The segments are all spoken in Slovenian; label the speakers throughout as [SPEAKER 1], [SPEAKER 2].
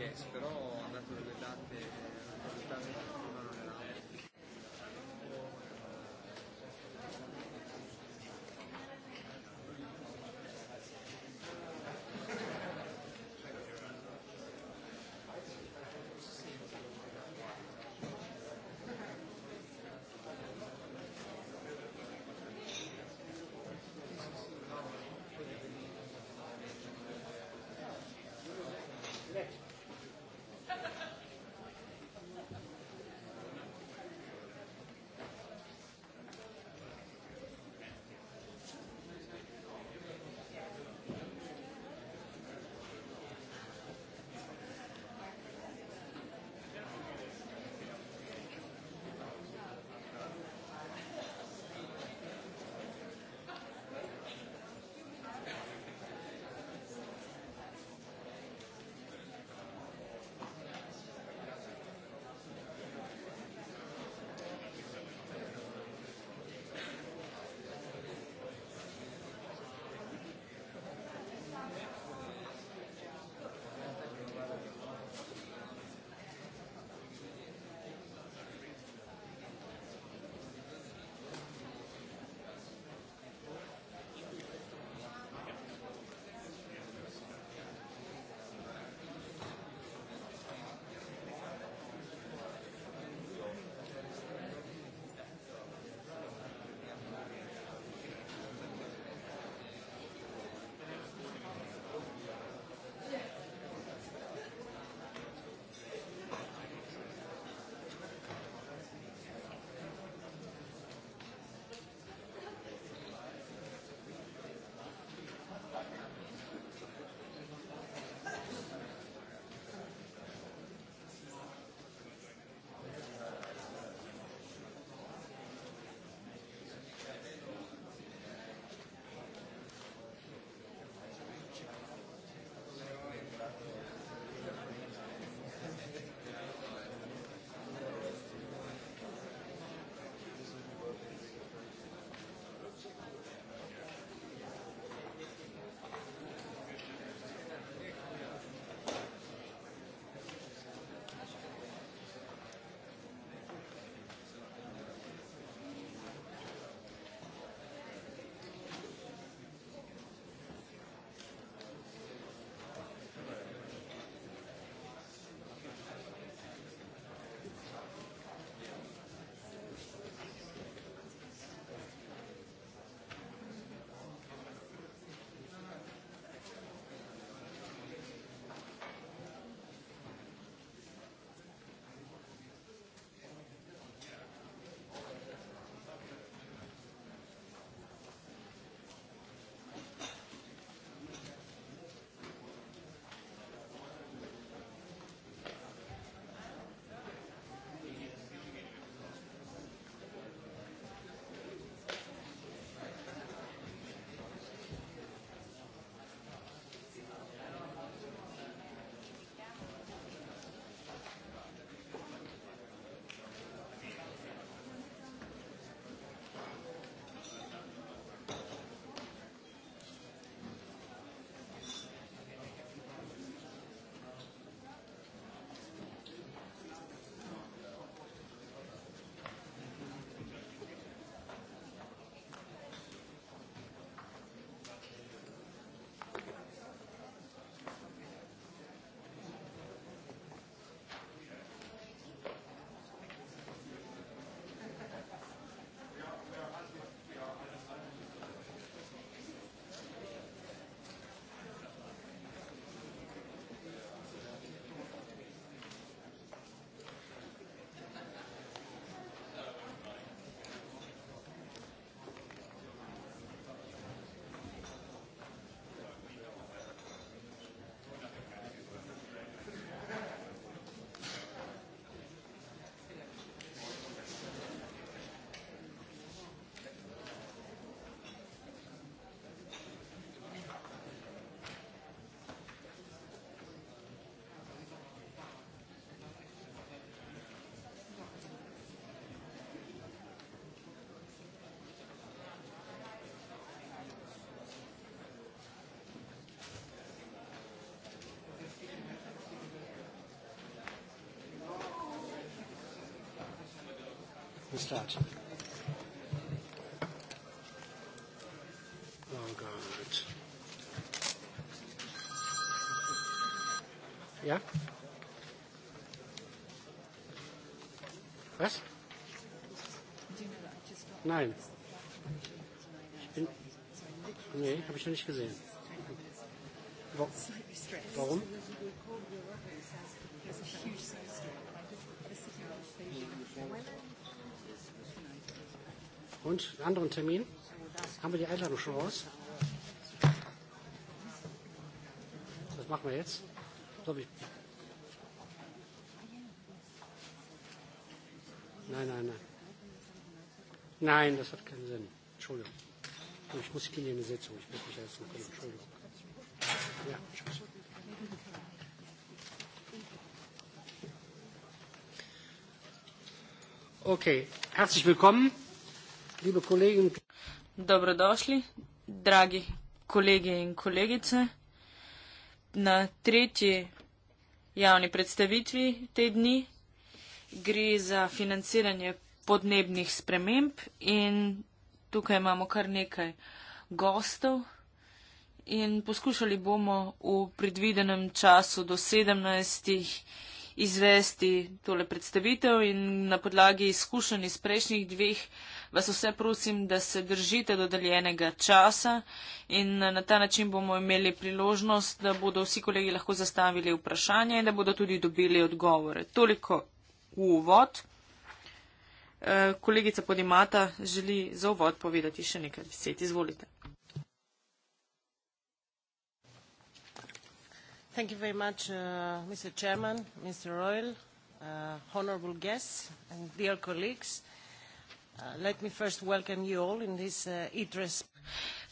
[SPEAKER 1] yes, però
[SPEAKER 2] Mustache. Oh God. Yeah. Ja? Was? Nein. Ich bin. Nee, habe ich noch nicht gesehen. Wo, warum? Und einen anderen Termin? Haben wir die Einladung schon raus? Was machen wir jetzt? Nein, nein, nein. Nein, das hat keinen Sinn. Entschuldigung. Ich muss gehen in die Sitzung. Ich muss mich erst noch kommen. Entschuldigung. Ja, okay, herzlich willkommen.
[SPEAKER 3] Dobrodošli, dragi kolegi in kolegice. Na tretji javni predstavitvi te dni gre za financiranje podnebnih sprememb in tukaj imamo kar nekaj gostov in poskušali bomo v predvidenem času do sedemnajstih izvesti tole predstavitev in na podlagi izkušenj iz prejšnjih dveh vas vse prosim, da se držite dodeljenega časa in na ta način bomo imeli priložnost, da bodo vsi kolegi lahko zastavili vprašanje in da bodo tudi dobili odgovore. Toliko v uvod. Eh, kolegica Podimata želi za uvod povedati še nekaj deset. Izvolite. Thank you very much, uh, Mr. Chairman, Mr. Royal, uh, honorable guests, and dear colleagues. Uh, let me first welcome you all in this uh, ITRES.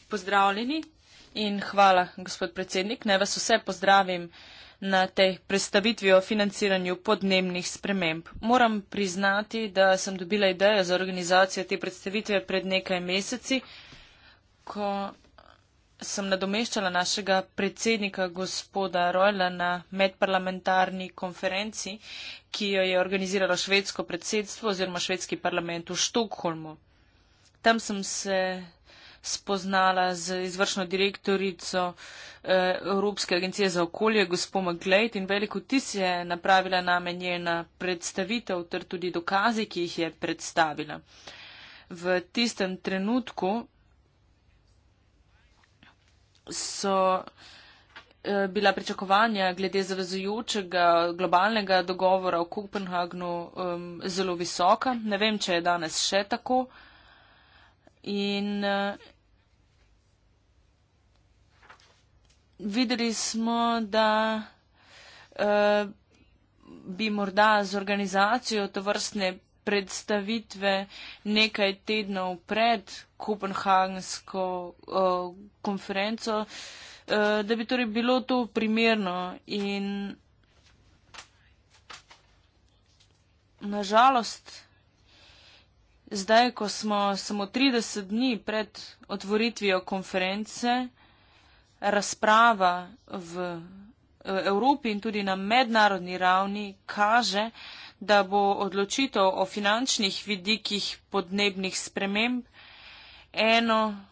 [SPEAKER 3] Pozdravljeni in hvala, gospod predsednik. Naj vas vse pozdravim na tej predstavitvi o financiranju podnebnih sprememb. Moram priznati, da sem dobila idejo za organizacijo te predstavitve pred nekaj meseci, ko sem nadomeščala našega predsednika gospoda Rojla na medparlamentarni konferenci, ki jo je organiziralo švedsko predsedstvo oziroma švedski parlament v Štokholmu. Tam sem se spoznala z izvršno direktorico eh, Evropske agencije za okolje, gospod Maglejt, in veliko tis je napravila name njena predstavitev ter tudi dokazi, ki jih je predstavila. V tistem trenutku so eh, bila pričakovanja glede zavezujočega globalnega dogovora v Kopenhagnu um, zelo visoka. Ne vem, če je danes še tako. In uh, videli smo, da uh, bi morda z organizacijo to vrstne predstavitve nekaj tednov pred kopenhagensko uh, konferenco, uh, da bi torej bilo to primerno. In nažalost, zdaj, ko smo samo 30 dni pred otvoritvijo konference, razprava v eh, Evropi in tudi na mednarodni ravni kaže, da bo odločitev o finančnih vidikih podnebnih sprememb eno,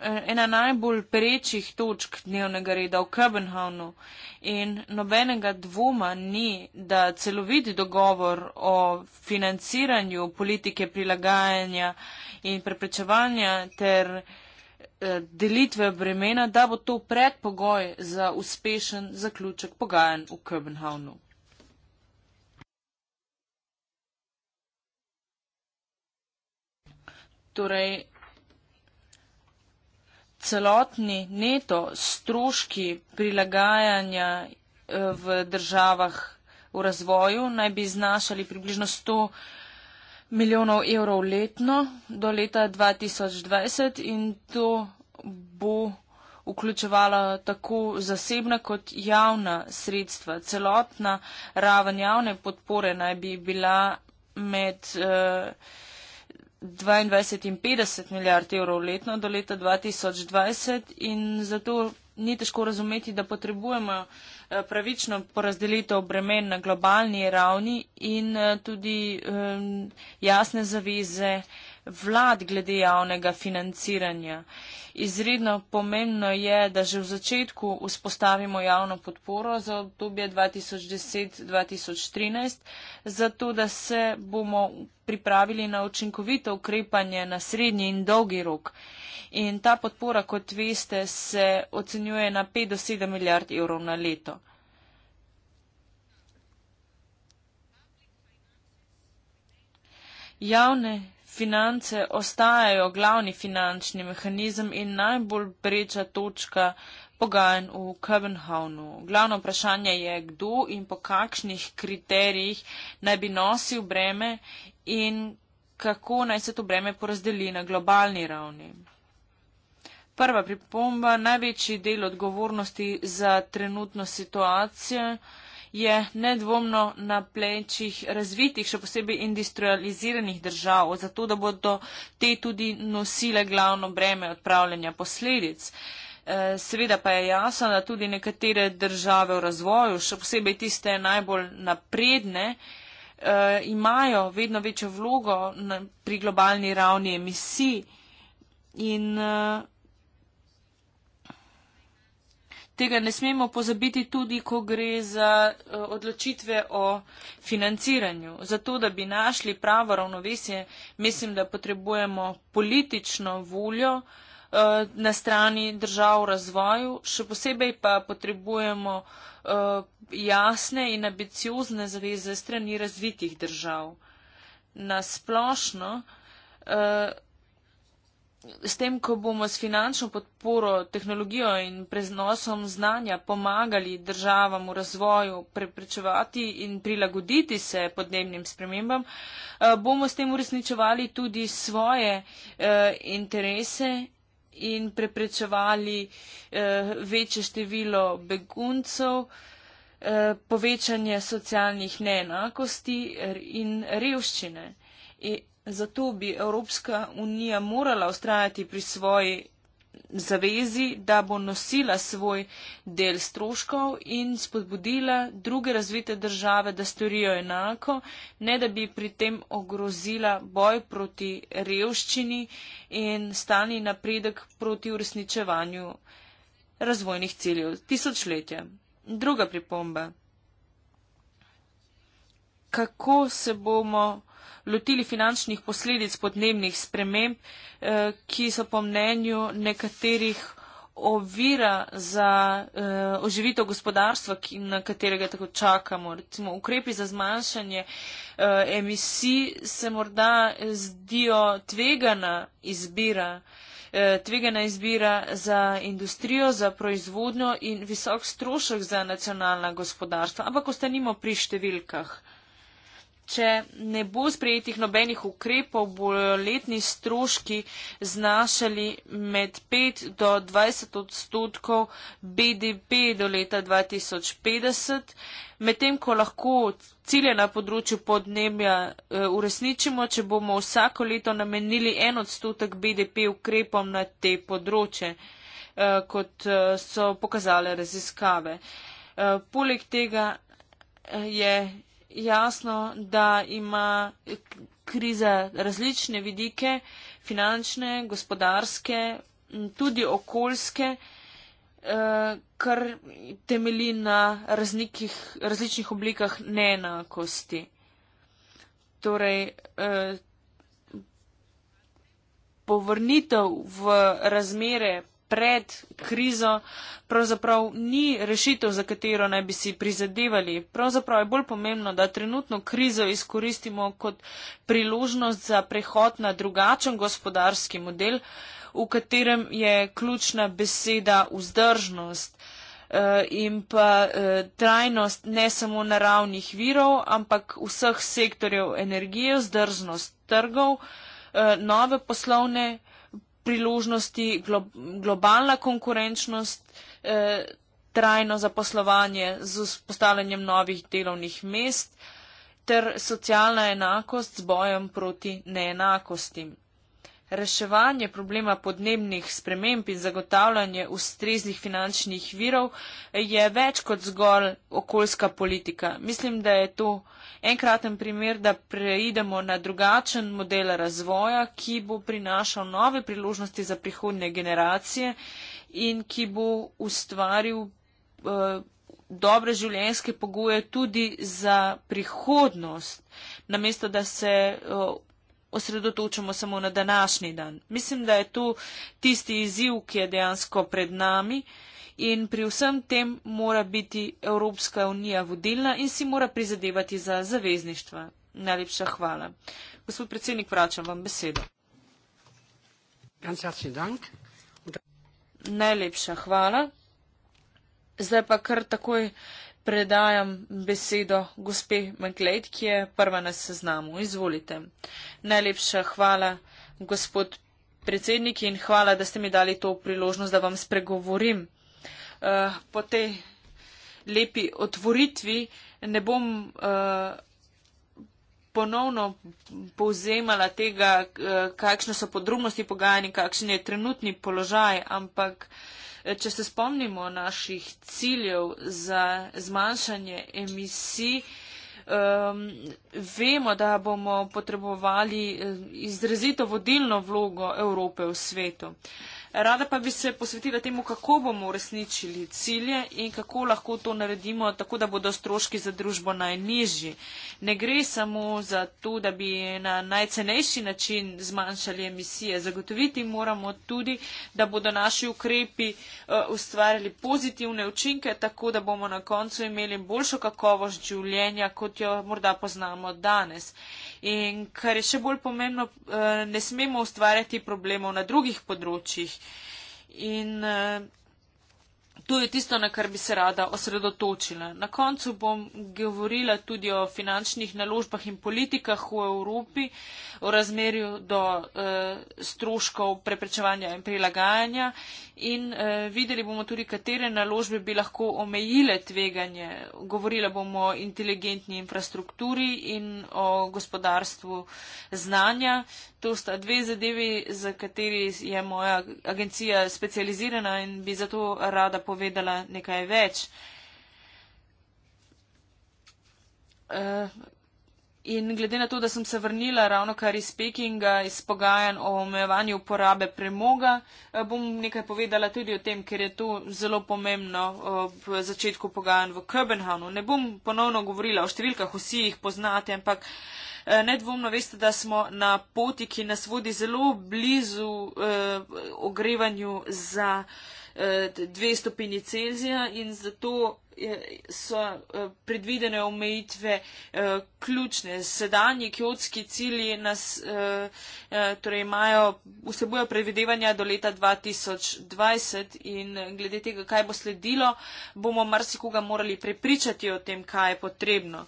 [SPEAKER 3] eh, ena najbolj perečih točk dnevnega reda v Kopenhavnu in nobenega dvoma ni, da celovit dogovor o financiranju politike prilagajanja in preprečevanja ter eh, delitve bremena, da bo to predpogoj za uspešen zaključek pogajanj v Kopenhavnu. Torej, celotni neto stroški prilagajanja eh, v državah v razvoju naj bi znašali približno 100 milijonov evrov letno do leta 2020 in to bo vključevalo tako zasebna kot javna sredstva. Celotna raven javne podpore naj bi bila med. Uh, 22 in 50 milijard evrov letno do leta 2020 in zato ni težko razumeti, da potrebujemo eh, pravično porazdelitev bremen na globalni ravni in eh, tudi eh, jasne zaveze vlad glede javnega financiranja. Izredno pomembno je, da že v začetku vzpostavimo javno podporo za obdobje 2010-2013, zato da se bomo pripravili na učinkovito ukrepanje na srednji in dolgi rok. In ta podpora, kot veste, se ocenjuje na 5 do 7 milijard evrov na leto. Javne finance ostajajo glavni finančni mehanizem in najbolj breča točka pogajanj v Kopenhavnu. Glavno vprašanje je, kdo in po kakšnih kriterijih naj bi nosil breme in kako naj se to breme porazdeli na globalni ravni. Prva pripomba, največji del odgovornosti za trenutno situacijo je nedvomno na plečih razvitih, še posebej industrializiranih držav, zato da bodo te tudi nosile glavno breme odpravljanja posledic. Eh, seveda pa je jasno, da tudi nekatere države v razvoju, še posebej tiste najbolj napredne, eh, imajo vedno večjo vlogo pri globalni ravni emisij. In eh, tega ne smemo pozabiti tudi, ko gre za eh, odločitve o financiranju. Zato, da bi našli pravo ravnovesje, mislim, da potrebujemo politično voljo eh, na strani držav v razvoju, še posebej pa potrebujemo eh, jasne in ambiciozne zaveze strani razvitih držav. Na splošno s tem, ko bomo s finančno podporo, tehnologijo in preznosom znanja pomagali državam v razvoju preprečevati in prilagoditi se podnebnim spremembam, eh, bomo s tem uresničevali tudi svoje eh, interese in preprečevali eh, večje število beguncev, povečanje socialnih neenakosti in revščine. E, Zato bi Evropska unija morala ustrajati pri svoji zavezi, da bo nosila svoj del stroškov in spodbudila druge razvite države, da storijo enako, ne da bi pri tem ogrozila boj proti revščini in stani napredek proti uresničevanju razvojnih ciljev tisočletja. Druga pripomba. Kako se bomo lotili finančnih posledic podnebnih sprememb, eh, ki so po mnenju nekaterih ovira za eh, oživitev gospodarstva, na katerega tako čakamo. Recimo, ukrepi za zmanjšanje eh, emisij se morda zdijo tvegana izbira. Tvegana izbira za industrijo, za proizvodnjo in visok strošek za nacionalna gospodarstva. Ampak ostanimo pri številkah. Če ne bo sprejetih nobenih ukrepov, bo letni stroški znašali med 5 do 20 odstotkov BDP do leta 2050, medtem ko lahko cilje na področju podnebja eh, uresničimo, če bomo vsako leto namenili en odstotek BDP ukrepom na te področje, eh, kot eh, so pokazale raziskave. Poleg tega je jasno, da ima kriza različne vidike, finančne, gospodarske, tudi okoljske, eh, kar temeli na raznikih, različnih oblikah neenakosti. Torej, eh, povrnitev v razmere pred krizo, pravzaprav ni rešitev, za katero naj bi si prizadevali. Pravzaprav je bolj pomembno, da trenutno krizo izkoristimo kot priložnost za prehod na drugačen gospodarski model, v katerem je ključna beseda vzdržnost eh, in pa eh, trajnost ne samo naravnih virov, ampak vseh sektorjev energije, vzdržnost trgov, eh, nove poslovne priložnosti, glo, globalna konkurenčnost, eh, trajno zaposlovanje z vzpostavljanjem novih delovnih mest ter socialna enakost z bojem proti neenakostim. Reševanje problema podnebnih sprememb in zagotavljanje ustreznih finančnih virov je več kot zgolj okoljska politika. Mislim, da je to eh, enkraten primer, da preidemo na drugačen model razvoja, ki bo prinašal nove priložnosti za prihodne generacije in ki bo ustvaril eh, dobre življenjske pogoje tudi za prihodnost, namesto da se eh, osredotočamo samo na današnji dan. Mislim, da je to tisti izziv, ki je dejansko pred nami in pri vsem tem mora biti Evropska unija vodilna in si mora prizadevati za zavezništva. Najlepša hvala. Gospod predsednik, vračam vam besedo. Najlepša hvala. Zdaj pa kar takoj predajam besedo gospe Maglejt, ki je prva na seznamu. Izvolite. Najlepša hvala, gospod predsednik, in hvala, da ste mi dali to priložnost, da vam spregovorim uh, po tej lepi otvoritvi ne bom uh, ponovno povzemala tega, uh, kakšne so podrobnosti pogajanj, kakšen je trenutni položaj, ampak če se spomnimo naših ciljev za zmanjšanje emisij, Um, vemo, da bomo potrebovali izrazito vodilno vlogo Evrope v svetu. Uh, Rada pa bi se posvetila temu, kako bomo uresničili cilje in kako lahko to naredimo, tako da bodo stroški za družbo najnižji. Ne gre samo za to, da bi na najcenejši način zmanjšali emisije. Zagotoviti moramo tudi, da bodo naši ukrepi eh, ustvarjali pozitivne učinke, tako da bomo na koncu imeli boljšo kakovost življenja, kot jo morda poznamo danes. In kar je še bolj pomembno, eh, ne smemo ustvarjati problemov na drugih področjih. In eh, To je tisto, na kar bi se rada osredotočila. Na koncu bom govorila tudi o finančnih naložbah in politikah v Evropi, o razmerju do e, stroškov preprečevanja in prilagajanja in e, videli bomo tudi, katere naložbe bi lahko omejile tveganje. Govorila bomo o inteligentni infrastrukturi in o gospodarstvu znanja, to sta dve zadevi, za kateri je moja agencija specializirana in bi zato rada povedala nekaj več. Eh, in glede na to, da sem se vrnila ravno kar iz Pekinga, iz pogajanj o omejevanju uporabe premoga, eh, bom nekaj povedala tudi o tem, ker je to zelo pomembno eh, v začetku pogajanj v Kopenhavnu. Ne bom ponovno govorila o številkah, vsi jih poznate, ampak. Eh, nedvomno veste, da smo na poti, ki nas vodi zelo blizu eh, ogrevanju za eh, dve stopinji Celzija in zato eh, so eh, predvidene omejitve ključne. Sedanji kjotski cilji nas, torej imajo, vsebujo predvidevanja do leta 2020 in glede tega, kaj bo sledilo, bomo marsikoga morali prepričati o tem, kaj je potrebno.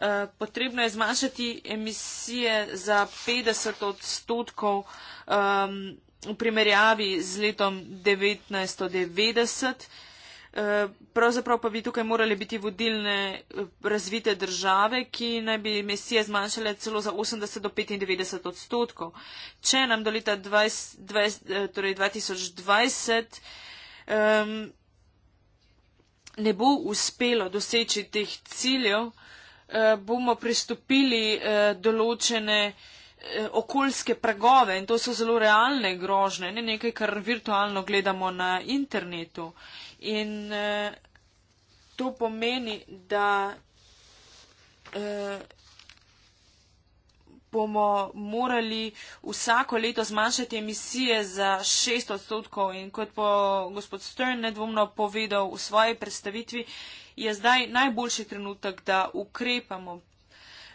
[SPEAKER 3] Eh, potrebno je zmanjšati emisije za 50 odstotkov um, v primerjavi z letom 1990. Eh, pravzaprav pa bi tukaj morali biti vodilne eh, razvite države, ki naj bi emisije zmanjšale celo za 80 do 95 odstotkov. Če nam do leta 20, 20, torej 2020 um, ehm, ne bo uspelo doseči teh ciljev, Eh, bomo pristopili eh, določene eh, okoljske pragove in to so zelo realne grožne, ne nekaj, kar virtualno gledamo na internetu. In to pomeni, da bomo morali vsako leto zmanjšati emisije za 6 odstotkov in kot bo gospod Stern nedvomno povedal v svoji predstavitvi, je zdaj najboljši trenutek, da ukrepamo.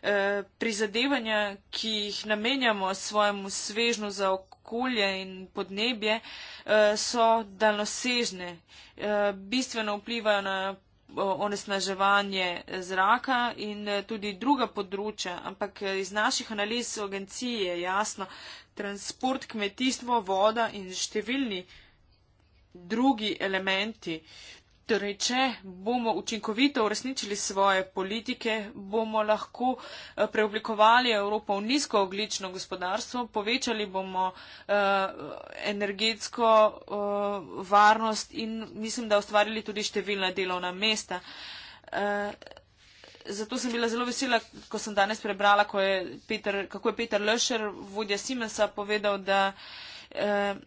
[SPEAKER 3] E, prizadevanja, ki jih namenjamo svojemu svežnu za okolje in podnebje, e, so daljnosežne. E, bistveno vplivajo na onesnaževanje zraka in tudi druga področja, ampak iz naših analiz agencije je jasno, transport, kmetijstvo, voda in številni drugi elementi Torej, če bomo učinkovito uresničili svoje politike, bomo lahko eh, preoblikovali Evropo v nizkooglično gospodarstvo, povečali bomo eh, energetsko eh, varnost in mislim, da ustvarili tudi številna delovna mesta. Eh, zato sem bila zelo vesela, ko sem danes prebrala, ko je Peter, kako je Peter Lešer, vodja Simensa, povedal, da. Eh,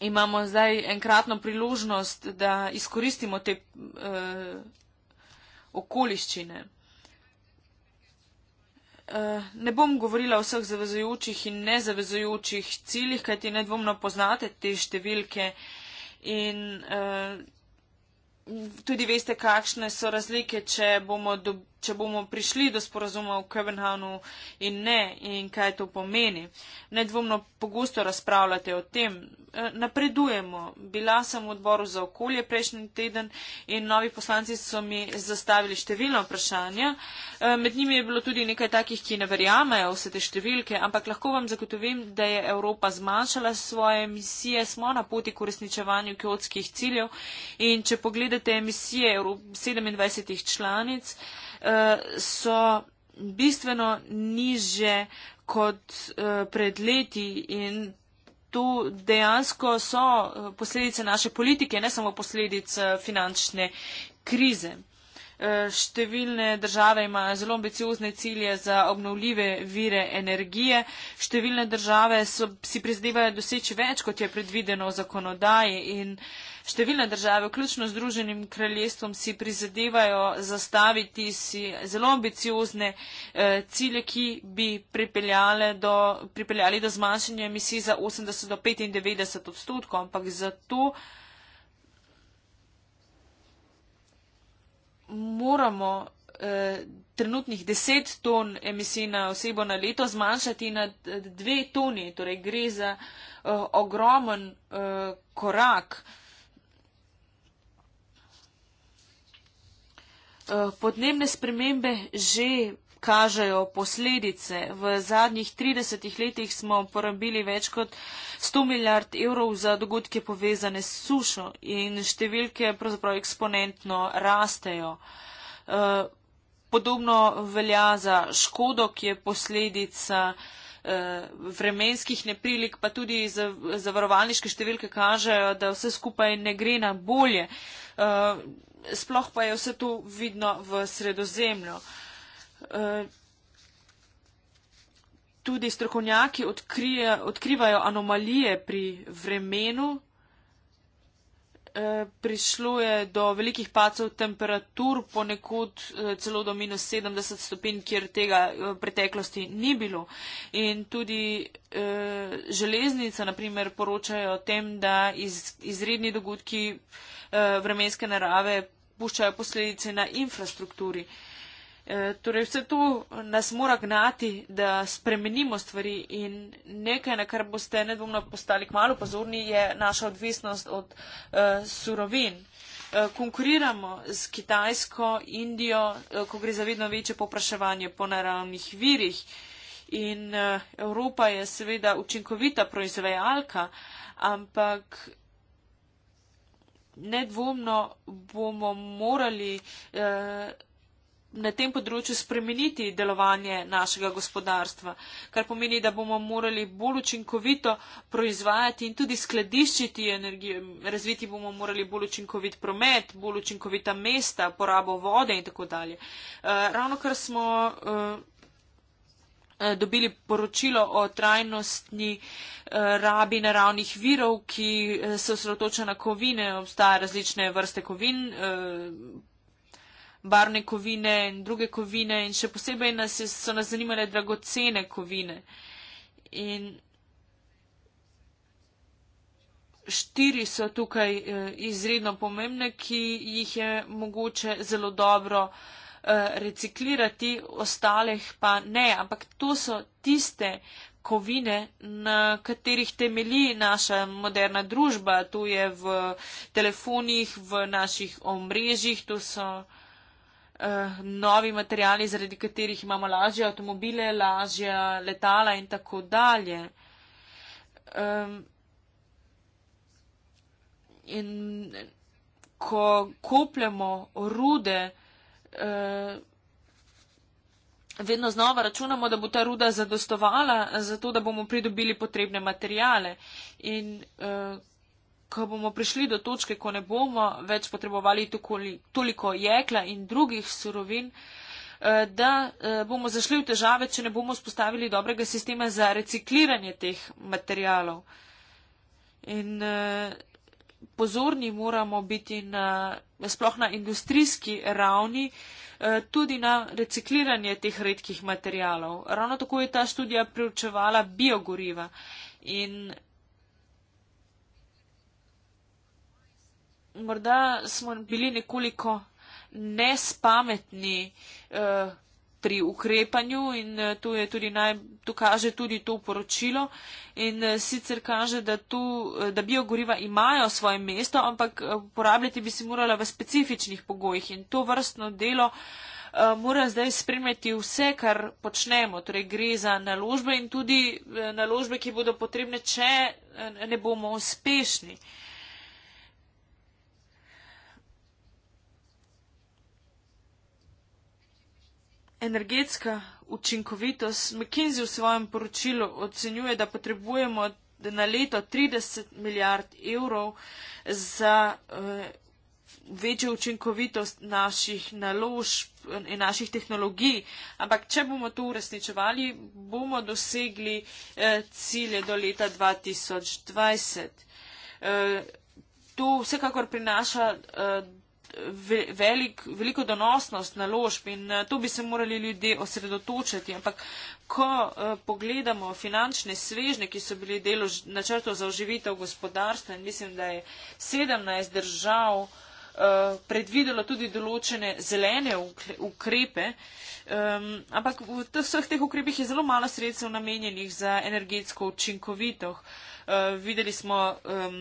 [SPEAKER 3] imamo zdaj enkratno priložnost, da izkoristimo te uh, okoliščine. Eh, ne bom govorila o vseh zavezujočih in nezavezujočih ciljih, kajti nedvomno poznate te številke in uh, tudi veste, kakšne so razlike, če bomo dobili če bomo prišli do sporazuma v Kevenhavnu in ne, in kaj to pomeni. Nedvomno pogosto razpravljate o tem. E, napredujemo. Bila sem v odboru za okolje prejšnji teden in novi poslanci so mi zastavili številna vprašanja. E, med njimi je bilo tudi nekaj takih, ki ne verjamejo vse te številke, ampak lahko vam zagotovim, da je Evropa zmanjšala svoje emisije, smo na poti k uresničevanju kjotskih ciljev in če pogledate emisije 27 članic, Eh, so bistveno niže kot eh, pred leti in tu dejansko so eh, posledice naše politike, ne samo posledice finančne krize. Eh, številne države imajo zelo ambiciozne cilje za obnovljive vire energije. Številne države so, si prizadevajo doseči več, kot je predvideno v zakonodaji in Številne države, vključno z Združenim kraljestvom, si prizadevajo zastaviti si zelo ambiciozne eh, cilje, ki bi pripeljali do, pripeljali do zmanjšanja emisij za 80 do 95 odstotkov, ampak za to moramo eh, trenutnih 10 ton emisij na osebo na leto zmanjšati na 2 eh, toni. Torej gre za eh, ogromen eh, korak. Eh, podnebne spremembe že kažejo posledice. V zadnjih 30 letih smo porabili več kot 100 milijard evrov za dogodke povezane s sušo in številke pravzaprav eksponentno rastejo. Eh, podobno velja za škodo, ki je posledica eh, vremenskih neprilik, pa tudi zavarovalniške številke kažejo, da vse skupaj ne gre na bolje. Eh, sploh pa je vse to vidno v sredozemlju. Eh, tudi strokovnjaki odkrije, odkrivajo anomalije pri vremenu. Eh, prišlo je do velikih pacov temperatur, ponekud eh, celo do minus 70 stopinj, kjer tega v preteklosti ni bilo. In tudi eh, železnica, naprimer, poročajo o tem, da iz, izredni dogodki eh, vremenske narave puščajo posledice na infrastrukturi. Eh, Eh, torej, vse to nas mora gnati, da spremenimo stvari in nekaj, na kar boste nedvomno postali kmalo pozorni, je naša odvisnost od uh, surovin. Uh, konkuriramo s Kitajsko, Indijo, uh, ko gre za vedno večje popraševanje po naravnih virih in uh, Evropa je seveda učinkovita proizvajalka, ampak. Nedvomno bomo morali. Uh, na tem področju spremeniti delovanje našega gospodarstva, kar pomeni, da bomo morali bolj učinkovito proizvajati in tudi skladiščiti energijo. Razviti bomo morali bolj učinkovit promet, bolj učinkovita mesta, porabo vode in tako dalje. Eh, ravno kar smo eh, eh, dobili poročilo o trajnostni rabi naravnih virov, ki se osredotoča na kovine, obstaja različne vrste kovin barvne kovine in druge kovine in še posebej nas je, so nas zanimale dragocene kovine. In štiri so tukaj eh, izredno pomembne, ki jih je mogoče zelo dobro eh, reciklirati, ostalih pa ne, ampak to so tiste kovine, na katerih temelji naša moderna družba. To je v telefonih, v naših omrežjih, to so. Eh, novi materijali, zaradi katerih imamo lažje avtomobile, lažje letala in tako dalje. Um, in ko kopljemo rude, uh, vedno znova računamo, da bo ta ruda zadostovala, zato da bomo pridobili potrebne materijale. In uh, ko bomo prišli do točke, ko ne bomo več potrebovali toliko jekla in drugih surovin, eh, da eh, bomo zašli v težave, če ne bomo spostavili dobrega sistema za recikliranje teh materijalov. In eh, pozorni moramo biti na, sploh na industrijski ravni tudi na recikliranje teh redkih materijalov. Ravno tako je ta študija preučevala biogoriva. In morda smo bili nekoliko nespametni eh, pri ukrepanju in eh, to, tudi naj, to kaže tudi to poročilo. In eh, sicer kaže, da, tu, eh, da biogoriva imajo svoje mesto, ampak uporabljati bi se morala v specifičnih pogojih in to vrstno delo mora zdaj spremljati vse, kar počnemo. Torej gre za naložbe in tudi naložbe, ki bodo potrebne, če ne bomo uspešni. Uh, Energetska učinkovitost McKinsey v svojem poročilu ocenjuje, da potrebujemo na leto 30 milijard evrov za uh, večjo učinkovitost naših naložb in naših tehnologij. Ampak, če bomo to uresničevali, bomo dosegli uh, cilje do leta 2020. Uh, eh, to vsekakor prinaša uh, velik, veliko donosnost naložb in eh, to bi se morali ljudje osredotočiti. Ampak, ko eh, pogledamo finančne svežne, ki so bili delo načrto za oživitev gospodarstva in mislim, da je 17 držav eh, predvidelo tudi določene zelene ukrepe, Um, ampak v vseh teh ukrepih je zelo malo sredstev namenjenih za energetsko učinkovitev. Uh, videli smo um,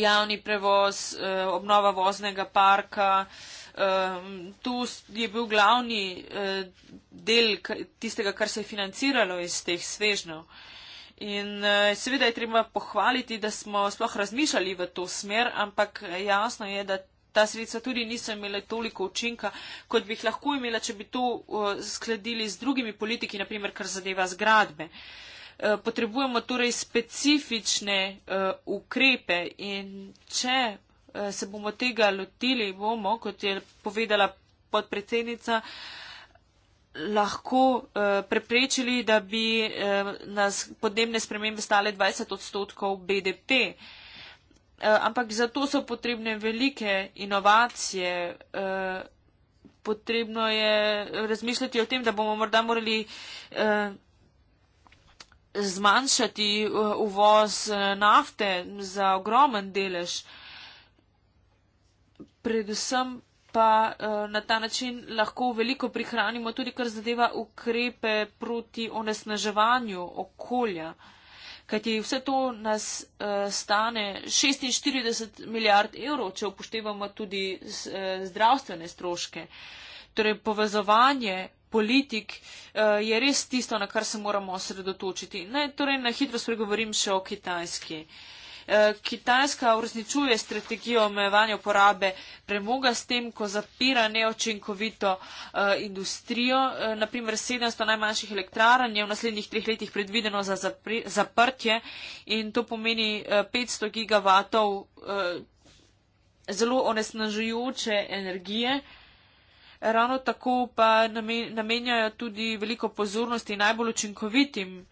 [SPEAKER 3] javni prevoz, eh, obnova voznega parka. Eh, tu je bil glavni eh, del tistega, kar se je financiralo iz teh svežnjev. In seveda je treba pohvaliti, da smo sploh razmišljali v to smer, ampak jasno je, da ta sredstva tudi niso imele toliko učinka, kot bi jih lahko imela, če bi to skladili z drugimi politiki, naprimer, kar zadeva zgradbe. Uh, Eh, potrebujemo torej specifične uh, ukrepe in če uh, se bomo tega lotili, bomo, kot je povedala podpredsednica, lahko uh, preprečili, da bi uh, nas podnebne spremembe stale 20 odstotkov BDP. Uh, ampak za to so potrebne velike inovacije. Uh, potrebno je razmišljati o tem, da bomo morda morali. Uh, zmanjšati eh, uvoz eh, nafte za ogromen delež. Predvsem pa eh, na ta način lahko veliko prihranimo tudi, kar zadeva ukrepe proti onesnaževanju okolja. Kajti vse to nas stane 46 milijard evrov, če upoštevamo tudi zdravstvene stroške. Torej povezovanje politik, eh, je res tisto, na kar se moramo osredotočiti. Naj torej na hitro spregovorim še o Kitajski. Eh, Kitajska uresničuje strategijo omejevanja uporabe premoga s tem, ko zapira neočinkovito eh, industrijo. Naprimer, 700 najmanjših elektraran je v naslednjih treh letih predvideno za zaprtje in to pomeni 500 gigavatov zelo onesnažujoče energije ravno tako pa namenjajo tudi veliko pozornosti najbolj učinkovitim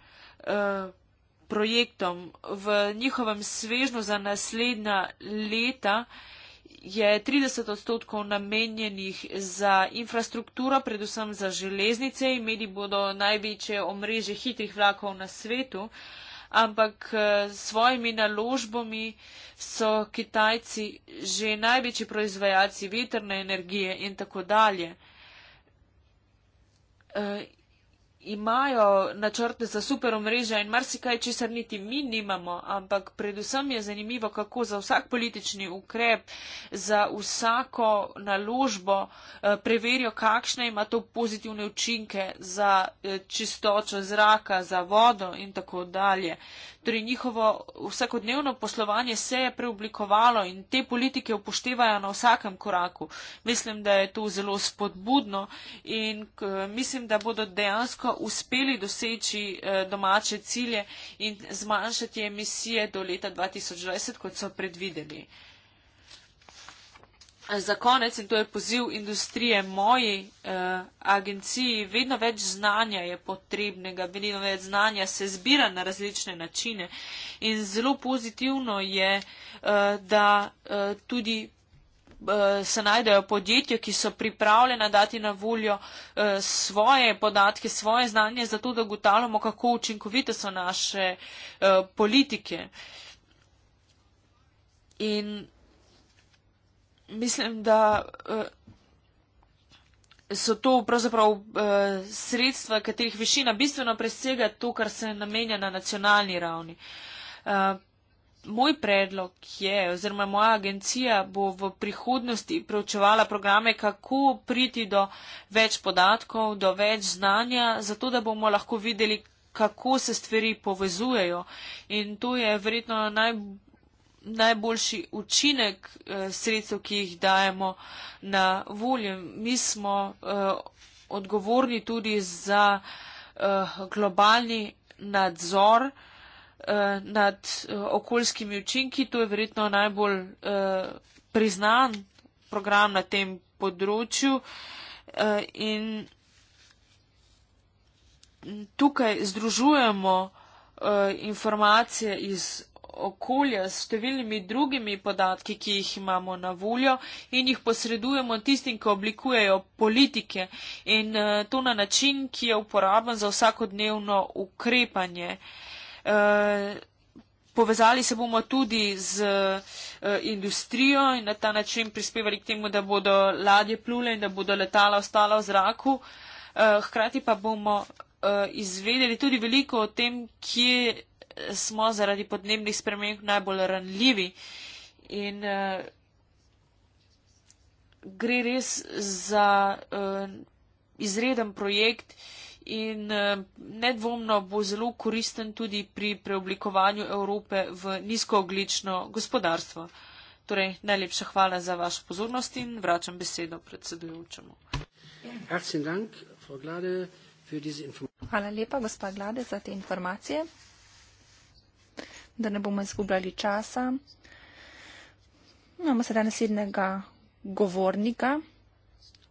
[SPEAKER 3] eh, projektom. V njihovem svežnu za naslednja leta je 30 odstotkov namenjenih za infrastrukturo, predvsem za železnice. Imeli bodo največje omrežje hitrih vlakov na svetu. Uh, ampak eh, s svojimi naložbami so Kitajci že največji proizvajalci vetrne energije in tako dalje. Eh, imajo načrte za super omrežja in marsikaj, česar niti mi nimamo, ampak predvsem je zanimivo, kako za vsak politični ukrep, za vsako naložbo eh, preverijo, kakšne ima to pozitivne učinke za eh, čistočo zraka, za vodo in tako dalje. Torej njihovo vsakodnevno poslovanje se je preoblikovalo in te politike upoštevajo na vsakem koraku. Mislim, da je to zelo spodbudno in mislim, da bodo dejansko uspeli doseči eh, domače cilje in zmanjšati emisije do leta 2020, kot so predvideli. Za konec, in to je poziv industrije, moji eh, agenciji, vedno več znanja je potrebnega, vedno več znanja se zbira na različne načine. In zelo pozitivno je, eh, da eh, tudi eh, se najdejo podjetja, ki so pripravljena dati na voljo eh, svoje podatke, svoje znanje, zato da ugotavljamo, kako učinkovite so naše eh, politike. In mislim, da eh, so to pravzaprav eh, sredstva, katerih višina bistveno presega to, kar se namenja na nacionalni ravni. Eh, moj predlog je, oziroma moja agencija bo v prihodnosti preučevala programe, kako priti do več podatkov, do več znanja, zato da bomo lahko videli, kako se stvari povezujejo. In to je verjetno najbolj najboljši učinek eh, sredstev, ki jih dajemo na voljo. Mi smo eh, odgovorni tudi za eh, globalni nadzor eh, nad eh, okoljskimi učinki. To je verjetno najbolj eh, priznan program na tem področju. Eh, in tukaj združujemo eh, informacije iz okolja s številnimi drugimi podatki, ki jih imamo na voljo in jih posredujemo tistim, ki oblikujejo politike in eh, to na način, ki je uporaben za vsakodnevno ukrepanje. Eh, povezali se bomo tudi z eh, industrijo in na ta način prispevali k temu, da bodo ladje plule in da bodo letala ostala v zraku. Hkrati pa bomo izvedeli tudi veliko o tem, kje smo zaradi podnebnih sprememb najbolj ranljivi in uh, gre res za uh, izreden projekt in uh, nedvomno bo zelo koristen tudi pri preoblikovanju Evrope v nizkooglično gospodarstvo. Torej, najlepša hvala za vašo pozornost
[SPEAKER 2] in vračam besedo predsedujočemu.
[SPEAKER 4] Hvala lepa, gospa Glade, za te informacije da ne bomo izgubljali časa. Imamo sedaj naslednjega govornika.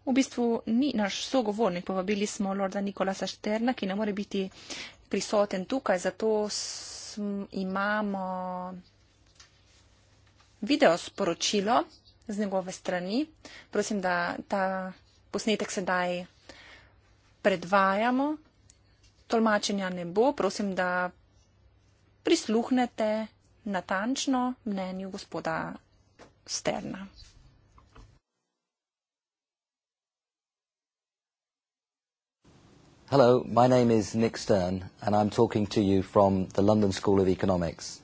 [SPEAKER 4] V bistvu ni naš sogovornik, povabili smo Lorda Nikolasa Šterna, ki ne more biti prisoten tukaj, zato imamo video sporočilo z njegove strani. Prosim, da ta posnetek sedaj predvajamo. Tolmačenja ne bo, prosim, da prisluhnete natančno mnenju gospoda Sterna.
[SPEAKER 5] Hello, my name is Nick Stern and I'm talking to you from the London School of Economics.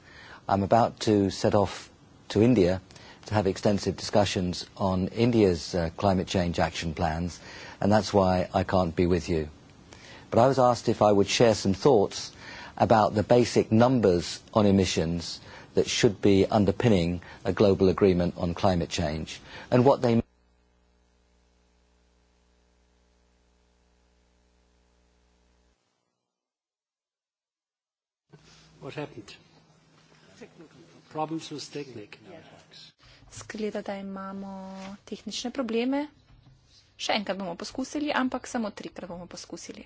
[SPEAKER 5] I'm about to set off to India to have extensive discussions on India's uh, climate change action plans and that's why I can't be with you. But I was asked if I would share some thoughts about the basic numbers on emissions that should be underpinning a global agreement on climate change and what they
[SPEAKER 2] What happened? Problems with technique.
[SPEAKER 4] Skleda, da imamo tehnične probleme. Še enkrat bomo poskusili, ampak samo trikrat bomo poskusili.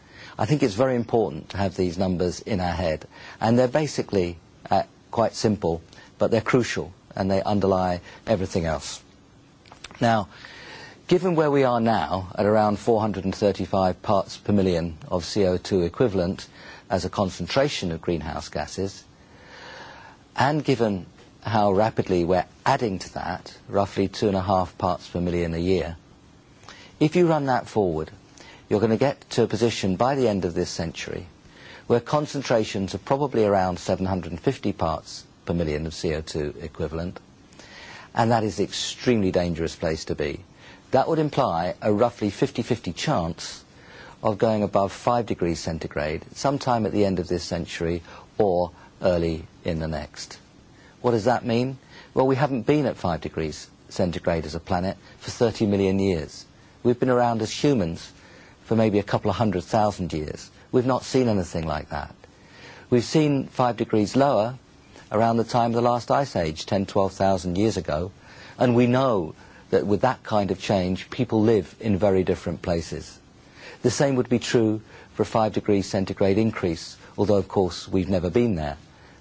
[SPEAKER 5] I think it's very important to have these numbers in our head. And they're basically uh, quite simple, but they're crucial and they underlie everything else. Now, given where we are now at around 435 parts per million of CO2 equivalent as a concentration of greenhouse gases, and given how rapidly we're adding to that, roughly two and a half parts per million a year, if you run that forward you're going to get to a position by the end of this century where concentrations are probably around 750 parts per million of CO2 equivalent, and that is an extremely dangerous place to be. That would imply a roughly 50-50 chance of going above 5 degrees centigrade sometime at the end of this century or early in the next. What does that mean? Well, we haven't been at 5 degrees centigrade as a planet for 30 million years. We've been around as humans for maybe a couple of hundred thousand years. We've not seen anything like that. We've seen five degrees lower around the time of the last ice age, 10, 12,000 years ago, and we know that with that kind of change, people live in very different places. The same would be true for a five degrees centigrade increase, although of course we've never been there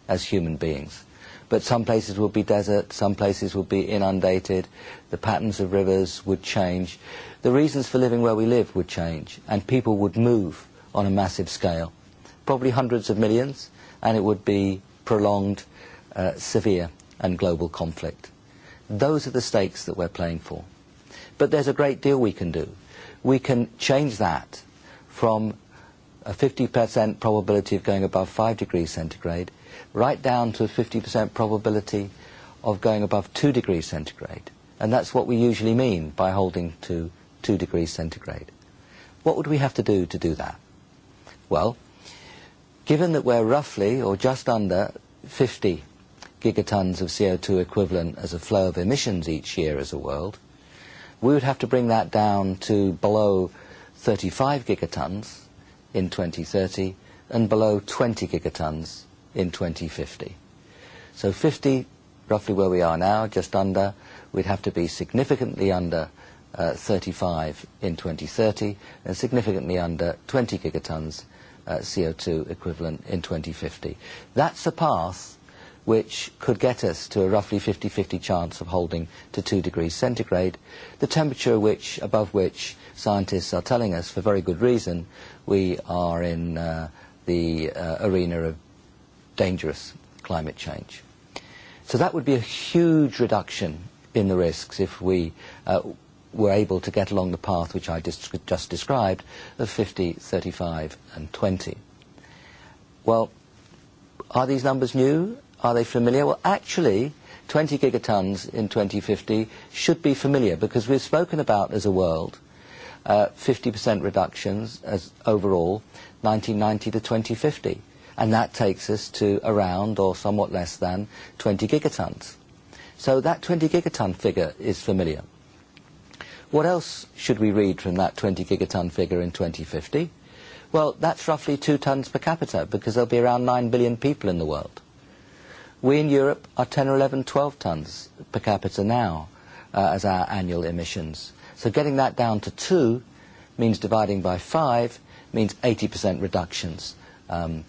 [SPEAKER 5] as human beings. But some places would be desert, some places would be inundated, the patterns of rivers would change the reasons for living where we live would change and people would move on a massive scale, probably hundreds of millions, and it would be prolonged, uh, severe and global conflict. Those are the stakes that we're playing for. But there's a great deal we can do. We can change that from a 50% probability of going above 5 degrees centigrade right down to a 50% probability of going above 2 degrees centigrade. And that's what we usually mean by holding to 2 degrees centigrade. What would we have to do to do that? Well, given that we're roughly or just under 50 gigatons of CO2 equivalent as a flow of emissions each year as a world, we would have to bring that down to below 35 gigatons in 2030 and below 20 gigatons in 2050. So 50, roughly where we are now, just under, we'd have to be significantly under 35 uh, in 2030 and significantly under 20 gigatons uh, CO2 equivalent in 2050. That's a path which could get us to a roughly 50/50 chance of holding to 2 degrees centigrade, the temperature above which scientists are telling us, for very good reason, we are in uh, the arena of dangerous climate change. That would be a huge reduction in the risks if we were able to get along the path which I just, just described of 50, 35 and 20. Well, are these numbers new? Are they familiar? Well, actually, 20 gigatons in 2050 should be familiar because we've spoken about as a world uh, 50% reductions as overall 1990 to 2050. And that takes us to around or somewhat less than 20 gigatons. So that 20 gigaton figure is familiar. What else should we read from that 20 gigaton figure in 2050? Well, that's roughly two tons per capita because there'll be around 9 billion people in the world. We in Europe are 10 or 11, 12 tons per capita now uh, as our annual emissions. So getting that down to two means dividing by five means 80% reductions um,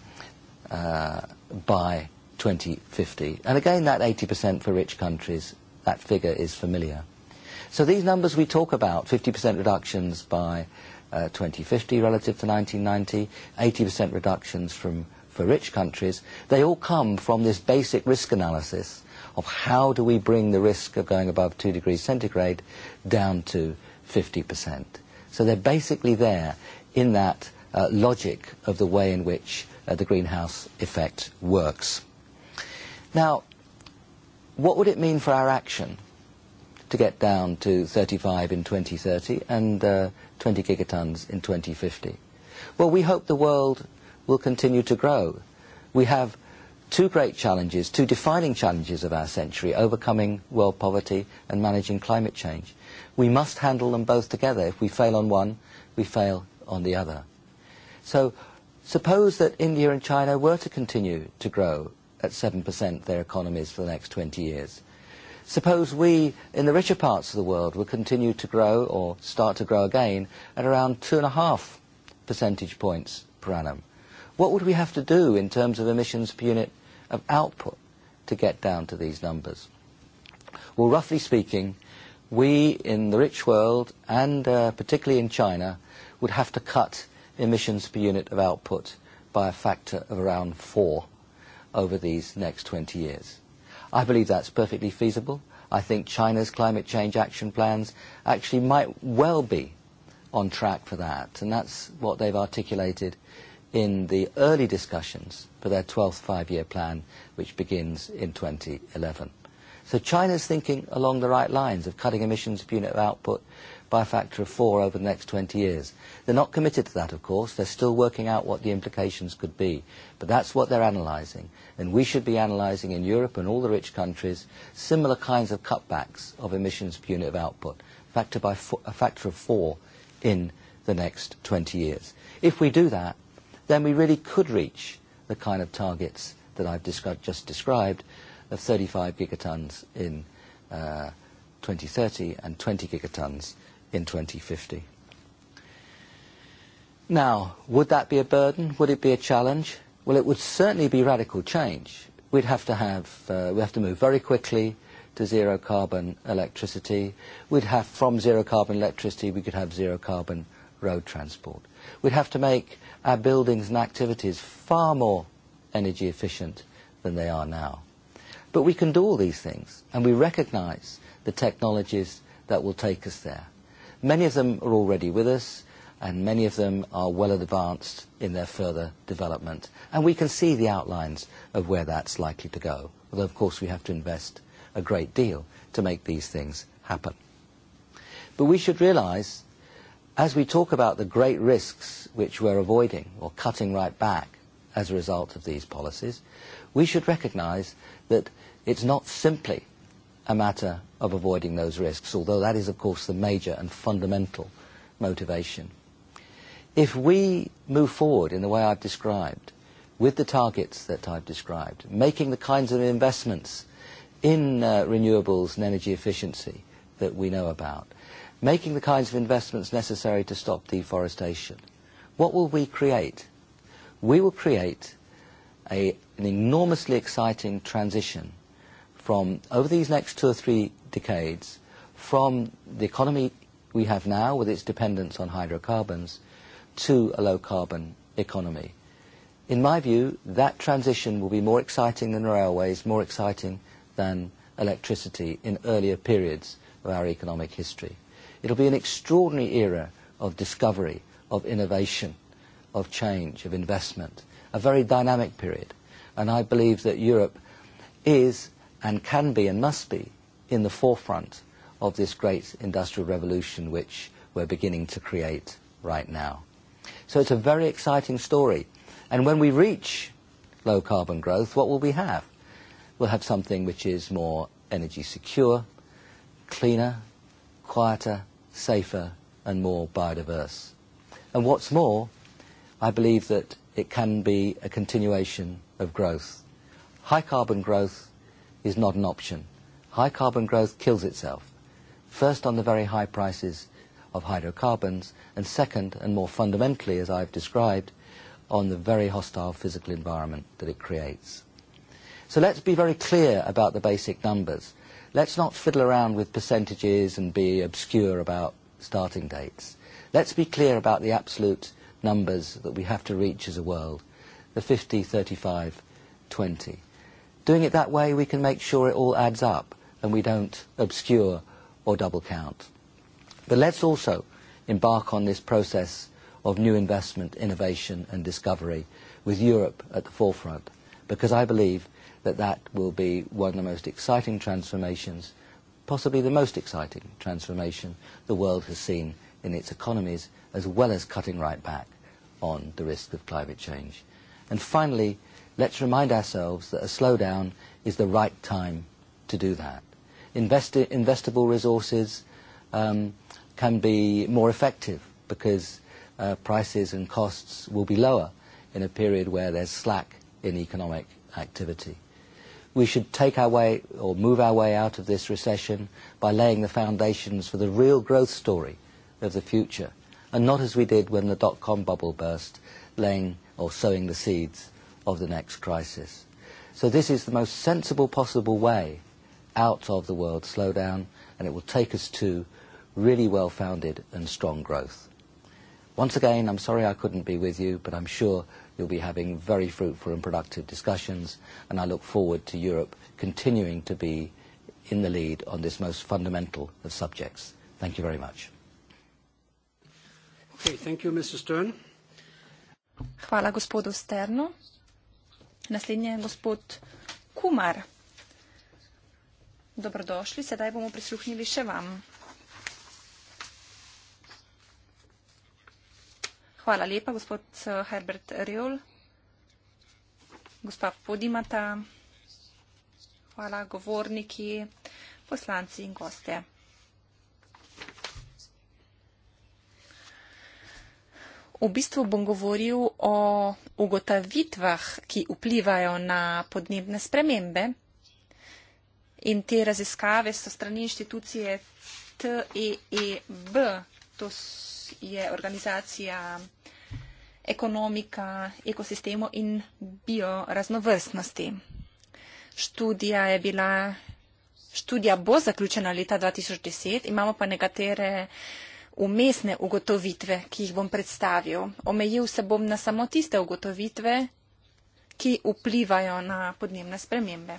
[SPEAKER 5] uh, by 2050. And again, that 80% for rich countries, that figure is familiar. So these numbers we talk about, 50% reductions by uh, 2050 relative to 1990, 80% reductions from, for rich countries, they all come from this basic risk analysis of how do we bring the risk of going above 2 degrees centigrade down to 50%. So they're basically there in that uh, logic of the way in which uh, the greenhouse effect works. Now, what would it mean for our action? to get down to 35 in 2030 and uh, 20 gigatons in 2050. Well, we hope the world will continue to grow. We have two great challenges, two defining challenges of our century, overcoming world poverty and managing climate change. We must handle them both together. If we fail on one, we fail on the other. So suppose that India and China were to continue to grow at 7% their economies for the next 20 years. Suppose we, in the richer parts of the world, would continue to grow or start to grow again at around two and a half percentage points per annum. What would we have to do in terms of emissions per unit of output to get down to these numbers? Well, roughly speaking, we in the rich world, and uh, particularly in China, would have to cut emissions per unit of output by a factor of around four over these next 20 years. I believe that's perfectly feasible. I think China's climate change action plans actually might well be on track for that. And that's what they've articulated in the early discussions for their 12th five year plan, which begins in 2011. So China's thinking along the right lines of cutting emissions per unit of output by a factor of four over the next 20 years. They're not committed to that, of course. They're still working out what the implications could be. But that's what they're analysing and we should be analysing in Europe and all the rich countries similar kinds of cutbacks of emissions per unit of output, factor by a factor of four in the next 20 years. If we do that, then we really could reach the kind of targets that I've descri just described of 35 gigatons in uh, 2030 and 20 gigatons in 2050. Now, would that be a burden? Would it be a challenge? Well, it would certainly be radical change. We'd have to have, uh, we have to move very quickly to zero carbon electricity. We'd have, from zero carbon electricity, we could have zero carbon road transport. We'd have to make our buildings and activities far more energy efficient than they are now. But we can do all these things, and we recognize the technologies that will take us there. Many of them are already with us and many of them are well advanced in their further development. And we can see the outlines of where that's likely to go, although of course we have to invest a great deal to make these things happen. But we should realise, as we talk about the great risks which we're avoiding or cutting right back as a result of these policies, we should recognise that it's not simply a matter of avoiding those risks, although that is of course the major and fundamental motivation if we move forward in the way I've described, with the targets that I've described, making the kinds of investments in uh, renewables and energy efficiency that we know about, making the kinds of investments necessary to stop deforestation, what will we create? We will create a, an enormously exciting transition from, over these next two or three decades, from the economy we have now with its dependence on hydrocarbons, to a low carbon economy. In my view, that transition will be more exciting than railways, more exciting than electricity in earlier periods of our economic history. It'll be an extraordinary era of discovery, of innovation, of change, of investment, a very dynamic period. And I believe that Europe is and can be and must be in the forefront of this great industrial revolution which we're beginning to create right now. So it's a very exciting story. And when we reach low carbon growth, what will we have? We'll have something which is more energy secure, cleaner, quieter, safer, and more biodiverse. And what's more, I believe that it can be a continuation of growth. High carbon growth is not an option. High carbon growth kills itself, first on the very high prices of hydrocarbons, and second, and more fundamentally, as I've described, on the very hostile physical environment that it creates. So let's be very clear about the basic numbers. Let's not fiddle around with percentages and be obscure about starting dates. Let's be clear about the absolute numbers that we have to reach as a world, the 50, 35, 20. Doing it that way, we can make sure it all adds up and we don't obscure or double count. But let's also embark on this process of new investment, innovation and discovery with Europe at the forefront because I believe that that will be one of the most exciting transformations, possibly the most exciting transformation the world has seen in its economies as well as cutting right back on the risk of climate change. And finally, let's remind ourselves that a slowdown is the right time to do that. Investi investable resources um, can be more effective because uh, prices and costs will be lower in a period where there's slack in economic activity. We should take our way or move our way out of this recession by laying the foundations for the real growth story of the future and not as we did when the dot-com bubble burst, laying or sowing the seeds of the next crisis. So this is the most sensible possible way out of the world slowdown and it will take us to really well-founded and strong growth. Once again, I'm sorry I couldn't be with you, but I'm sure you'll be having very fruitful and productive discussions, and I look forward to Europe continuing to be in the lead on this most fundamental of subjects. Thank you very much.
[SPEAKER 2] Okay. Thank you, Mr. Stern.
[SPEAKER 4] Hvala gospodu Sternu. Naslednji je gospod Kumar. Dobrodošli. Sedaj bomo prisluhnili še vam. Hvala lepa, gospod eh, Herbert Reul. Gospa Podimata, hvala govorniki, poslanci in goste. V bistvu bom govoril o ugotavitvah, ki vplivajo na podnebne spremembe. In te raziskave so strani inštitucije TEEB to je organizacija ekonomika, ekosistemo in bioraznovrstnosti. Študija je bila, študija bo zaključena leta 2010, imamo pa nekatere umestne ugotovitve, ki jih bom predstavil. Omejil se bom na samo tiste ugotovitve, ki vplivajo na podnebne spremembe.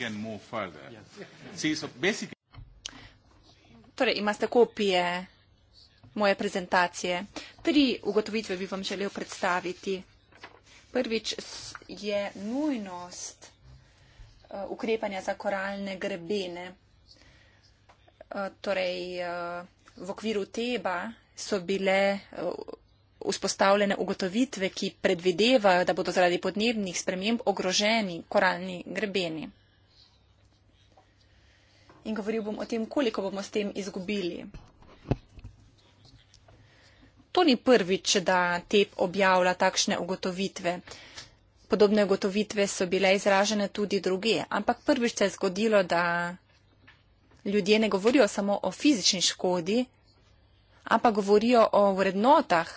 [SPEAKER 5] can move further. Yes. See, so basically...
[SPEAKER 4] Torej, imate kopije moje prezentacije. Tri ugotovitve bi vam želel predstaviti. Prvič je nujnost uh, ukrepanja za koralne grebene. Uh, torej, uh, v okviru teba so bile vzpostavljene ugotovitve, ki predvidevajo, da bodo zaradi podnebnih sprememb ogroženi koralni grebeni in govoril bom o tem, koliko bomo s tem izgubili. To ni prvič, da TEP objavlja takšne ugotovitve. Podobne ugotovitve so bile izražene tudi druge, ampak prvič se je zgodilo, da ljudje ne govorijo samo o fizični škodi, ampak govorijo o vrednotah,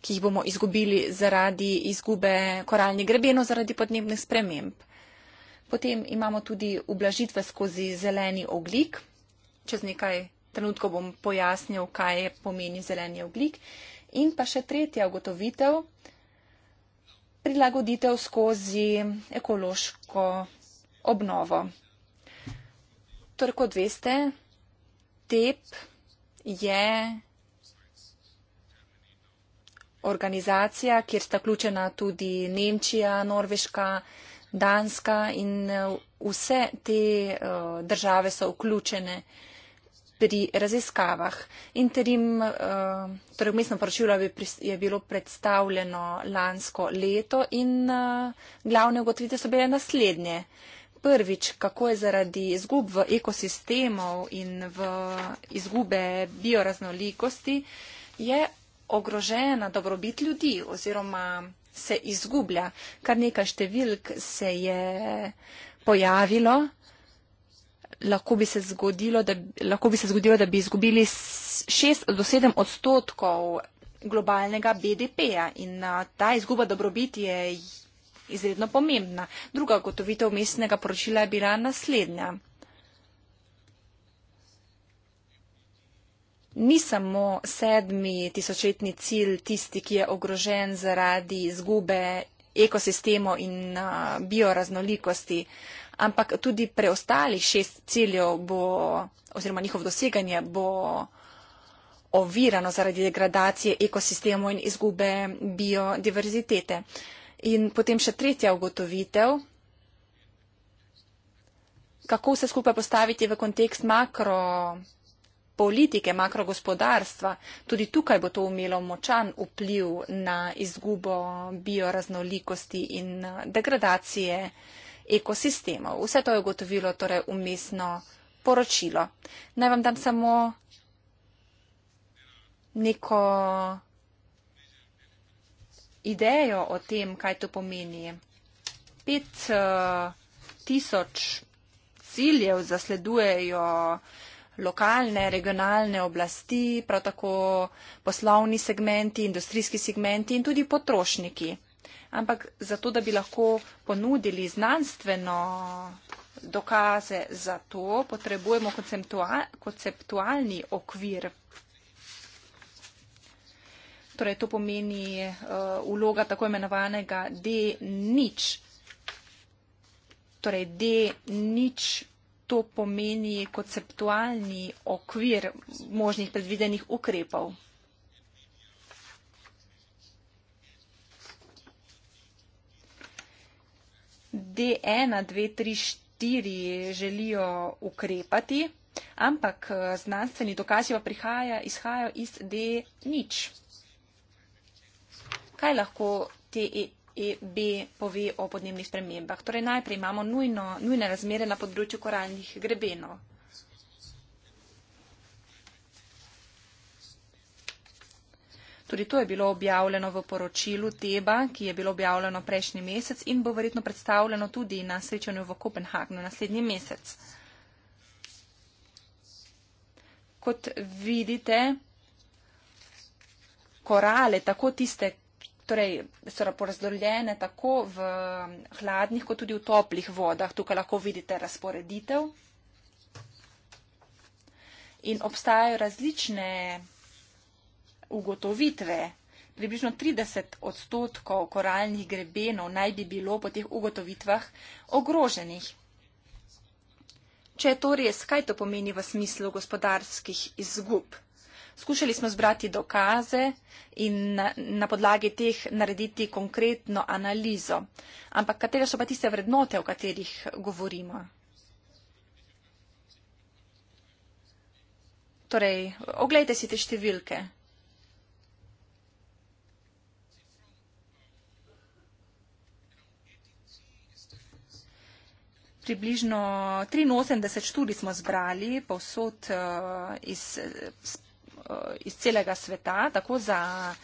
[SPEAKER 4] ki jih bomo izgubili zaradi izgube koralnih grebenov, zaradi podnebnih sprememb. Potem imamo tudi ublažitve skozi zeleni oglik. Čez nekaj trenutkov bom pojasnil, kaj je pomeni zeleni oglik. In pa še tretja ugotovitev, prilagoditev skozi ekološko obnovo. Torej, kot veste, TEP je organizacija, kjer sta vključena tudi Nemčija, Norveška, Danska in eh, vse te eh, države so vključene pri raziskavah. Interim, eh, torej umestno poročilo je bilo predstavljeno lansko leto in glavne ugotovitve so bile naslednje. Prvič, kako je zaradi izgub v ekosistemov in v izgube bioraznolikosti, je ogrožena dobrobit ljudi oziroma se izgublja. Kar nekaj številk se je pojavilo. Lahko bi se zgodilo, da, lahko bi, se zgodilo, da bi izgubili 6 do 7 odstotkov globalnega BDP-ja in ta izguba dobrobiti je izredno pomembna. Druga gotovitev mestnega poročila je bila naslednja. Ni samo sedmi tisočletni cilj tisti, ki je ogrožen zaradi izgube ekosistemov in bioraznolikosti, ampak tudi preostalih šest ciljev bo, oziroma njihov doseganje bo ovirano zaradi degradacije ekosistemov in izgube biodiverzitete. In potem še tretja ugotovitev, kako se skupaj postaviti v kontekst makro politike, makrogospodarstva, tudi tukaj bo to imelo močan vpliv na izgubo bioraznolikosti in eh, degradacije ekosistemov. Vse to je ugotovilo torej umestno poročilo. Naj vam dam samo neko idejo o tem, kaj to pomeni. Pet uh, tisoč ciljev zasledujejo uh, lokalne, regionalne oblasti, prav tako poslovni segmenti, industrijski segmenti in tudi potrošniki. Ampak zato, da bi lahko ponudili znanstveno dokaze za to, potrebujemo konceptualni okvir. Torej, to pomeni uh, vloga tako imenovanega D-nič. Torej, D-nič to pomeni konceptualni okvir možnih predvidenih ukrepov? D1, 2, 3, 4 želijo ukrepati, ampak eh, znanstveni dokazi pa prihaja, izhajajo iz D nič. Kaj lahko te bi pove o podnebnih spremembah. Torej, najprej imamo nujno, nujne razmere na področju koralnih grebenov. Tudi to je bilo objavljeno v poročilu Teba, ki je bilo objavljeno prejšnji mesec in bo verjetno predstavljeno tudi na srečanju v Kopenhagnu naslednji mesec. Kot vidite, korale, tako tiste, torej so porazdoljene tako v hladnih, kot tudi v toplih vodah. Tukaj lahko vidite razporeditev. In obstajajo različne ugotovitve. Približno 30 odstotkov koralnih grebenov naj bi bilo po teh ugotovitvah ogroženih. Če je to res, kaj to pomeni v smislu gospodarskih izgub? Skušali smo zbrati dokaze in na, na podlagi teh narediti konkretno analizo. Ampak katere so pa tiste vrednote, o katerih govorimo? Torej, oglejte si te številke. Približno 83 študij smo zbrali, povsod eh, iz Eh, iz celega sveta, tako za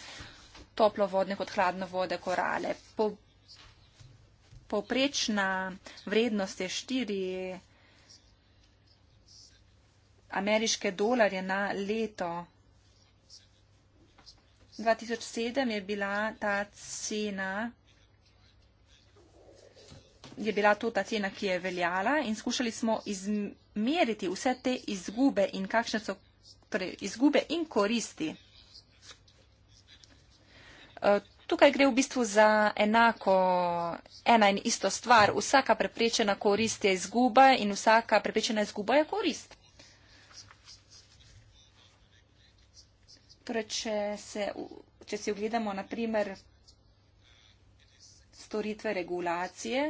[SPEAKER 4] toplo vodne kot hladno vode korale. Po, povprečna vrednost je 4 ameriške dolarje na leto. 2007 je bila ta cena je bila to ta cena, ki je veljala in skušali smo izmeriti vse te izgube in kakšne so pre, izgube in koristi. Eh, tukaj gre v bistvu za enako, ena in isto stvar. Vsaka preprečena korist je izguba in vsaka preprečena izguba je korist. Torej, če, se, če si ogledamo, naprimer, storitve regulacije,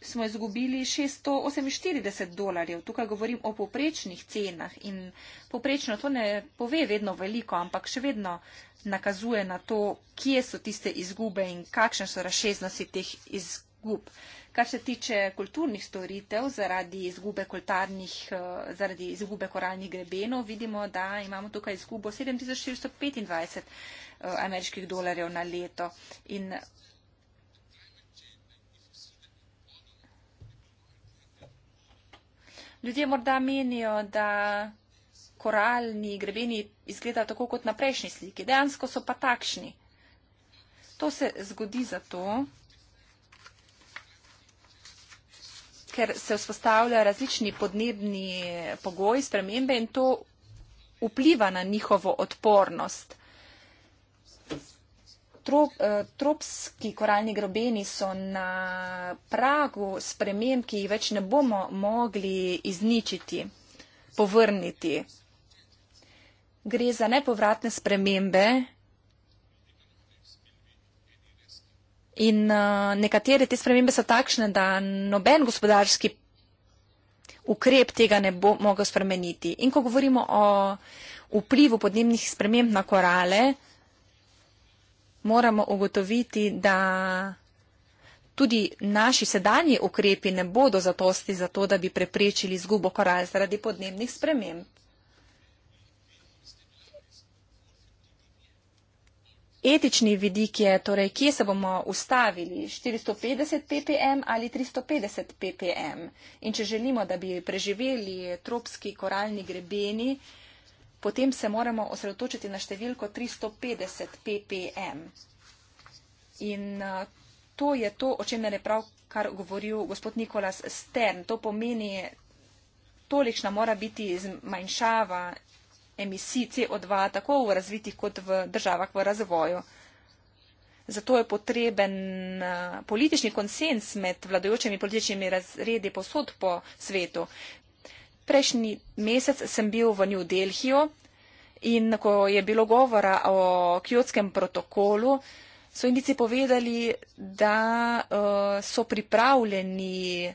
[SPEAKER 4] smo izgubili 648 dolarjev. Tukaj govorim o poprečnih cenah in poprečno to ne pove vedno veliko, ampak še vedno nakazuje na to, kje so tiste izgube in kakšne so razšeznosti teh izgub. Kar se tiče kulturnih storitev zaradi izgube, eh, zaradi izgube koralnih grebenov, vidimo, da imamo tukaj izgubo 7425 eh, ameriških dolarjev na leto. In Ljudje morda menijo, da koralni grebeni izgledajo tako kot na prejšnji sliki. Dejansko so pa takšni. To se zgodi zato, ker se vzpostavljajo različni podnebni pogoji, spremembe in to vpliva na njihovo odpornost trop, eh, tropski koralni grobeni so na pragu sprememb, ki jih več ne bomo mogli izničiti, povrniti. Gre za nepovratne spremembe in eh, nekatere te spremembe so takšne, da noben gospodarski ukrep tega ne bo mogel spremeniti. In ko govorimo o vplivu podnebnih sprememb na korale, moramo ugotoviti, da tudi naši sedanji ukrepi ne bodo zatosti za to, da bi preprečili zgubo koral zaradi podnebnih sprememb. Etični vidik je, torej, kje se bomo ustavili, 450 ppm ali 350 ppm. In če želimo, da bi preživeli tropski koralni grebeni, potem se moramo osredotočiti na številko 350 ppm. In eh, to je to, o čem je prav kar govoril gospod Nikolas Stern. To pomeni, tolikšna mora biti zmanjšava emisij CO2 tako v razvitih kot v državah v razvoju. Zato je potreben eh, politični konsens med vladojočimi političnimi razredi posod po svetu prejšnji mesec sem bil v New Delhiju in ko je bilo govora o kjotskem protokolu, so indici povedali, da uh, so pripravljeni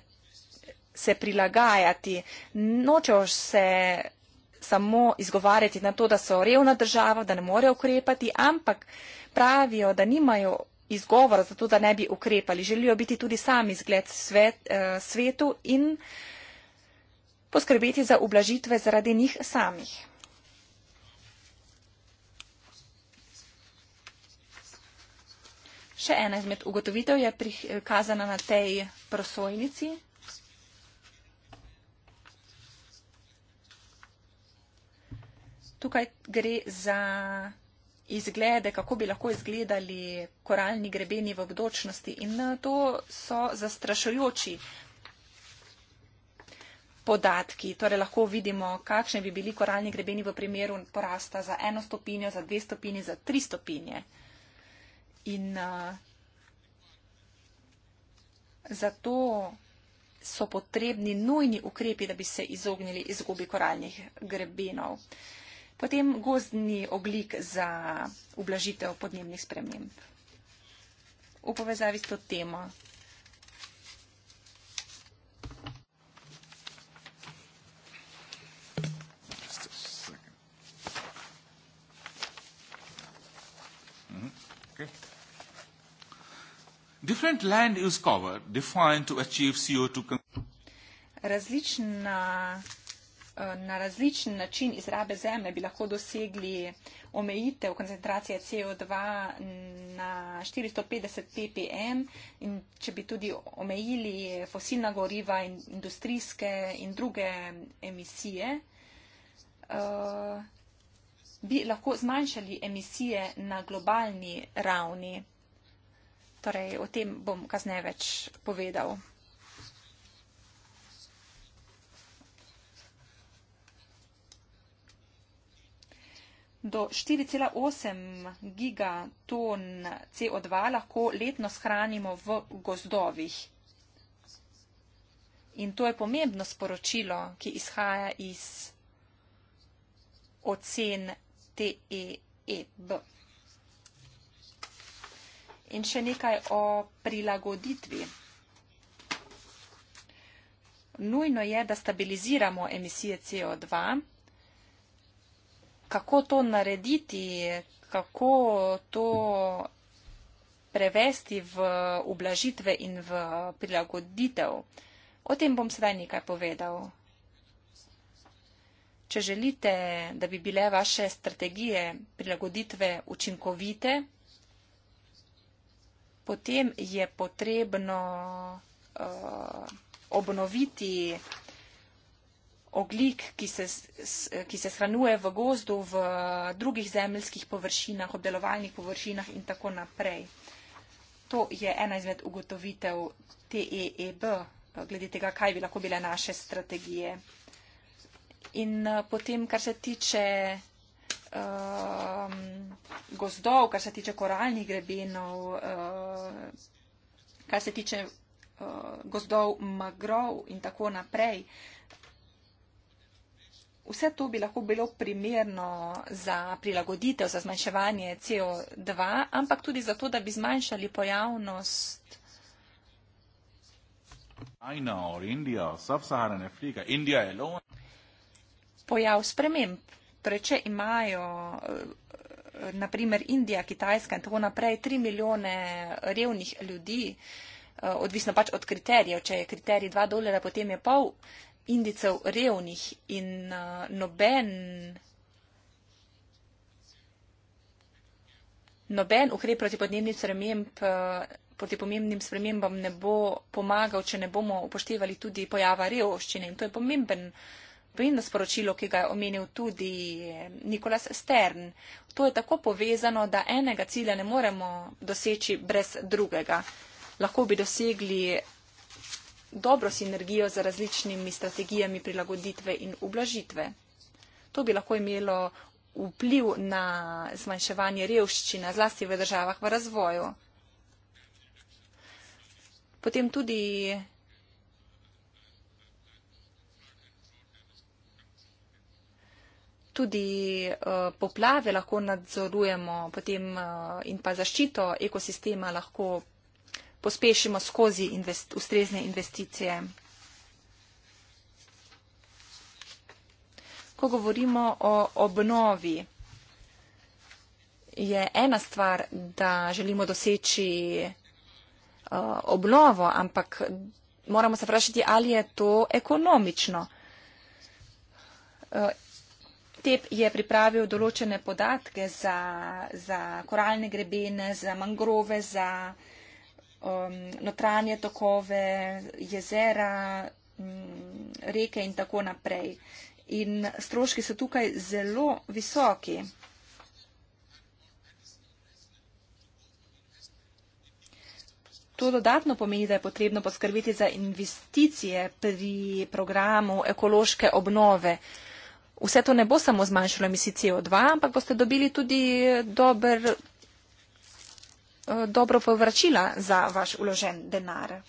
[SPEAKER 4] se prilagajati. Nočejo se samo izgovarjati na to, da so revna država, da ne morejo ukrepati, ampak pravijo, da nimajo izgovora za to, da ne bi ukrepali. Želijo biti tudi sami zgled svet, uh, svetu in uh, poskrbeti za ublažitve zaradi njih samih. Še ena izmed ugotovitev je prikazana na tej prosojnici. Tukaj gre za izglede, kako bi lahko izgledali koralni grebeni v obdočnosti in to so zastrašujoči uh, podatki. Torej lahko vidimo, kakšni bi bili koralni grebeni v primeru porasta za eno stopinjo, za dve stopinje, za tri stopinje. In uh, zato so potrebni nujni ukrepi, da bi se izognili izgubi koralnih grebenov. Potem gozdni oblik za ublažitev podnebnih sprememb. V povezavi s to temo
[SPEAKER 5] Different land use cover defined to achieve CO2
[SPEAKER 4] Različna eh, na različen način izrabe zemlje bi lahko dosegli omejitev koncentracije CO2 na 450 ppm in če bi tudi omejili fosilna goriva in industrijske in druge emisije, eh, bi lahko zmanjšali emisije na globalni ravni. Torej, o tem bom kasneje več povedal. Do 4,8 gigaton CO2 lahko letno shranimo v gozdovih. In to je pomembno sporočilo, ki izhaja iz ocen TEEB. In še nekaj o prilagoditvi. Nujno je, da stabiliziramo emisije CO2. Kako to narediti, kako to prevesti v ublažitve in v prilagoditev. O tem bom sedaj nekaj povedal. Če želite, da bi bile vaše strategije prilagoditve učinkovite, Potem je potrebno uh, obnoviti oglik, ki se, ki se shranjuje v gozdu, v drugih zemljskih površinah, obdelovalnih površinah in tako naprej. To je ena izmed ugotovitev TEEB, eh, glede tega, kaj bi lahko bile naše strategije. In eh, potem, kar se tiče um, gozdov, kar se tiče koralnih grebenov, uh, kar se tiče uh, gozdov magrov in tako naprej. Vse to bi lahko bilo primerno za prilagoditev, za zmanjševanje CO2, ampak tudi zato, da bi zmanjšali pojavnost. Pojav sprememb Torej, če imajo, eh, naprimer, Indija, Kitajska in tako naprej, tri milijone revnih ljudi, eh, odvisno pač od kriterijev, če je kriterij dva dolara, potem je pol indicev revnih in eh, noben. Noben ukrep proti, sprememb, proti pomembnim spremembam ne bo pomagal, če ne bomo upoštevali tudi pojava revščine. In to je pomemben uh, pomembno sporočilo, ki ga je omenil tudi eh, Nikolas Stern. To je tako povezano, da enega cilja ne moremo doseči brez drugega. Lahko bi dosegli dobro sinergijo z različnimi strategijami prilagoditve in ublažitve. To bi lahko imelo vpliv na zmanjševanje revščine, zlasti v državah v razvoju. Potem tudi tudi eh, poplave lahko nadzorujemo potem eh, in pa zaščito ekosistema lahko pospešimo skozi invest, ustrezne investicije. Ko govorimo o obnovi, je ena stvar, da želimo doseči uh, obnovo, ampak moramo se vprašati, ali je to ekonomično. Uh, TEP je pripravil določene podatke za, za koralne grebene, za mangrove, za um, notranje tokove, jezera, um, reke in tako naprej. In stroški so tukaj zelo visoki. To dodatno pomeni, da je potrebno poskrbeti za investicije pri programu ekološke obnove. Uh, vse to ne bo samo zmanjšalo emisij CO2, ampak boste dobili tudi eh, dober, eh, dobro povračila za vaš uložen denar.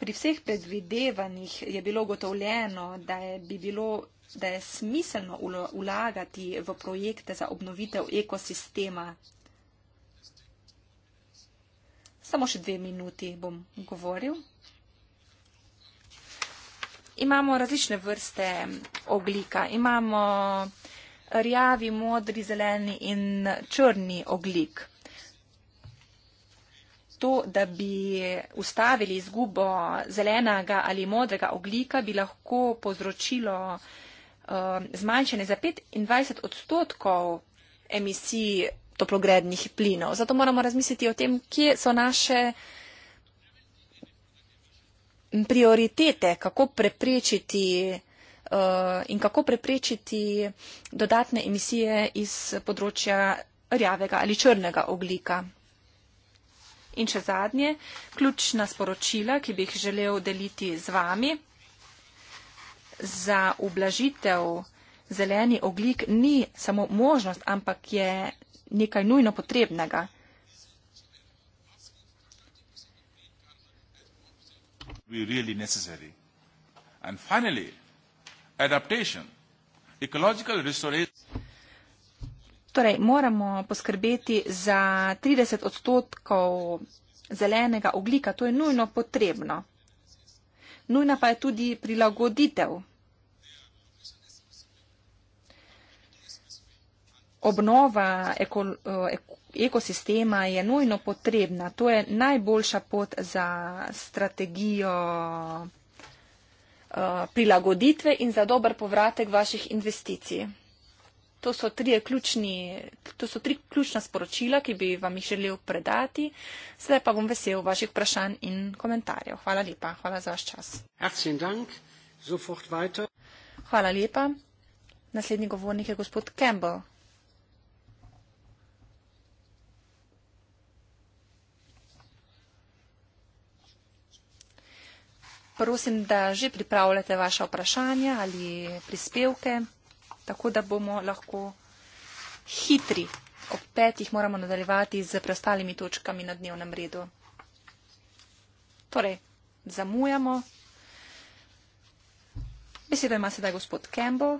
[SPEAKER 4] Pri vseh predvidevanjih je bilo ugotovljeno, da je bi bilo da je smiselno ulagati v projekte za obnovitev ekosistema. Samo še dve minuti bom govoril imamo različne vrste oglika. Imamo rjavi, modri, zeleni in črni oglik. To, da bi ustavili izgubo zelenega ali modrega oglika, bi lahko povzročilo eh, zmanjšanje za 25 odstotkov emisij toplogrednih plinov. Zato moramo razmisliti o tem, kje so naše uh, prioritete, kako preprečiti eh, in kako preprečiti dodatne emisije iz področja rjavega ali črnega oglika. In še zadnje, ključna sporočila, ki bi jih želel deliti z vami. Za ublažitev zeleni oglik ni samo možnost, ampak je nekaj nujno potrebnega.
[SPEAKER 2] be really necessary. And finally, adaptation, ecological restoration.
[SPEAKER 4] Torej, moramo poskrbeti za 30 odstotkov zelenega oglika. To je nujno potrebno. Nujna pa je tudi prilagoditev. Obnova ekolo, ekolo, eh, ekosistema je nujno potrebna. To je najboljša pot za strategijo eh, prilagoditve in za dober povratek vaših investicij. To so, ključni, to so tri ključna sporočila, ki bi vam jih želel predati. Sedaj pa bom vesel vaših vprašanj in komentarjev. Hvala lepa. Hvala za vaš čas. Hvala lepa. Naslednji govornik je gospod Campbell. prosim, da že pripravljate vaše vprašanja ali prispevke, tako da bomo lahko hitri. Ob petih moramo nadaljevati z preostalimi točkami na dnevnem redu. Torej, zamujamo. Beseda ima sedaj gospod Kembo.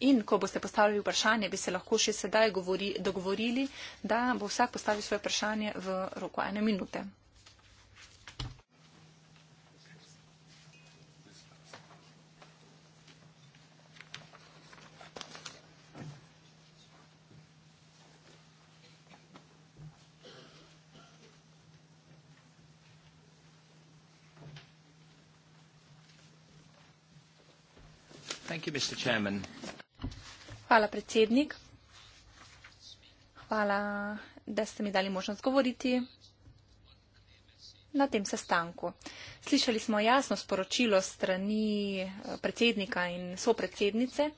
[SPEAKER 4] in ko boste postavili vprašanje, bi se lahko še sedaj govori, dogovorili, da bo vsak postavil svoje vprašanje v roku ene minute.
[SPEAKER 5] Thank you, Mr. Chairman.
[SPEAKER 1] Hvala,
[SPEAKER 4] predsednik. Hvala, da ste mi dali možnost govoriti na tem sestanku. Slišali smo jasno sporočilo strani eh, predsednika in sopredsednice,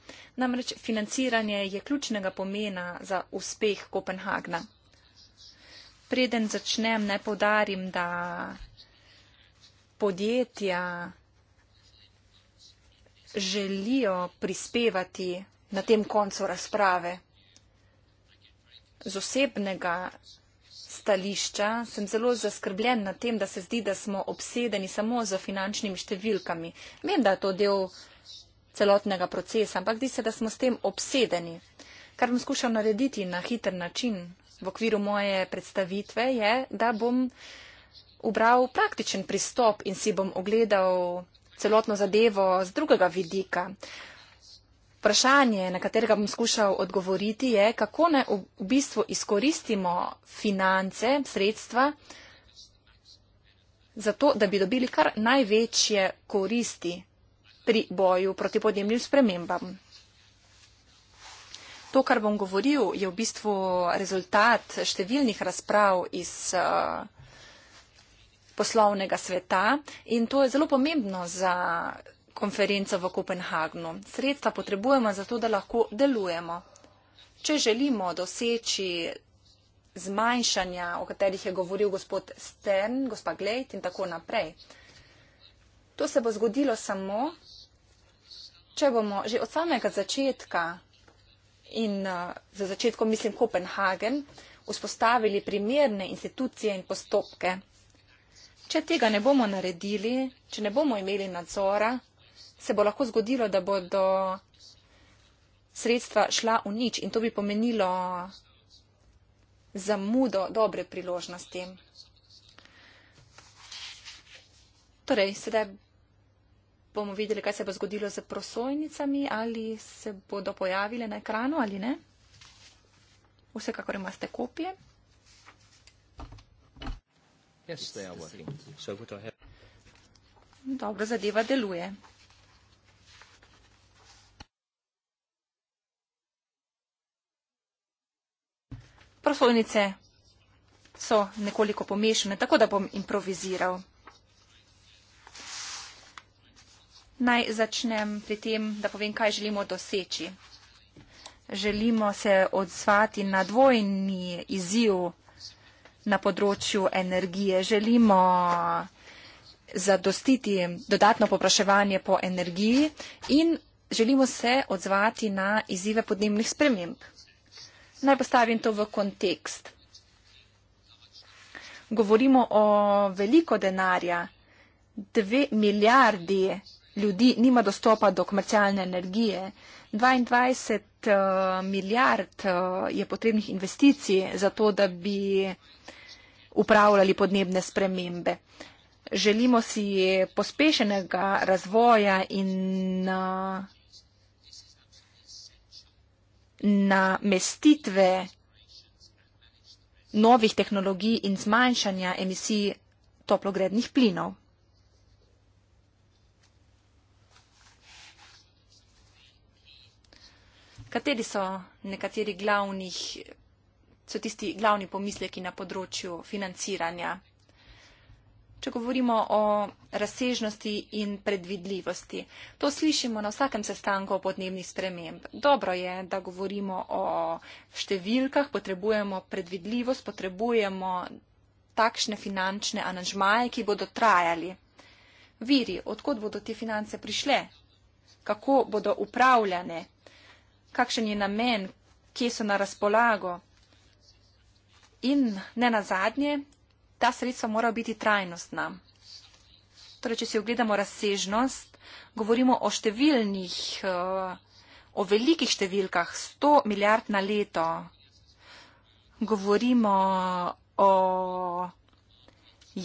[SPEAKER 4] namreč financiranje je ključnega pomena za uspeh Kopenhagna. Preden začnem, naj povdarim, da podjetja želijo prispevati na tem koncu razprave. Z osebnega stališča sem zelo zaskrbljen na tem, da se zdi, da smo obsedeni samo z finančnimi številkami. Vem, da je to del celotnega procesa, ampak zdi se, da smo s tem obsedeni. Kar bom skušal narediti na hiter način v okviru moje predstavitve je, da bom ubral praktičen pristop in si bom ogledal celotno zadevo z drugega vidika. Vprašanje, na katerega bom skušal odgovoriti, je, kako ne v bistvu izkoristimo finance, sredstva, zato, da bi dobili kar največje koristi pri boju proti podnebnim spremembam. To, kar bom govoril, je v bistvu rezultat številnih razprav iz uh, poslovnega sveta in to je zelo pomembno za konferenco v Kopenhagnu. Sredstva potrebujemo zato, da lahko delujemo. Če želimo doseči zmanjšanja, o katerih je govoril gospod Stern, gospa Glejt in tako naprej, to se bo zgodilo samo, če bomo že od samega začetka in eh, za začetkom mislim Kopenhagen vzpostavili primerne institucije in postopke. Če tega ne bomo naredili, če ne bomo imeli nadzora, se bo lahko zgodilo, da bodo sredstva šla v nič in to bi pomenilo zamudo dobre priložnosti. Torej, sedaj bomo videli, kaj se bo zgodilo z prosojnicami, ali se bodo pojavile na ekranu ali ne. Vsekakor imate kopije. Yes, Dobro, zadeva deluje. prosojnice so nekoliko pomešane, tako da bom improviziral. Naj začnem pri tem, da povem, kaj želimo doseči. Želimo se odzvati na dvojni izziv na področju energije. Želimo zadostiti dodatno popraševanje po energiji in želimo se odzvati na izzive podnebnih sprememb. Naj postavim to v kontekst. Govorimo o veliko denarja. Dve milijardi ljudi nima dostopa do komercialne energije. 22 eh, milijard eh, je potrebnih investicij za to, da bi upravljali podnebne spremembe. Želimo si pospešenega razvoja in eh, namestitve novih tehnologij in zmanjšanja emisij toplogrednih plinov. Kateri so nekateri glavnih, so tisti glavni pomisleki na področju financiranja? če govorimo o razsežnosti in predvidljivosti. To slišimo na vsakem sestanku o podnebnih sprememb. Dobro je, da govorimo o številkah, potrebujemo predvidljivost, potrebujemo takšne finančne anažmaje, ki bodo trajali. Viri, odkot bodo te finance prišle, kako bodo upravljane, kakšen je namen, kje so na razpolago. In ne nazadnje, ta sredstva morajo biti trajnostna. Torej, če si ogledamo razsežnost, govorimo o številnih, eh, o velikih številkah, 100 milijard na leto. Govorimo o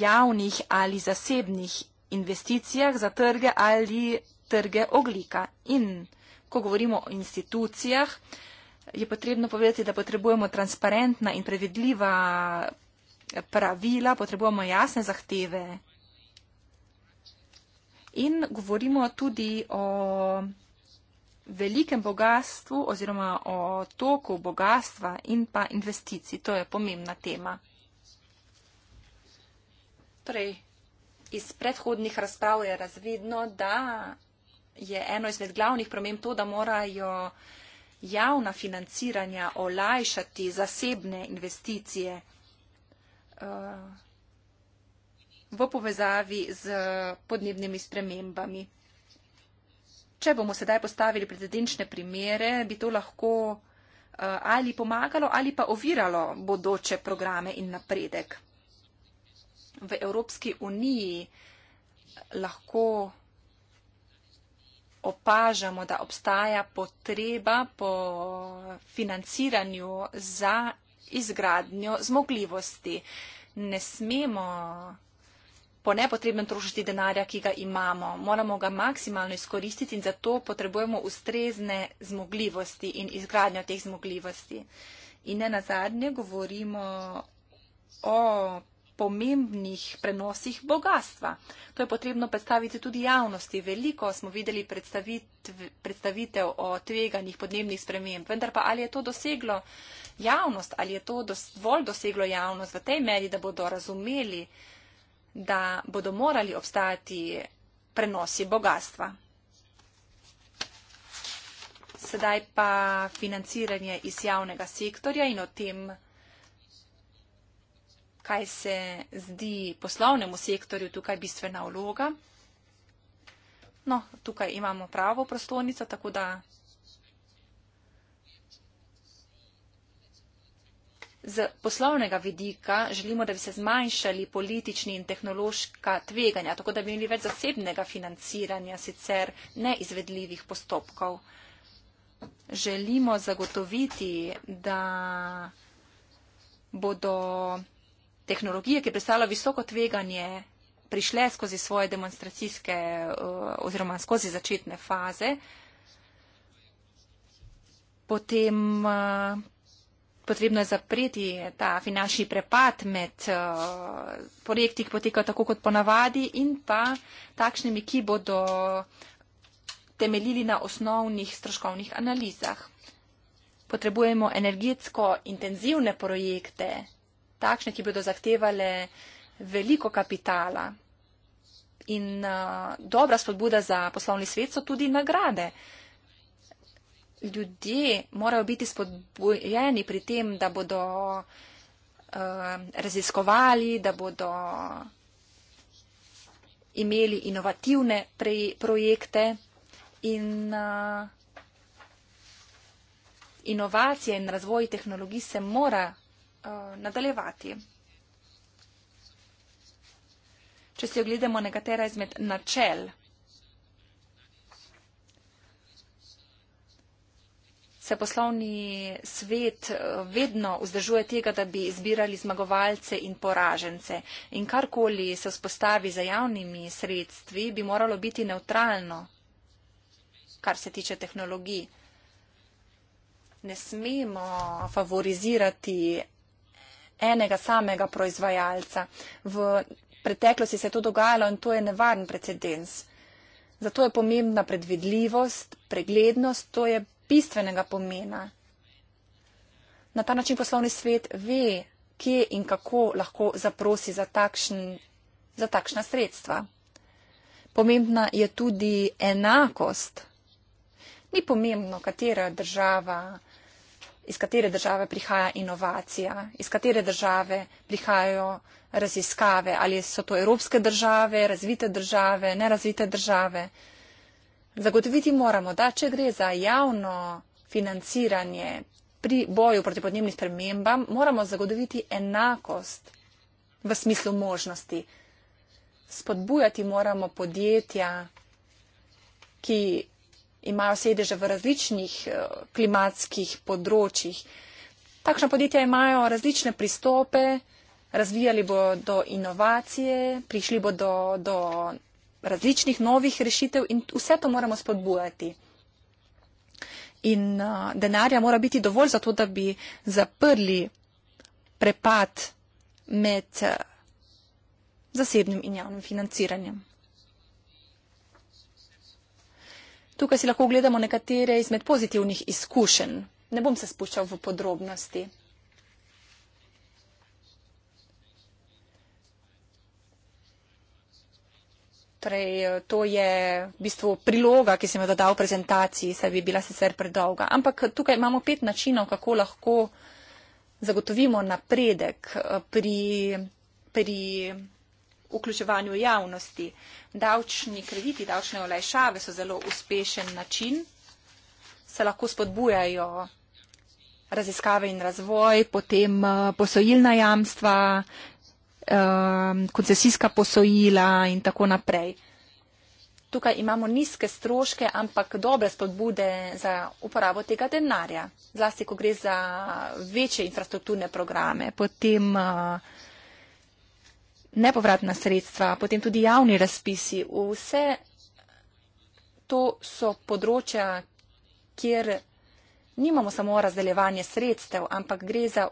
[SPEAKER 4] javnih ali zasebnih investicijah za trge ali trge oglika. In ko govorimo o institucijah, je potrebno povedati, da potrebujemo transparentna in predvidljiva pravila, potrebujemo jasne zahteve. In govorimo tudi o velikem bogatstvu oziroma o toku bogatstva in pa investicij. To je pomembna tema. Torej, iz predhodnih razprav je razvidno, da je eno izmed glavnih problem to, da morajo javna financiranja olajšati zasebne investicije v povezavi z podnebnimi spremembami. Če bomo sedaj postavili predsedenčne primere, bi to lahko eh, ali pomagalo ali pa oviralo bodoče programe in napredek. V Evropski uniji lahko opažamo, da obstaja potreba po financiranju za izgradnjo zmogljivosti. Ne smemo po nepotrebnem trošiti denarja, ki ga imamo. Moramo ga maksimalno izkoristiti in zato potrebujemo ustrezne zmogljivosti in izgradnjo teh zmogljivosti. In ne nazadnje govorimo o pomembnih prenosih bogatstva. To je potrebno predstaviti tudi javnosti. Veliko smo videli predstavitev o tveganih podnebnih sprememb, vendar pa ali je to doseglo javnost, ali je to dovolj doseglo javnost v tej meri, da bodo razumeli, da bodo morali obstajati prenosi bogatstva. Sedaj pa financiranje iz javnega sektorja in o tem, kaj se zdi poslovnemu sektorju tukaj bistvena vloga. No, tukaj imamo pravo prostornico, tako da z poslovnega vidika želimo, da bi se zmanjšali politični in tehnološka tveganja, tako da bi imeli več zasebnega financiranja sicer neizvedljivih postopkov. Želimo zagotoviti, da bodo tehnologije, ki predstavljajo visoko tveganje, prišle skozi svoje demonstracijske eh, oziroma skozi začetne faze, potem eh, potrebno je zapreti ta finančni prepad med uh, projekti, ki potekajo tako kot ponavadi in pa takšnimi, ki bodo temeljili na osnovnih stroškovnih analizah. Potrebujemo energetsko intenzivne projekte, takšne, ki bodo zahtevale veliko kapitala. In uh, dobra spodbuda za poslovni svet so tudi nagrade. Uh, ljudje morajo biti spodbujeni pri tem, da bodo uh, raziskovali, da bodo imeli inovativne pre, projekte in uh, inovacije in razvoj tehnologij se mora uh, nadaljevati. Če si ogledamo nekatera izmed načel se poslovni svet eh, vedno vzdržuje tega, da bi izbirali zmagovalce in poražence. In karkoli se vzpostavi za javnimi sredstvi, bi moralo biti neutralno, kar se tiče tehnologij. Ne smemo favorizirati enega samega proizvajalca. V preteklosti se je to dogajalo in to je nevaren precedens. Zato je pomembna predvidljivost, preglednost, to je bistvenega pomena. Na ta način poslovni svet ve, kje in kako lahko zaprosi za, takšen, za takšna sredstva. Pomembna je tudi enakost. Ni pomembno, katera država, iz katere države prihaja inovacija, iz katere države prihajajo raziskave, ali so to evropske države, razvite države, nerazvite države. Zagotoviti moramo, da če gre za javno financiranje pri boju proti podnebnim spremembam, moramo zagotoviti enakost v smislu možnosti. Spodbujati moramo podjetja, ki imajo sedeže v različnih eh, klimatskih področjih. Takšna podjetja imajo različne pristope, razvijali bodo inovacije, prišli bodo do. do različnih novih rešitev in vse to moramo spodbujati. In uh, denarja mora biti dovolj za to, da bi zaprli prepad med uh, zasebnim in javnim financiranjem. Tukaj si lahko ogledamo nekatere izmed pozitivnih izkušenj. Ne bom se spuščal v podrobnosti. naprej. Eh, to je v bistvu priloga, ki sem jo dodal v prezentaciji, saj bi bila sicer predolga. Ampak tukaj imamo pet načinov, kako lahko zagotovimo napredek eh, pri, pri vključevanju javnosti. Davčni krediti, davčne olajšave so zelo uspešen način, se lahko spodbujajo raziskave in razvoj, potem eh, posojilna jamstva, um, koncesijska posojila in tako naprej. Tukaj imamo nizke stroške, ampak dobre spodbude za uporabo tega denarja. Zlasti, ko gre za večje infrastrukturne programe, potem uh, nepovratna sredstva, potem tudi javni razpisi. Vse to so področja, kjer nimamo samo razdeljevanje sredstev, ampak gre za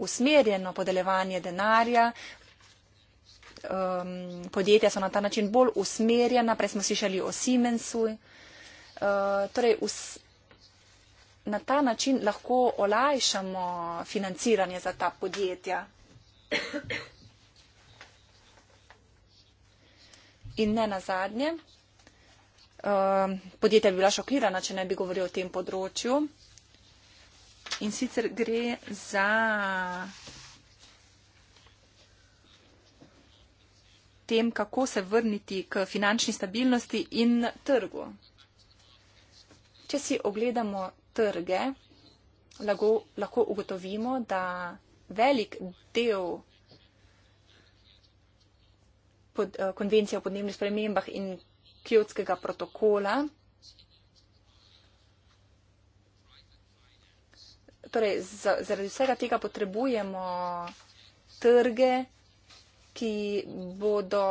[SPEAKER 4] usmerjeno podeljevanje denarja. Um, podjetja so na ta način bolj usmerjena, prej smo slišali o Siemensu. Uh, torej us, na ta način lahko olajšamo financiranje za ta podjetja. In ne nazadnje, uh, podjetja bi bila šokirana, če ne bi govorila o tem področju in sicer gre za tem, kako se vrniti k finančni stabilnosti in trgu. Če si ogledamo trge, lahko, lahko ugotovimo, da velik del pod, eh, konvencije o podnebnih spremembah in kjotskega protokola torej, zaradi vsega tega potrebujemo trge, ki bodo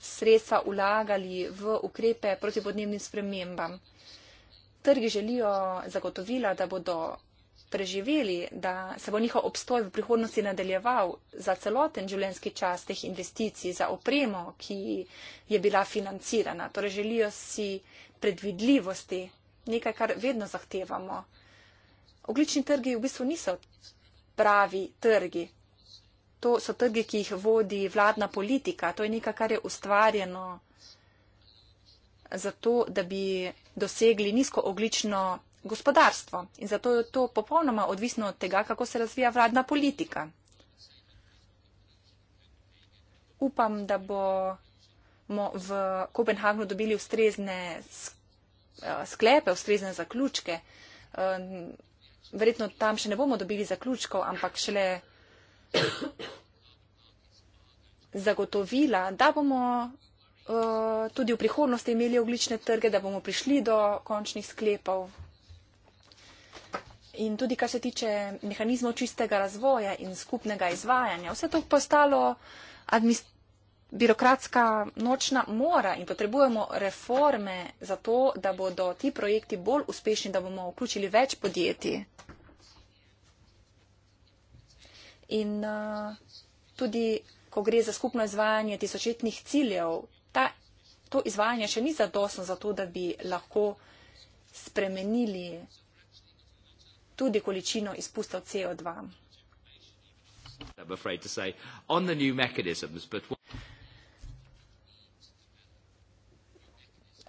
[SPEAKER 4] sredstva vlagali v ukrepe proti podnebnim spremembam. Trgi želijo zagotovila, da bodo preživeli, da se bo njihov obstoj v prihodnosti nadaljeval za celoten življenjski čas teh investicij, za opremo, ki je bila financirana. Torej želijo si predvidljivosti, nekaj, kar vedno zahtevamo. Oglični trgi v bistvu niso pravi trgi. To so trgi, ki jih vodi vladna politika. To je nekaj, kar je ustvarjeno zato, da bi dosegli nizkooglično gospodarstvo. In zato je to popolnoma odvisno od tega, kako se razvija vladna politika. Upam, da bomo v Kopenhagnu dobili ustrezne eh, sklepe, ustrezne zaključke. Eh, verjetno tam še ne bomo dobili zaključkov, ampak šele zagotovila, da bomo uh, tudi v prihodnosti imeli oglične trge, da bomo prišli do končnih sklepov. In tudi, kar se tiče mehanizmov čistega razvoja in skupnega izvajanja, vse to postalo birokratska nočna mora in potrebujemo reforme za to, da bodo ti projekti bolj uspešni, da bomo vključili več podjetij. in uh, tudi, ko gre za skupno izvajanje tisočetnih ciljev, ta, to izvajanje še ni zadostno za to, da bi lahko spremenili tudi količino izpustov CO2.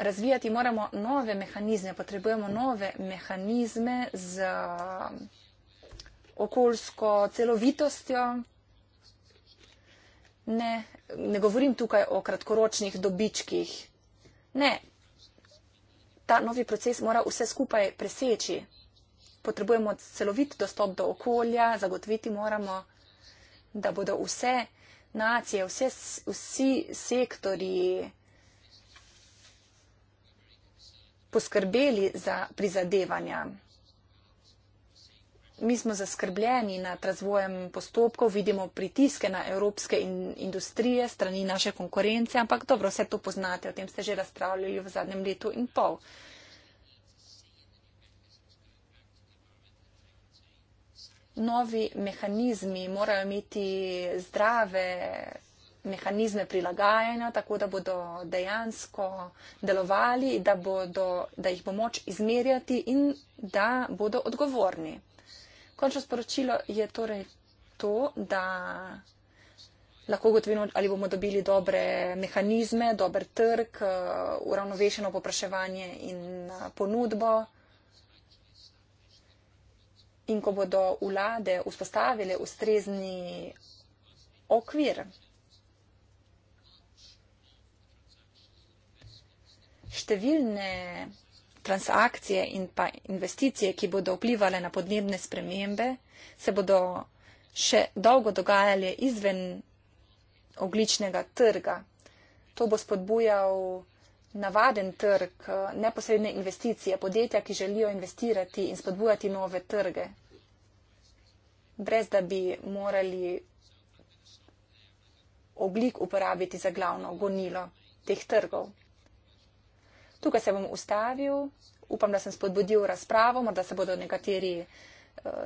[SPEAKER 4] Razvijati moramo nove mehanizme, potrebujemo nove mehanizme z okoljsko celovitostjo. Ne, ne govorim tukaj o kratkoročnih dobičkih. Ne, ta novi proces mora vse skupaj preseči. Potrebujemo celovit dostop do okolja, zagotoviti moramo, da bodo vse nacije, vse, vsi sektori poskrbeli za prizadevanja mi smo zaskrbljeni nad razvojem postopkov, vidimo pritiske na evropske in industrije strani naše konkurence, ampak dobro, vse to poznate, o tem ste že razpravljali v zadnjem letu in pol. Novi mehanizmi morajo imeti zdrave mehanizme prilagajanja, tako da bodo dejansko delovali, da, bodo, da jih bo moč izmerjati in da bodo odgovorni. Končno sporočilo je torej to, da lahko ugotovimo, ali bomo dobili dobre mehanizme, dober trg, eh, uravnovešeno popraševanje in eh, ponudbo. In ko bodo vlade vzpostavile ustrezni okvir, številne transakcije in pa investicije, ki bodo vplivali na podnebne spremembe, se bodo še dolgo dogajali izven ogličnega trga. To bo spodbujal navaden trg, eh, neposredne investicije, podjetja, ki želijo investirati in spodbujati nove trge, brez da bi morali oblik uporabiti za glavno gonilo teh trgov. Tukaj se bom ustavil. Upam, da sem spodbudil razpravo, morda se bodo nekateri eh,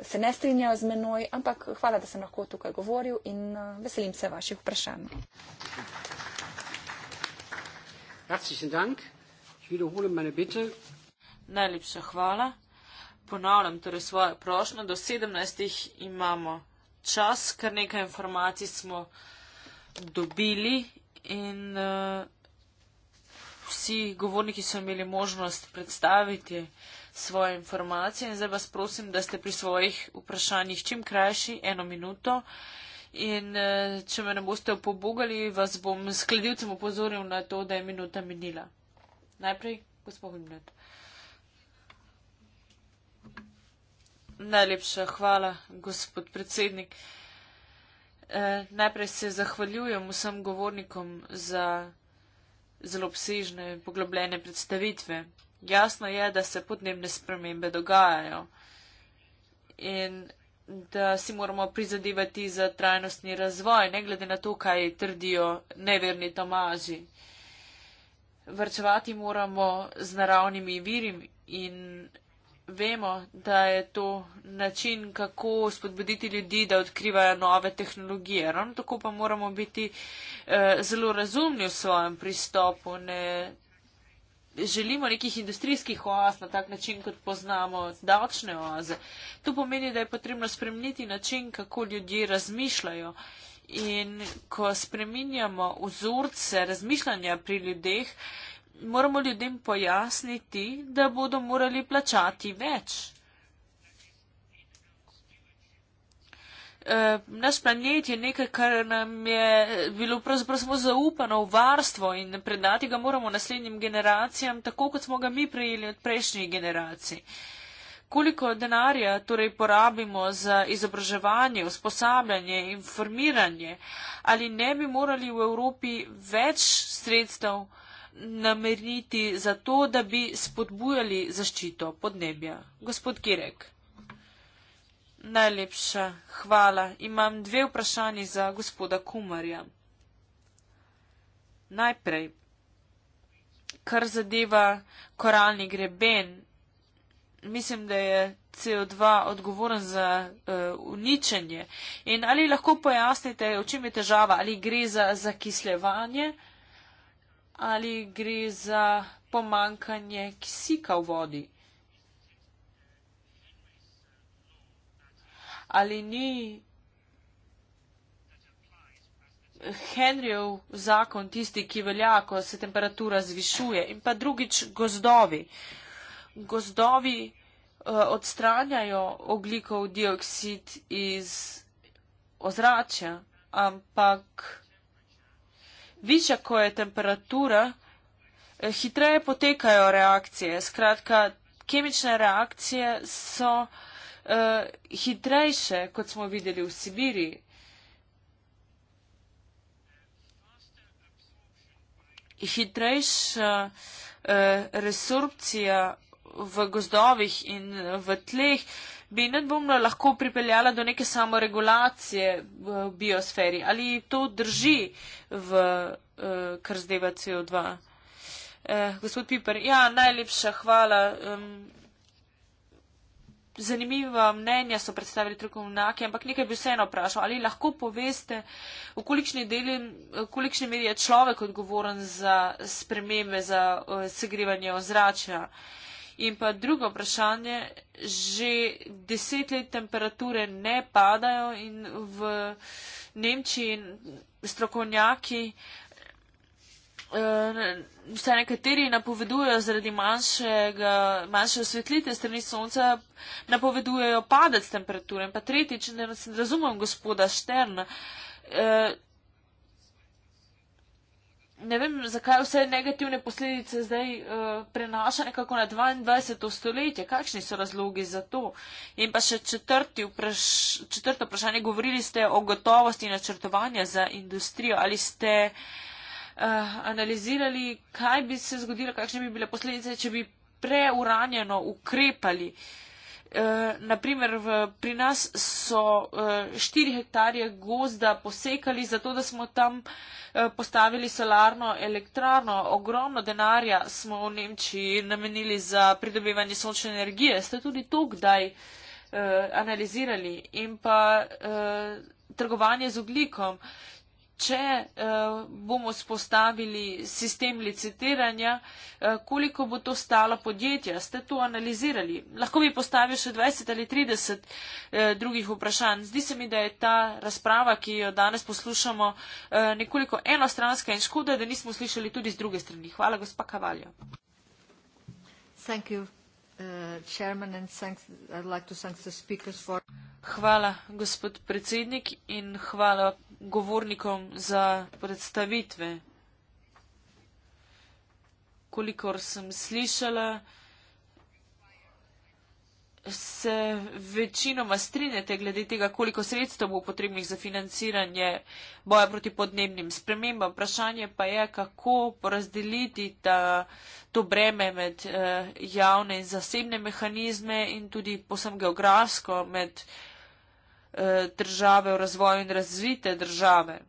[SPEAKER 4] se ne strinjajo z menoj, ampak hvala, da sem lahko tukaj govoril in eh, veselim se vaših vprašanj.
[SPEAKER 3] Najlepša hvala. Ponavljam torej svojo prošnjo. Do 17. imamo čas, ker nekaj informacij smo dobili in uh, vsi govorniki so imeli možnost predstaviti svoje informacije in zdaj vas prosim, da ste pri svojih vprašanjih čim krajši, eno minuto. In eh, če me ne boste opobogali, vas bom s kledivcem upozoril na to, da je minuta minila. Najprej, gospod Hrmnet. Najlepša hvala, gospod predsednik. Eh, najprej se zahvaljujem vsem govornikom za zelo obsežne in poglobljene predstavitve. Jasno je, da se podnebne spremembe dogajajo in da si moramo prizadevati za trajnostni razvoj, ne glede na to, kaj trdijo neverni tomaži. Vrčevati moramo z naravnimi virim in vemo, da je to način, kako spodbuditi ljudi, da odkrivajo nove tehnologije. Ravno tako pa moramo biti eh, zelo razumni v svojem pristopu. Ne? Želimo nekih industrijskih oaz na tak način, kot poznamo davčne oaze. To pomeni, da je potrebno spremeniti način, kako ljudje razmišljajo. In ko spreminjamo vzorce razmišljanja pri ljudeh, moramo ljudem pojasniti, da bodo morali plačati več. Eh, naš planet je nekaj, kar nam je bilo pravzaprav samo zaupano v varstvo in predati ga moramo naslednjim generacijam, tako kot smo ga mi prejeli od prejšnjih generacij. Koliko denarja torej porabimo za izobraževanje, usposabljanje, informiranje, ali ne bi morali v Evropi več sredstev? nameriti za to, da bi spodbujali zaščito podnebja. Gospod Kirek. Najlepša hvala. Imam dve vprašanji za gospoda Kumarja. Najprej, kar zadeva koralni greben, mislim, da je CO2 odgovoren za uh, uničenje. In ali lahko pojasnite, v čem je težava, ali gre za zakisljevanje? ali gre za pomankanje kisika v vodi. Ali ni Henryjev zakon tisti, ki velja, ko se temperatura zvišuje. In pa drugič gozdovi. Gozdovi uh, odstranjajo oglikov dioksid iz ozračja, ampak Višja, ko je temperatura, eh, hitreje potekajo reakcije. Skratka, kemične reakcije so uh, hitrejše, kot smo videli v Sibiriji. Hitrejša uh, resorpcija v gozdovih in eh, v tleh, bi nadbumla lahko pripeljala do neke samoregulacije eh, v biosferi. Ali to drži v uh, kar zdeva CO2? Eh, gospod Piper, ja, najlepša hvala. Um, Zanimiva mnenja so predstavili trokovnjaki, ampak nekaj bi vseeno vprašal, ali lahko poveste, v kolikšni, deli, v kolikšni meri je človek odgovoren za spremembe, za segrevanje ozračja. Uh, In pa drugo vprašanje, že deset let temperature ne padajo in v Nemčiji strokovnjaki, eh, vsaj nekateri napovedujejo zaradi manjšega, manjše osvetlite strani sonca, napovedujejo padec temperature. In pa tretjič, ne razumem gospoda Štern, eh, ne vem, zakaj vse negativne posledice zdaj uh, prenaša nekako na 22. stoletje, kakšni so razlogi za to. In pa še vpraš četrto vprašanje, govorili ste o gotovosti načrtovanja za industrijo, ali ste uh, analizirali, kaj bi se zgodilo, kakšne bi bile posledice, če bi preuranjeno ukrepali. Uh, Eh, naprimer, v, pri nas so uh, eh, 4 hektarje gozda posekali, zato da smo tam uh, postavili solarno elektrarno. Ogromno denarja smo v Nemčiji namenili za pridobivanje sončne energije. Ste tudi to kdaj uh, analizirali? In pa uh, trgovanje z oglikom. Uh, če eh, bomo spostavili sistem licitiranja, eh, koliko bo to stalo podjetja? Ste to analizirali? Lahko bi postavil še 20 ali 30 eh, drugih vprašanj. Zdi se mi, da je ta razprava, ki jo danes poslušamo, nekoliko enostranska in škoda, da nismo slišali tudi z druge strani. Hvala, gospa Kavaljo.
[SPEAKER 1] Thank you. Uh,
[SPEAKER 3] hvala, gospod predsednik, in hvala govornikom za predstavitve. Kolikor sem slišala, se večinoma strinjate glede tega, koliko sredstev bo potrebnih za financiranje boja proti podnebnim spremembam. Vprašanje pa je, kako porazdeliti ta, to breme med eh, javne in zasebne mehanizme in tudi posem geografsko med eh, države v razvoju in razvite države.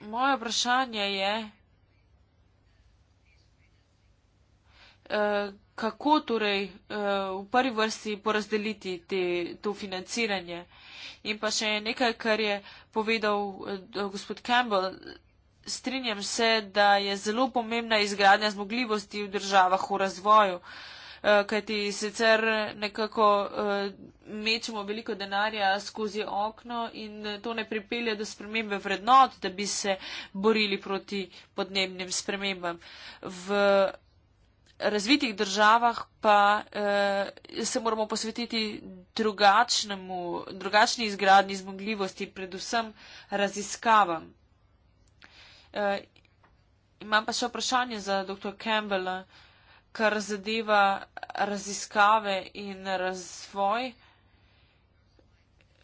[SPEAKER 3] Moje vprašanje je. Eh, kako torej eh, v prvi vrsti porazdeliti te, to financiranje. In pa še nekaj, kar je povedal eh, gospod Campbell. Strinjam se, da je zelo pomembna izgradnja zmogljivosti v državah v razvoju, eh, kajti sicer nekako mečemo veliko denarja skozi okno in to ne pripelje do spremembe vrednot, da bi se borili proti podnebnim spremembam. V razvitih državah pa eh, se moramo posvetiti drugačnemu, drugačni izgradni zmogljivosti, predvsem raziskavam. Eh, imam pa še vprašanje za dr. Campbella, kar zadeva raziskave in razvoj.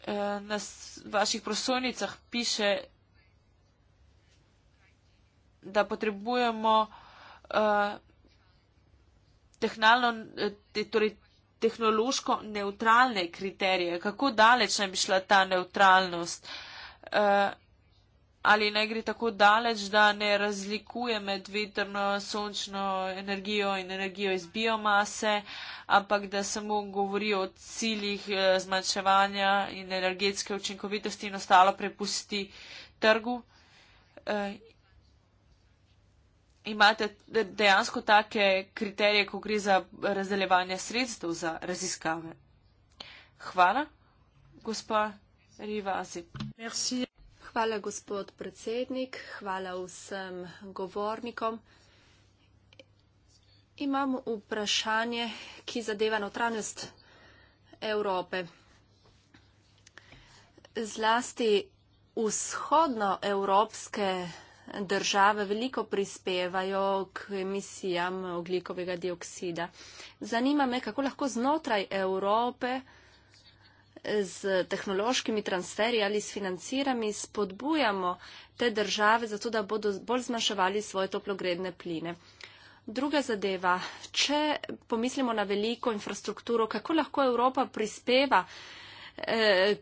[SPEAKER 3] Eh, na vaših prosojnicah piše, da potrebujemo eh, tehnalno, eh, te, torej, tehnološko neutralne kriterije, kako daleč naj bi šla ta neutralnost. Uh, Ali naj gre tako daleč, da ne razlikuje med vetrno, sončno energijo in energijo iz biomase, ampak da samo govori o ciljih eh, zmanjševanja in energetske učinkovitosti in ostalo prepusti trgu imate dejansko take kriterije, ko gre za razdeljevanje sredstev za raziskave.
[SPEAKER 1] Hvala, gospa Rivazi. Merci. Hvala, gospod predsednik. Hvala vsem govornikom. Imam vprašanje, ki zadeva notranjost Evrope. Zlasti vzhodnoevropske države veliko prispevajo k emisijam oglikovega dioksida. Zanima me, kako lahko znotraj Evrope z tehnološkimi transferji ali s financirami spodbujamo te države, zato da bodo bolj zmanjševali svoje toplogredne pline. Druga zadeva, če pomislimo na veliko infrastrukturo, kako lahko Evropa prispeva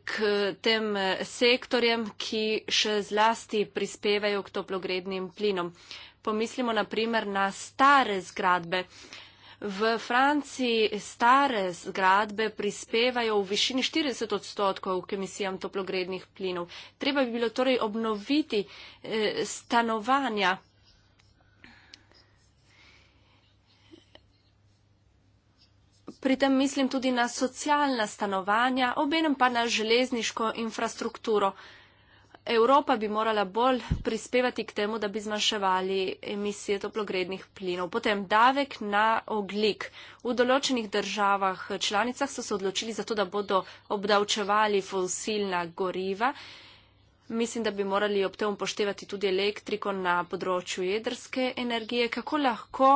[SPEAKER 1] k tem sektorjem, ki še zlasti prispevajo k toplogrednim plinom. Pomislimo naprimer na stare zgradbe. V Franciji stare zgradbe prispevajo v višini 40 odstotkov k emisijam toplogrednih plinov. Treba bi bilo torej obnoviti eh, stanovanja pri tem mislim tudi na socialna stanovanja, obenem pa na železniško infrastrukturo. Evropa bi morala bolj prispevati k temu, da bi zmanjševali emisije toplogrednih plinov. Potem davek na oglik. V določenih državah članicah so se odločili za to, da bodo obdavčevali fosilna goriva. Mislim, da bi morali ob tem upoštevati tudi elektriko na področju jedrske energije. Kako lahko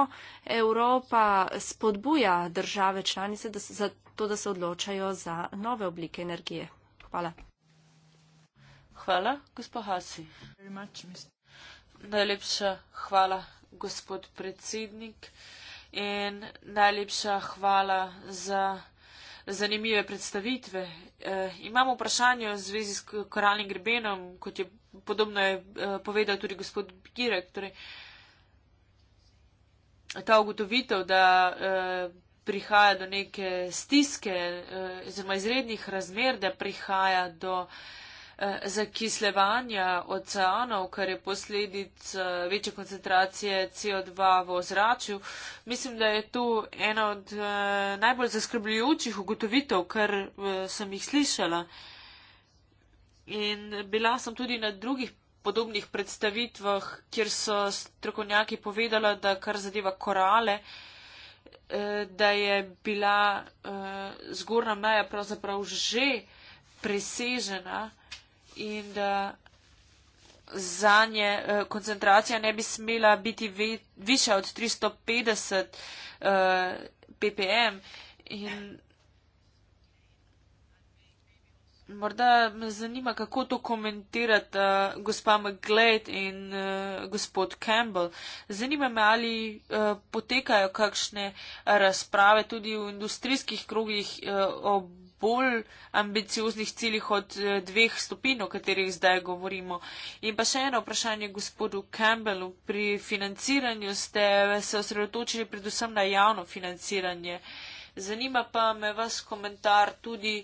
[SPEAKER 1] Evropa spodbuja države članice, da se, za to, da se odločajo za nove oblike energije? Hvala.
[SPEAKER 3] Hvala, gospod Hasi. Najlepša hvala, gospod predsednik. In najlepša hvala za zanimive predstavitve. Eh, Imamo vprašanje v zvezi s koralnim grebenom, kot je podobno je eh, povedal tudi gospod Girek. Torej, ta ugotovitev, da eh, prihaja do neke stiske, zelo izrednih razmer, da prihaja do Eh, zakislevanja oceanov, kar je posledic eh, večje koncentracije CO2 v ozračju. Mislim, da je tu ena od eh, najbolj zaskrbljujočih ugotovitev, kar sem jih slišala. In bila sem tudi na drugih podobnih predstavitvah, kjer so strokovnjaki povedala, da kar zadeva korale, da je bila zgorna meja pravzaprav že presežena in da eh, za nje eh, koncentracija ne bi smela biti više od 350 ppm. Eh, in Morda me zanima, kako to komentirata uh, gospa McGlade in uh, gospod Campbell. Zanima me, ali uh, potekajo kakšne razprave tudi v industrijskih krugih uh, o bolj ambicioznih ciljih od eh, dveh stopin, o katerih zdaj govorimo. In pa še eno vprašanje gospodu Campbellu. Pri financiranju ste se osredotočili predvsem na javno financiranje. Zanima pa me vas komentar tudi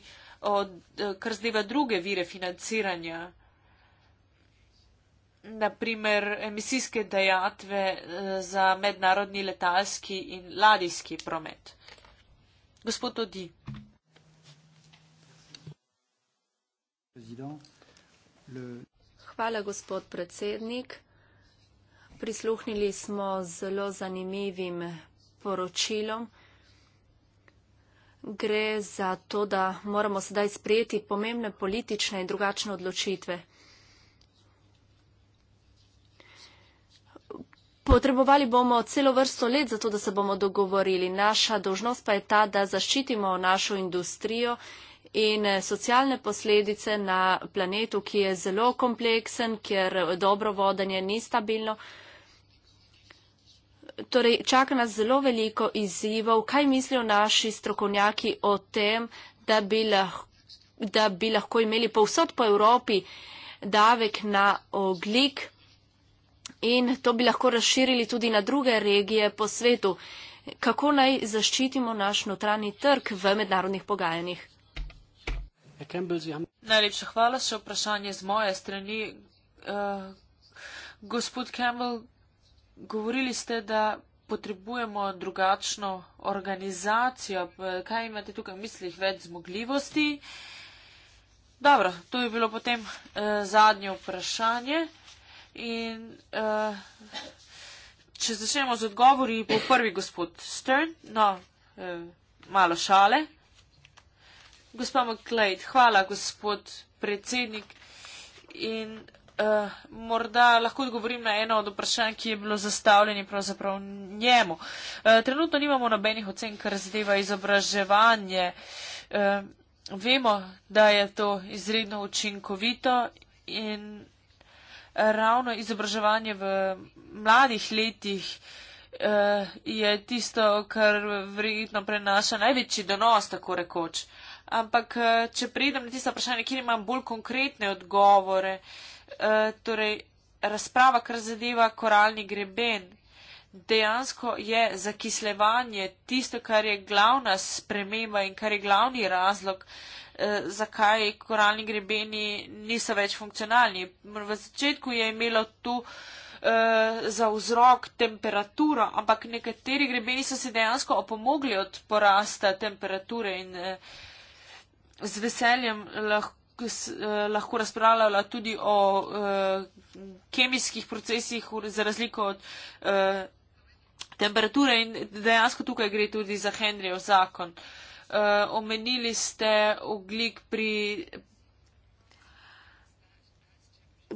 [SPEAKER 3] od eh, kar zdeva druge vire financiranja. Naprimer, emisijske dejatve eh, za mednarodni letalski in ladijski promet. Gospod Odi.
[SPEAKER 1] Hvala, gospod predsednik. Prisluhnili smo zelo zanimivim poročilom. Gre za to, da moramo sedaj sprejeti pomembne politične in drugačne odločitve. Potrebovali bomo celo vrsto let za to, da se bomo dogovorili. Naša dožnost pa je ta, da zaščitimo našo industrijo in eh, socialne posledice na planetu, ki je zelo kompleksen, kjer dobro vodenje ni stabilno. Torej, čaka nas zelo veliko izzivov. Kaj mislijo naši strokovnjaki o tem, da bi lahko, da bi lahko imeli povsod po Evropi davek na oglik in to bi lahko razširili tudi na druge regije po svetu? Kako naj zaščitimo naš notranji trg v mednarodnih pogajanjih?
[SPEAKER 3] Najlepša hvala, še vprašanje z moje strani. Uh, gospod Campbell, govorili ste, da potrebujemo drugačno organizacijo. Kaj imate tukaj v mislih? Več zmogljivosti? Dobro, to je bilo potem uh, zadnje vprašanje. In, uh, če začnemo z odgovori, bo prvi gospod Stern, no, uh, malo šale. Gospa McLeod, hvala, gospod predsednik. In uh, morda lahko odgovorim na eno od vprašanj, ki je bilo zastavljeno pravzaprav njemu. Uh, trenutno nimamo nobenih ocen, kar zadeva izobraževanje. Uh, vemo, da je to izredno učinkovito in ravno izobraževanje v mladih letih uh, je tisto, kar verjetno prenaša največji donos, tako rekoč. Uh, Ampak, eh, če pridem na tiste vprašanje, kjer imam bolj konkretne odgovore, eh, torej razprava, kar zadeva koralni greben, dejansko je zakislevanje tisto, kar je glavna sprememba in kar je glavni razlog, eh, zakaj koralni grebeni niso več funkcionalni. V začetku je imelo tu za vzrok temperaturo, ampak nekateri grebeni so se dejansko opomogli od porasta temperature in eh, z veseljem lahko, s, eh, lahko razpravljala tudi o uh, kemijskih procesih, za razliko od uh, temperature in dejansko tukaj gre tudi za Henryjev zakon. Uh, omenili ste oglik pri.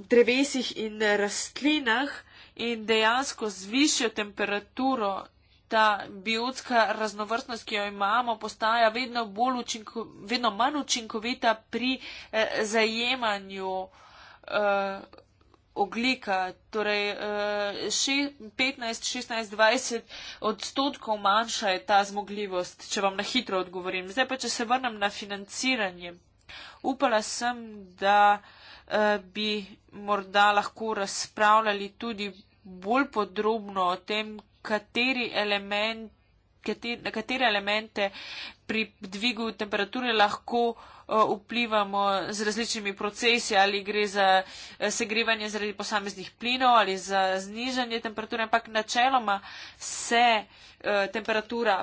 [SPEAKER 3] drevesih in rastlinah in dejansko z višjo temperaturo ta biotska raznovrstnost, ki jo imamo, postaja vedno, bolj učinko, vedno manj učinkovita pri eh, zajemanju eh, oglika. Torej, eh, 15-16-20 odstotkov manjša je ta zmogljivost, če vam na hitro odgovorim. Zdaj pa, če se vrnem na financiranje. Upala sem, da eh, bi morda lahko razpravljali tudi bolj podrobno o tem, kateri element, kateri, na katere elemente pri dvigu temperature lahko eh, vplivamo z različnimi procesi, ali gre za eh, segrevanje zaradi posameznih plinov ali za znižanje temperature, ampak načeloma se eh, temperatura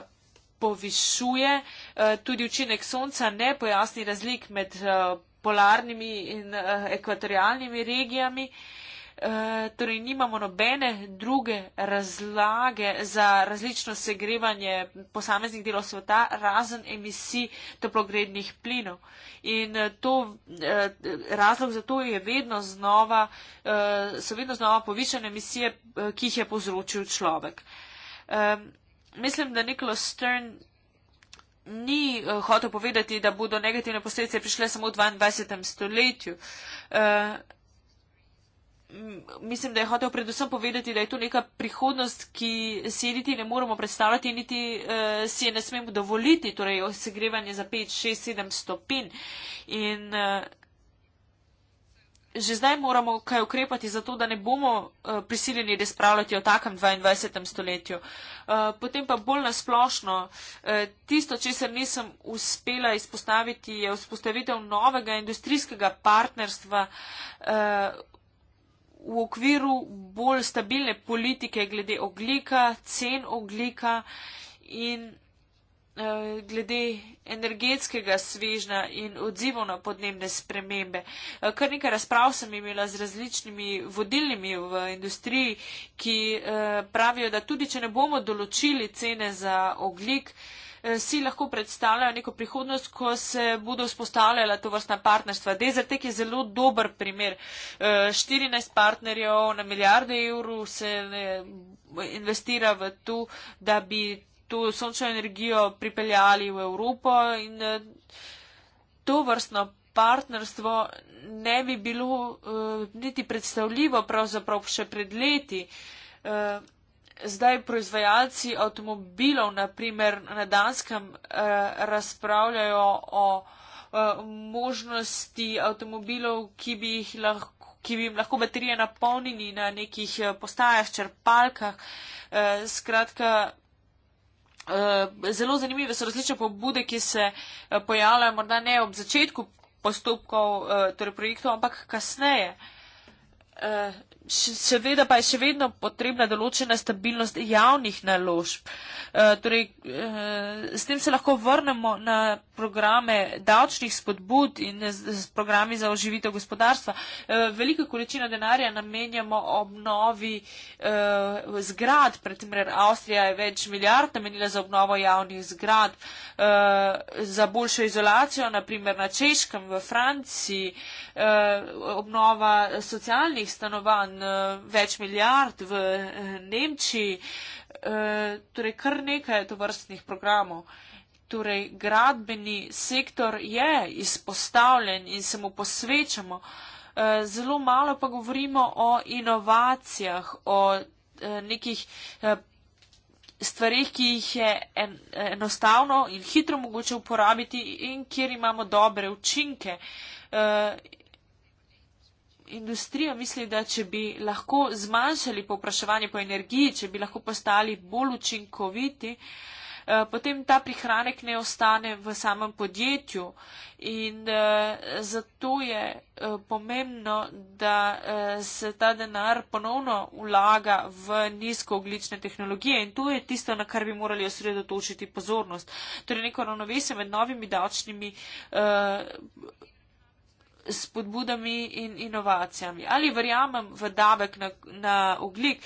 [SPEAKER 3] povišuje, tudi učinek sonca ne pojasni razlik med polarnimi in ekvatorialnimi regijami. Eh, torej nimamo nobene druge razlage za različno segrevanje posameznih delov sveta, razen emisij toplogrednih plinov. In eh, to, eh, razlog za to je vedno znova, so vedno znova povišene emisije, ki jih je povzročil človek. Mislim, da Nikolaus Stern ni hotel povedati, da bodo negativne posledice prišle samo v 22. stoletju mislim, da je hotel predvsem povedati, da je to neka prihodnost, ki si niti ne moremo predstavljati, niti uh, si je ne smemo dovoliti, torej osegrevanje za 5, 6, 7 stopin. In uh, že zdaj moramo kaj ukrepati za to, da ne bomo uh, prisiljeni razpravljati o takem 22. stoletju. Uh, potem pa bolj nasplošno, uh, tisto, če se nisem uspela izpostaviti, je vzpostavitev novega industrijskega partnerstva. Uh, v okviru bolj stabilne politike glede oglika, cen oglika in eh, glede energetskega svežna in odzivov na podnebne spremembe. Eh, kar nekaj razprav sem imela z različnimi vodilnimi v industriji, ki eh, pravijo, da tudi če ne bomo določili cene za oglik, Eh, si lahko predstavljajo neko prihodnost, ko se bodo vzpostavljala to vrstna partnerstva. Dezertek je zelo dober primer. 14 eh, partnerjev na milijarde evrov se eh, investira v to, da bi to sončno energijo pripeljali v Evropo in to vrstno partnerstvo ne bi bilo uh, niti predstavljivo pravzaprav še pred leti. Uh, zdaj proizvajalci avtomobilov, naprimer na Danskem, eh, razpravljajo o eh, možnosti avtomobilov, ki bi jih lahko ki bi jim lahko baterije napolnili na nekih eh, postajah, črpalkah. Eh, skratka, eh, zelo zanimive so različne pobude, ki se pojavljajo morda ne ob začetku postopkov, eh, torej projektov, ampak kasneje. Eh, seveda pa je še vedno potrebna določena stabilnost javnih naložb. Eh, torej, eh, s tem se lahko vrnemo na programe davčnih spodbud in s programi za oživitev gospodarstva. Eh, velika količina denarja namenjamo obnovi zgrad, predtemer Avstrija je več milijard namenila za obnovo javnih zgrad, za boljšo izolacijo, naprimer na Češkem, v Franciji, obnova socialnih stanovanj, Eh, več milijard v eh, Nemčiji. Eh, torej, kar nekaj je to vrstnih programov. Torej, gradbeni sektor je izpostavljen in se mu posvečamo. Zelo malo pa govorimo o inovacijah, o nekih stvarih, ki jih je enostavno in hitro mogoče uporabiti in kjer imamo dobre učinke industrija misli, da če bi lahko zmanjšali popraševanje po energiji, če bi lahko postali bolj učinkoviti, eh, potem ta prihranek ne ostane v samem podjetju. In eh, zato je eh, pomembno, da se ta denar ponovno vlaga v nizkooglične tehnologije in to je tisto, na kar bi morali osredotočiti pozornost. Torej neko ravnovesje med novimi davčnimi spodbudami in inovacijami. Ali verjamem v davek na, na oglik?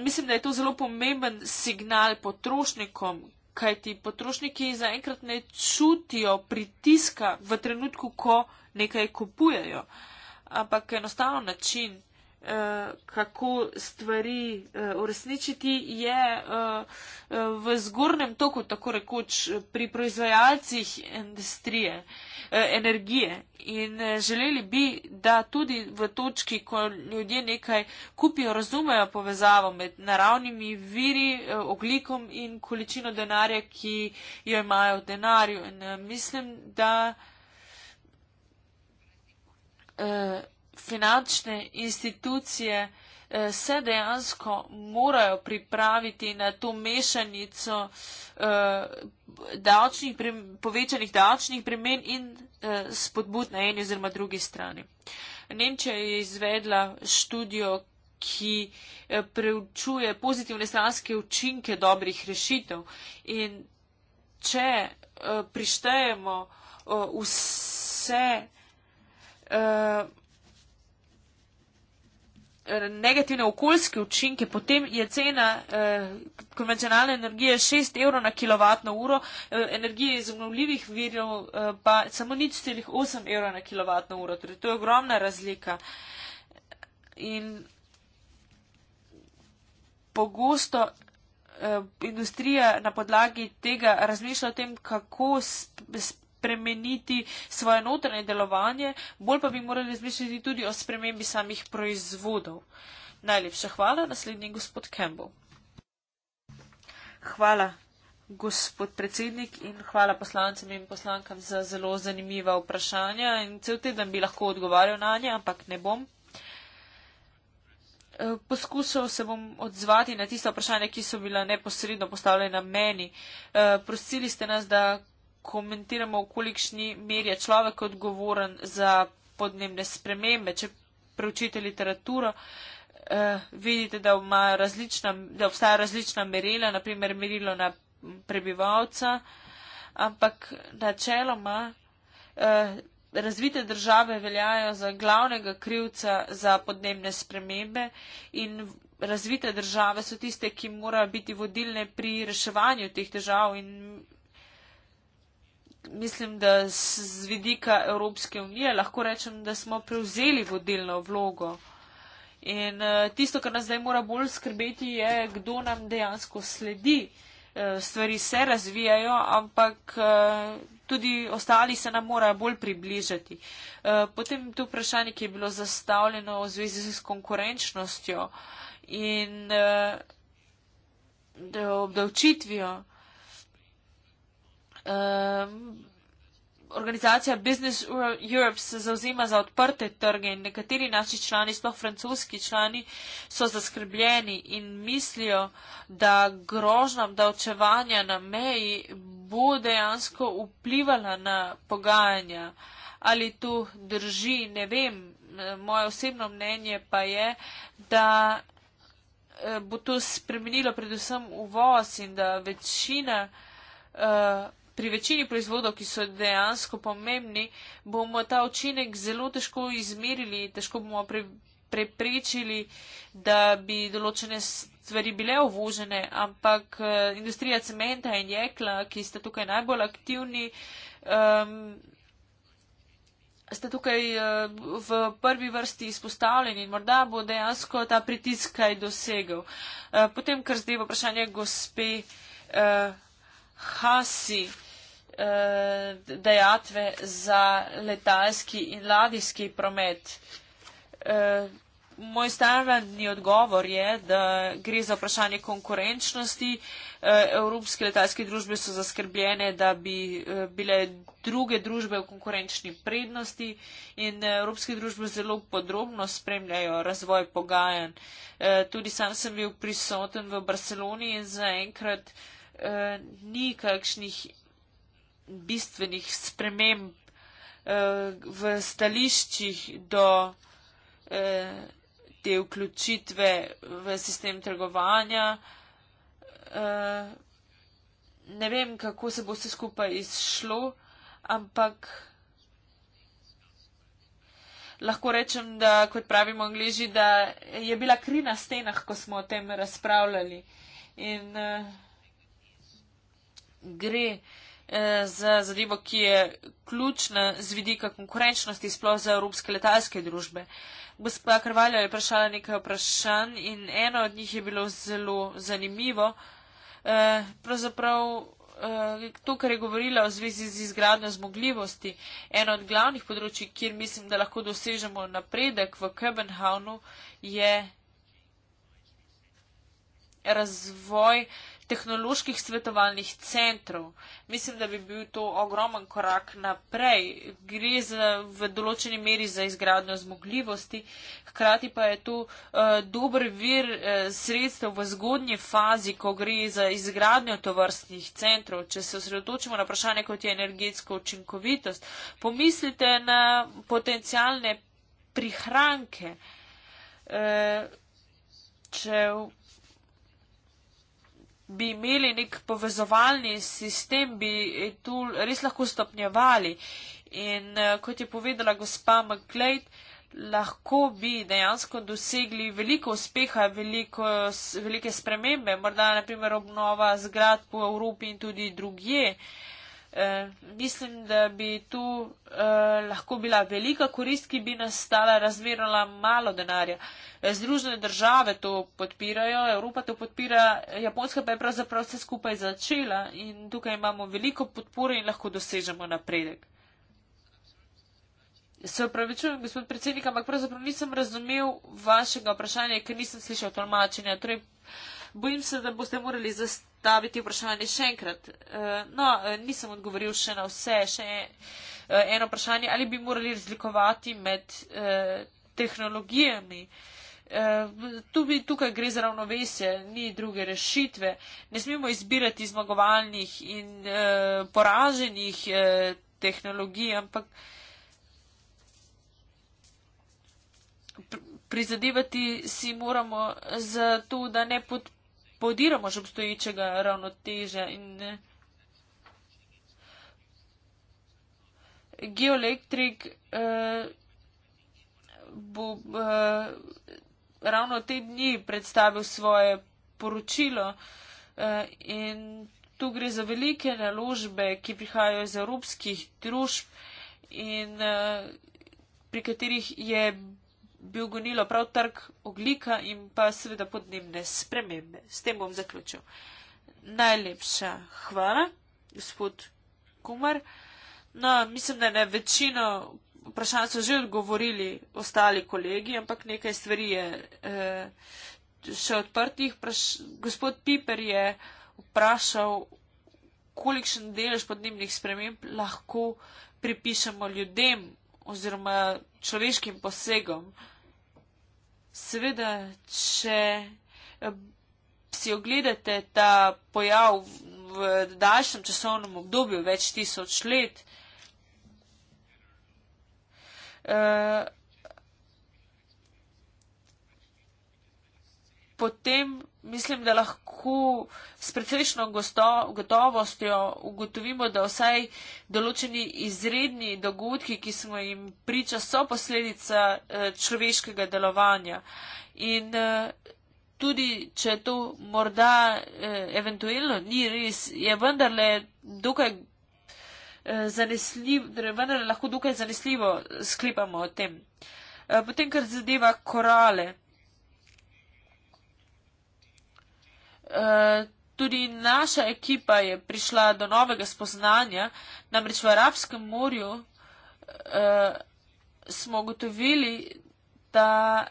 [SPEAKER 3] Mislim, da je to zelo pomemben signal potrošnikom, kajti potrošniki zaenkrat ne čutijo pritiska v trenutku, ko nekaj kupujejo. Ampak enostavno način Eh, kako stvari eh, uresničiti, je eh, v zgornjem toku, tako rekoč, pri proizvajalcih industrije, energije. In želeli bi, da tudi v točki, ko ljudje nekaj kupijo, razumejo povezavo med naravnimi viri, oglikom in količino denarja, ki jo imajo v denarju. In mislim, da finančne institucije eh, se dejansko morajo pripraviti na to mešanico eh, davčnih, povečanih davčnih bremen in eh, spodbud na eni oziroma drugi strani. Nemčija je izvedla študijo, ki eh, preučuje pozitivne stranske učinke dobrih rešitev in če eh, prištejemo eh, vse Eh, negativne okoljske učinke, potem je cena eh, konvencionalne energije 6 evrov na kilovatno uro, eh, energije iz obnovljivih virov eh, pa samo nič 8 evrov na kilovatno uro. Torej, to je ogromna razlika. In pogosto eh, industrija na podlagi tega razmišlja o tem, kako sp sp spremeniti svoje notranje delovanje, bolj pa bi morali razmišljati tudi o spremembi samih proizvodov. Najlepša hvala, naslednji gospod Campbell. Hvala, gospod predsednik, in hvala poslancem in poslankam za zelo zanimiva vprašanja in cel teden bi lahko odgovarjal na nje, ampak ne bom. E, poskušal se bom odzvati na tista vprašanja, ki so bila neposredno postavljena meni. E, prosili ste nas, da komentiramo, v kolikšni meri je človek odgovoren za podnebne spremembe. Če preučite literaturo, eh, vidite, da, različna, da obstaja različna merila, naprimer merilo na prebivalca, ampak načeloma eh, razvite države veljajo za glavnega krivca za podnebne spremembe in razvite države so tiste, ki morajo biti vodilne pri reševanju teh težav in mislim, da z vidika Evropske unije lahko rečem, da smo prevzeli vodilno vlogo. In eh, tisto, kar nas zdaj mora bolj skrbeti, je, kdo nam dejansko sledi. Eh, stvari se razvijajo, ampak eh, tudi ostali se nam morajo bolj približati. Potem to vprašanje, ki je bilo zastavljeno v zvezi s konkurenčnostjo in obdavčitvijo um, organizacija Business Europe se zauzima za odprte trge in nekateri naši člani, sploh francoski člani, so zaskrbljeni in mislijo, da grožna obdavčevanja na meji bo dejansko vplivala na pogajanja. Ali to drži, ne vem. Moje osebno mnenje pa je, da eh, bo to spremenilo predvsem uvoz in da večina uh, Pri večini proizvodov, ki so dejansko pomembni, bomo ta učinek zelo težko izmerili, težko bomo pre, preprečili, da bi določene stvari bile uvožene, ampak uh, industrija cementa in jekla, ki sta tukaj najbolj aktivni, um, sta tukaj uh, v prvi vrsti izpostavljeni in morda bo dejansko ta pritisk kaj dosegel. Uh, potem, kar zdaj v vprašanje gospe. Uh, Hasi, uh, eh, dejatve za letalski in ladijski promet. Eh, moj stavljeni odgovor je, da gre za vprašanje konkurenčnosti. Eh, evropske letalske družbe so zaskrbljene, da bi eh, bile druge družbe v konkurenčni prednosti in eh, evropske družbe zelo podrobno spremljajo razvoj pogajanj. Eh, tudi sam sem bil prisoten v Barceloni in zaenkrat eh, ni kakšnih bistvenih sprememb eh, v stališčih do eh, te vključitve v sistem trgovanja. Eh, ne vem, kako se bo vse skupaj izšlo, ampak lahko rečem, da, kot pravimo angliži, da je bila kri na stenah, ko smo o tem razpravljali. In uh, gre uh, Eh, z zadevo, ki je ključna z vidika konkurenčnosti sploh za evropske letalske družbe. Gospa Krvalja je vprašala nekaj vprašanj in eno od njih je bilo zelo zanimivo. Eh, pravzaprav eh, to, kar je govorila o zvezi z izgradnjo zmogljivosti, eno od glavnih področji, kjer mislim, da lahko dosežemo napredek v Köbenhavnu, je razvoj tehnoloških svetovalnih centrov. Mislim, da bi bil to ogromen korak naprej. Gre za, v določeni meri za izgradno zmogljivosti, hkrati pa je to uh, dober vir uh, sredstev v zgodnji fazi, ko gre za izgradnjo tovrstnih centrov. Če se osredotočimo na vprašanje, kot je energetsko učinkovitost, pomislite na potencialne prihranke. Uh, Če bi imeli nek povezovalni sistem, bi tu res lahko stopnjevali. In eh, kot je povedala gospa McLeod, lahko bi dejansko dosegli veliko uspeha, veliko, velike spremembe, morda naprimer obnova zgrad po Evropi in tudi drugje. Uh, Eh, mislim, da bi tu eh, lahko bila velika korist, ki bi nastala razmerala malo denarja. Eh, Združene države to podpirajo, Evropa to podpira, Japonska pa je pravzaprav vse skupaj začela in tukaj imamo veliko podpore in lahko dosežemo napredek. Se upravičujem, gospod predsednik, ampak pravzaprav nisem razumel vašega vprašanja, ker nisem slišal tolmačenja. Torej, eh, bojim se, da boste morali zastaviti vprašanje še enkrat. Eh, no, eh, nisem odgovoril še na vse, še eh, eno vprašanje, ali bi morali razlikovati med tehnologijami. Tudi tukaj gre za ravnovesje, ni druge rešitve. Ne smemo izbirati zmagovalnih in poraženih tehnologij, ampak. Prizadevati si moramo za to, da ne podpiramo podiramo že obstoječega ravnoteže in eh, geoelektrik uh, bo uh, ravno te dni predstavil svoje poročilo uh, in tu gre za velike naložbe, ki prihajajo iz evropskih družb in uh, pri katerih je bil gonilo prav trg oglika in pa seveda podnebne spremembe. S tem bom zaključil. Najlepša hvala, gospod Kumar. No, mislim, da ne večino vprašanj so že odgovorili ostali kolegi, ampak nekaj stvari je eh, še odprtih. Praš gospod Piper je vprašal, kolikšen delež podnebnih sprememb lahko pripišemo ljudem oziroma človeškim posegom. Seveda, če eh, si ogledate ta pojav v daljšem časovnem obdobju, več tisoč let, eh, potem mislim, da lahko s precejšno gotovostjo ugotovimo, da vsaj določeni izredni dogodki, ki smo jim priča, so posledica eh, človeškega delovanja. In eh, tudi, če to morda eh, eventuelno ni res, je vendarle dokaj. Zanesljiv, vendar lahko dokaj zanesljivo sklepamo o tem. Potem, kar zadeva korale. Eh, tudi naša ekipa je prišla do novega spoznanja, namreč v Arabskem morju uh, smo gotovili, da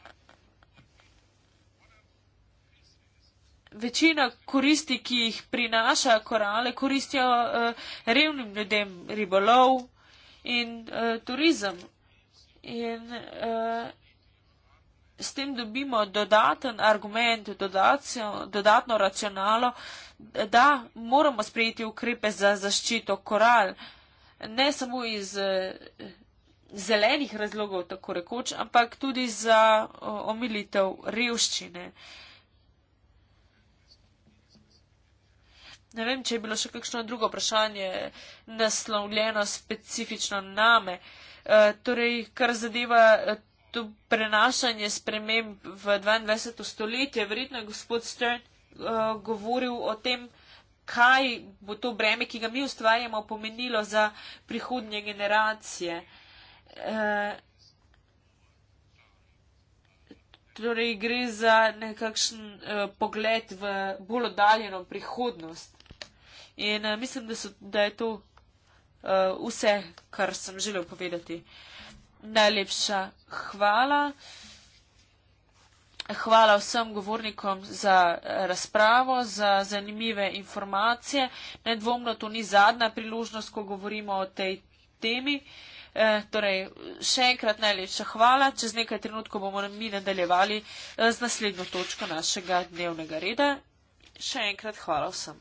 [SPEAKER 3] večina koristi, ki jih prinaša korale, koristijo uh, revnim ljudem ribolov in uh, turizem. In, uh, s tem dobimo dodaten argument, dodacijo, dodatno racionalo, da moramo sprejeti ukrepe za zaščito koral, ne samo iz eh, zelenih razlogov, tako rekoč, ampak tudi za omilitev revščine. Ne vem, če je bilo še kakšno drugo vprašanje naslovljeno specifično name. E, torej, kar zadeva eh, to prenašanje sprememb v 22. stoletje. Verjetno je gospod Stern uh, govoril o tem, kaj bo to breme, ki ga mi ustvarjamo, pomenilo za prihodnje generacije. Uh, torej gre za nekakšen uh, pogled v bolj oddaljeno prihodnost. In uh, mislim, da, so, da je to uh, vse, kar sem želel povedati. Uh, Najlepša hvala. Hvala vsem govornikom za eh, razpravo, za zanimive informacije. Nedvomno to ni zadnja priložnost, ko govorimo o tej temi. E, torej, še enkrat najlepša hvala. Čez nekaj trenutkov bomo mi nadaljevali eh, z naslednjo točko našega dnevnega reda. Še enkrat hvala vsem.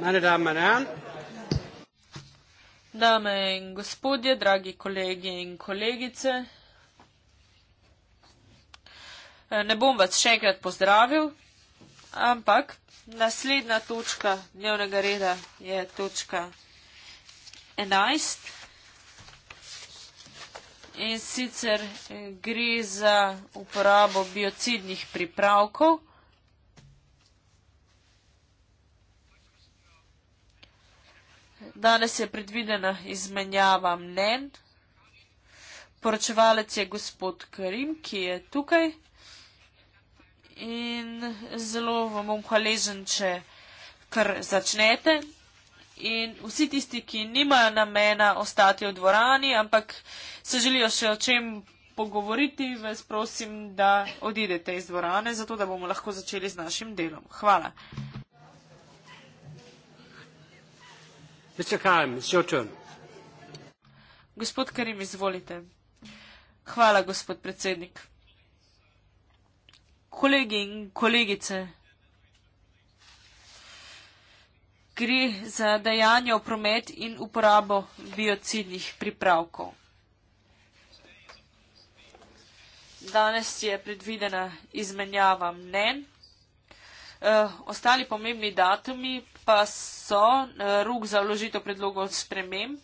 [SPEAKER 2] Meine Damen und Herren.
[SPEAKER 3] Dame in gospodje, dragi kolegi in kolegice. Eh, ne bom vas še enkrat pozdravil, ampak naslednja točka dnevnega reda je točka 11. In sicer gre za uporabo biocidnih pripravkov. Danes je predvidena izmenjava mnen. Poročevalec je gospod Karim, ki je tukaj. In zelo vam bom hvaležen, če kar začnete. In vsi tisti, ki nimajo namena ostati v dvorani, ampak se želijo še o čem pogovoriti, vas prosim, da odidete iz dvorane, zato da bomo lahko začeli z našim delom. Hvala. Gospod Karim, izvolite. Hvala, gospod predsednik. Kolegi in kolegice, gre za dejanje v promet in uporabo biocidnih pripravkov. Danes je predvidena izmenjava mnen. Uh, ostali pomembni datumi pa so eh, rok za vložitev predlogov sprememb,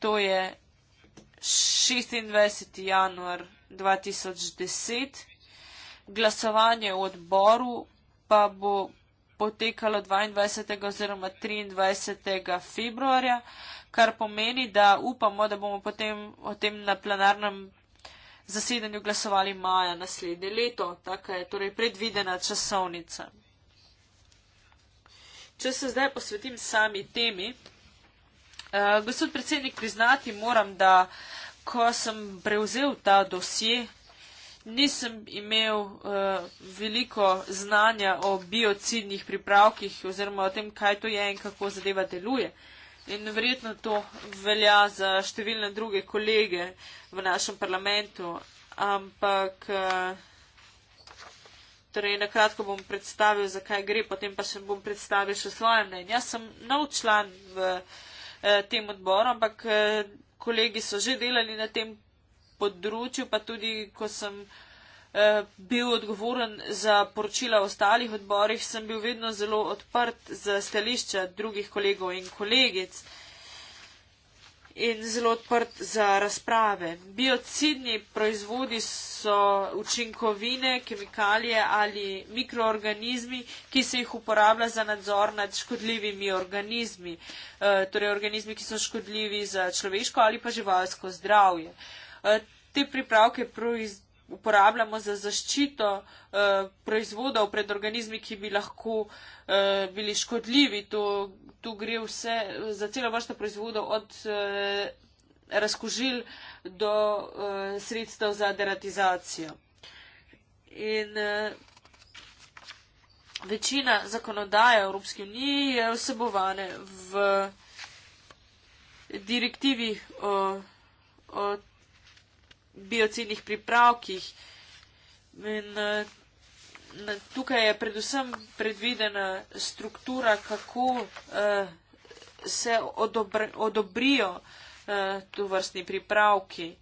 [SPEAKER 3] to je 26. januar 2010. Glasovanje v odboru pa bo potekalo 22. oziroma 23. februarja, kar pomeni, da upamo, da bomo potem o tem na plenarnem zasedanju glasovali maja naslednje leto. Taka je torej predvidena časovnica. Če se zdaj posvetim sami temi, uh, gospod predsednik, priznati moram, da ko sem prevzel ta dosje, nisem imel uh, veliko znanja o biocidnih pripravkih oziroma o tem, kaj to je in kako zadeva deluje. In verjetno to velja za številne druge kolege v našem parlamentu, ampak. Uh, Torej, na kratko bom predstavil, zakaj gre, potem pa še bom predstavil še svoje mnenje. Jaz sem nov član v eh, tem odboru, ampak eh, kolegi so že delali na tem področju, pa tudi, ko sem eh, bil odgovoren za poročila v ostalih odborih, sem bil vedno zelo odprt za stališča drugih kolegov in kolegic. Eh, in zelo odprt za razprave. Biocidni proizvodi so učinkovine, kemikalije ali mikroorganizmi, ki se jih uporablja za nadzor nad škodljivimi organizmi, e, torej organizmi, ki so škodljivi za človeško ali pa živalsko zdravje. E, te pripravke proizvodi uporabljamo za zaščito eh, proizvodov pred organizmi, ki bi lahko eh, bili škodljivi. To, tu gre vse za celo vrsto proizvodov od eh, razkožil do eh, sredstev za deratizacijo. In eh, večina zakonodaje Evropske unije je vsebovane v direktivi o, o biocidnih pripravkih. In, eh, na, tukaj je predvsem predvidena struktura, kako uh, se odobr, odobrijo uh, eh, to vrstni pripravki.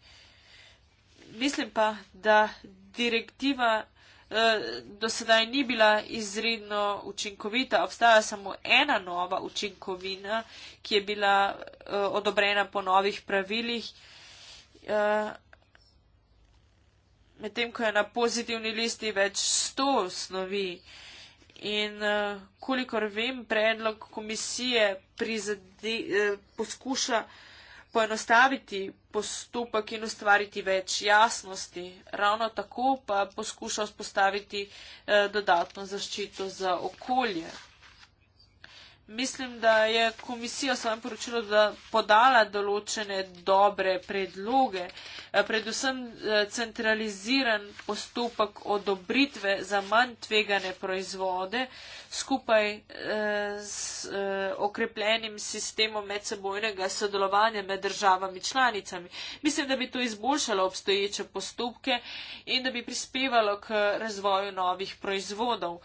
[SPEAKER 3] Mislim pa, da direktiva do sedaj ni bila izredno učinkovita. Obstaja samo ena nova učinkovina, ki je bila odobrena po novih pravilih medtem ko je na pozitivni listi več sto snovi. In eh, kolikor vem, predlog komisije prizade, eh, poskuša poenostaviti postopek in ustvariti več jasnosti, ravno tako pa poskuša vzpostaviti eh, dodatno zaščito za okolje. Mislim, da je komisija v svojem poročilu podala določene dobre predloge, eh, predvsem eh, centraliziran postopek odobritve za manj tvegane proizvode skupaj z eh, okrepljenim sistemom medsebojnega sodelovanja med državami članicami. Mislim, da bi to izboljšalo obstoječe postopke in da bi prispevalo k razvoju novih proizvodov.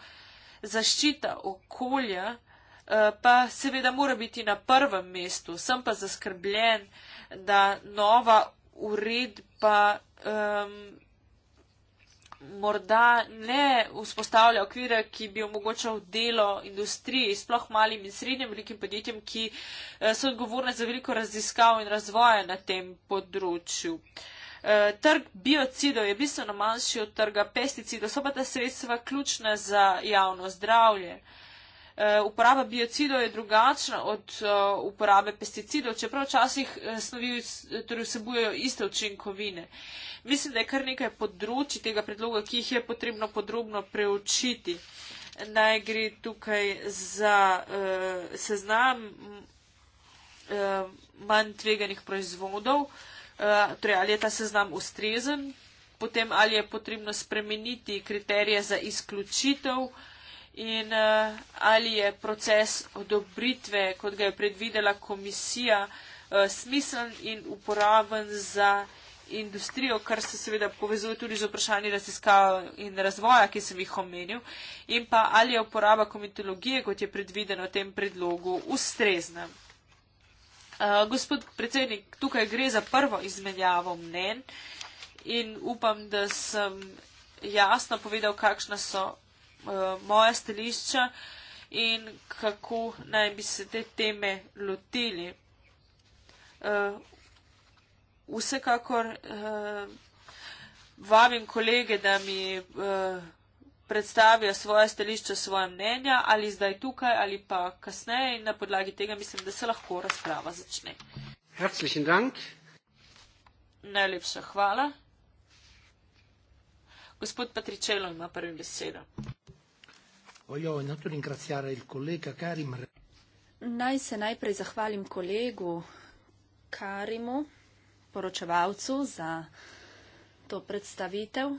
[SPEAKER 3] Zaščita okolja pa seveda mora biti na prvem mestu. Sem pa zaskrbljen, da nova uredba um, morda ne vzpostavlja okvira, ki bi omogočal delo industriji, sploh malim in srednjim velikim podjetjem, ki eh, so odgovorne za veliko raziskav in razvoja na tem področju. Eh, trg biocidov je bistveno manjši od trga pesticidov, so pa ta sredstva ključna za javno zdravje. Eh, uporaba biocidov je drugačna od eh, uporabe pesticidov, čeprav včasih eh, snovi torej vsebujejo iste učinkovine. Mislim, da je kar nekaj področji tega predloga, ki jih je potrebno podrobno preučiti. Naj gre tukaj za uh, seznam uh, manj tveganih proizvodov, uh, torej ali je ta seznam ustrezen, potem ali je potrebno spremeniti kriterije za izključitev uh, in uh, ali je proces odobritve, kot ga je predvidela komisija, uh, smiseln in uporaben za industrijo, kar se seveda povezuje tudi z vprašanji raziskav in razvoja, ki sem jih omenil, in pa ali je uporaba komitologije, kot je predvideno v tem predlogu, ustrezna. Uh, gospod predsednik, tukaj gre za prvo izmenjavo mnen in upam, da sem jasno povedal, kakšna so Eh, moja stališča in kako naj bi se te teme lotili. Eh, vsekakor eh, vabim kolege, da mi predstavijo svoje stališče, svoje mnenja, ali zdaj tukaj, ali pa kasneje in na podlagi tega mislim, da se lahko razprava začne.
[SPEAKER 2] Herzlichen Dank.
[SPEAKER 3] Najlepša hvala. Gospod Patričelo ima prvi
[SPEAKER 2] besedo. Voglio innanzitutto ringraziare il collega Karim.
[SPEAKER 1] Naj se najprej zahvalim kolegu Karimu, poročevalcu, za to predstavitev.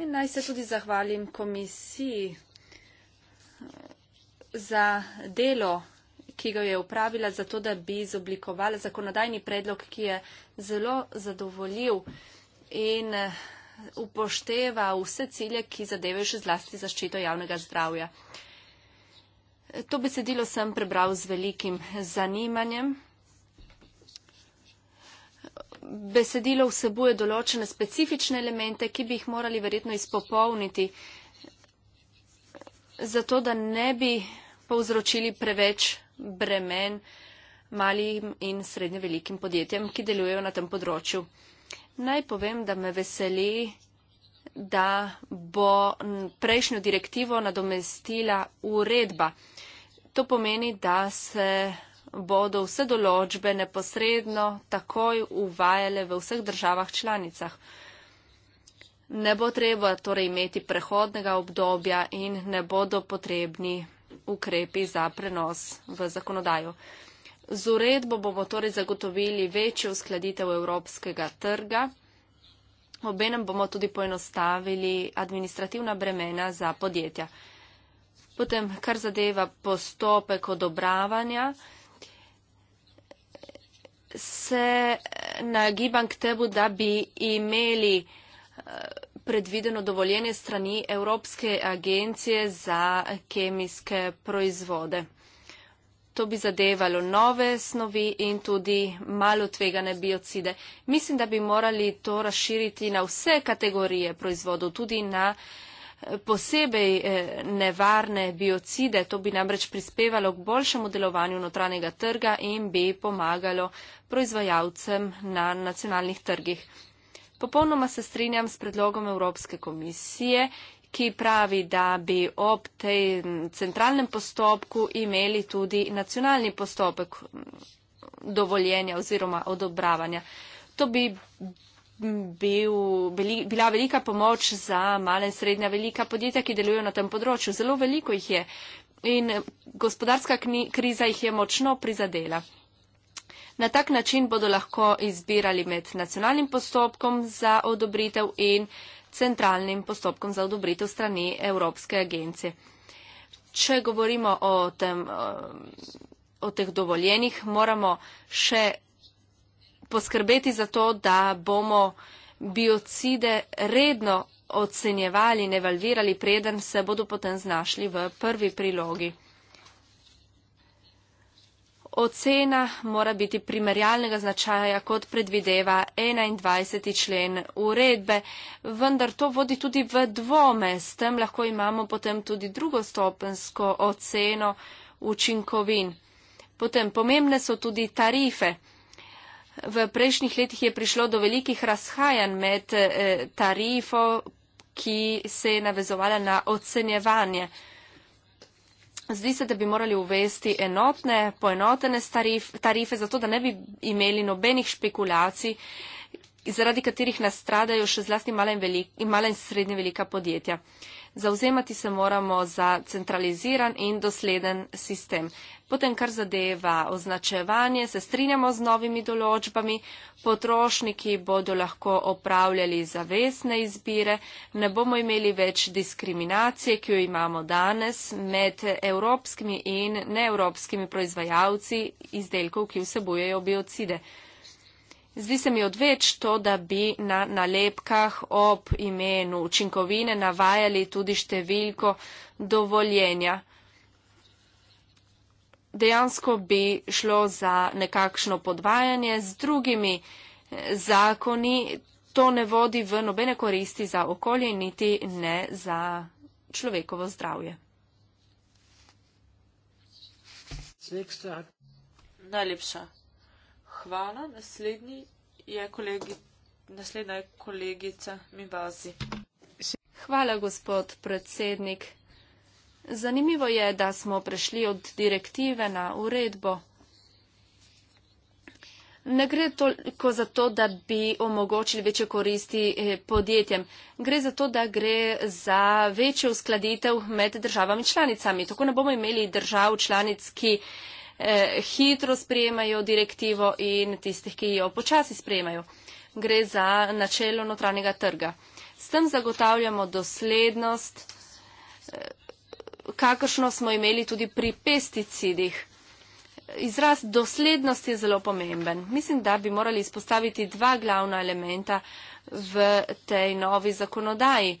[SPEAKER 1] In naj se tudi zahvalim komisiji eh, za delo, ki ga je upravila, zato da bi izoblikovala zakonodajni predlog, ki je zelo zadovoljiv in eh, upošteva vse cilje, ki zadevajo še zlasti zaščito javnega zdravja. To besedilo sem prebral z velikim zanimanjem. Besedilo vsebuje določene specifične elemente, ki bi jih morali verjetno izpopolniti, zato da ne bi povzročili preveč bremen malim in srednje velikim podjetjem, ki delujejo na tem področju. Naj povem, da me veseli, da bo prejšnjo direktivo nadomestila uredba. To pomeni, da se bodo vse določbe neposredno takoj uvajale v vseh državah članicah. Ne bo treba torej imeti prehodnega obdobja in ne bodo potrebni ukrepi za prenos v zakonodajo. Z uredbo bomo torej zagotovili večjo uskladitev evropskega trga. Obenem bomo tudi poenostavili administrativna bremena za podjetja. Potem, kar zadeva postopek odobravanja, se nagibam k temu, da bi imeli eh, predvideno dovoljenje strani Evropske agencije za kemijske proizvode. To bi zadevalo nove snovi in tudi malo tvegane biocide. Mislim, da bi morali to razširiti na vse kategorije proizvodov, tudi na eh, posebej eh, nevarne biocide. To bi namreč prispevalo k boljšemu delovanju notranjega trga in bi pomagalo proizvajalcem na nacionalnih trgih. Popolnoma se strinjam s predlogom Evropske komisije, ki pravi, da bi ob tej centralnem postopku imeli tudi nacionalni postopek mm, dovoljenja oziroma odobravanja. To bi bil, bili, bila velika pomoč za male in srednja velika podjetja, ki delujejo na tem področju. Zelo veliko jih je in gospodarska kriza jih je močno prizadela. Na tak način bodo lahko izbirali med nacionalnim postopkom za odobritev in centralnim postopkom za odobritev strani Evropske agencije. Če govorimo o, tem, o teh dovoljenih, moramo še poskrbeti za to, da bomo biocide redno ocenjevali, nevalvirali, preden se bodo potem znašli v prvi prilogi ocena mora biti primerjalnega značaja, kot predvideva 21. člen uredbe, vendar to vodi tudi v dvome, s tem lahko imamo potem tudi drugostopensko oceno učinkovin. Potem pomembne so tudi tarife. V prejšnjih letih je prišlo do velikih razhajanj med eh, tarifo, ki se je navezovala na ocenjevanje. Zdi se, da bi morali uvesti enotne, poenotene tarif, tarife, zato da ne bi imeli nobenih špekulacij, zaradi katerih nastradajo še zlasti mala in, velika, mala in srednje velika podjetja zauzemati se moramo za centraliziran in dosleden sistem. Potem, kar zadeva označevanje, se strinjamo z novimi določbami, potrošniki bodo lahko opravljali zavesne izbire, ne bomo imeli več diskriminacije, ki jo imamo danes med evropskimi in neevropskimi proizvajalci izdelkov, ki vsebujejo biocide. Zdi se mi odveč to, da bi na nalepkah ob imenu učinkovine navajali tudi številko dovoljenja. Dejansko bi šlo za nekakšno podvajanje z drugimi eh, zakoni. To ne vodi v nobene koristi za okolje, niti ne za človekovo zdravje.
[SPEAKER 3] Najlepša hvala. Naslednji je kolegi, naslednja je kolegica Mibazi.
[SPEAKER 1] Hvala, gospod predsednik. Zanimivo je, da smo prešli od direktive na uredbo. Ne gre toliko za to, da bi omogočili večje koristi eh, podjetjem. Gre za to, da gre za večjo uskladitev med državami članicami. Tako ne bomo imeli držav članic, ki Eh, hitro sprejemajo direktivo in tistih, ki jo počasi sprejemajo. Gre za načelo notranjega trga. S tem zagotavljamo doslednost, eh, kakršno smo imeli tudi pri pesticidih. Izraz doslednost je zelo pomemben. Mislim, da bi morali izpostaviti dva glavna elementa v tej novi zakonodaji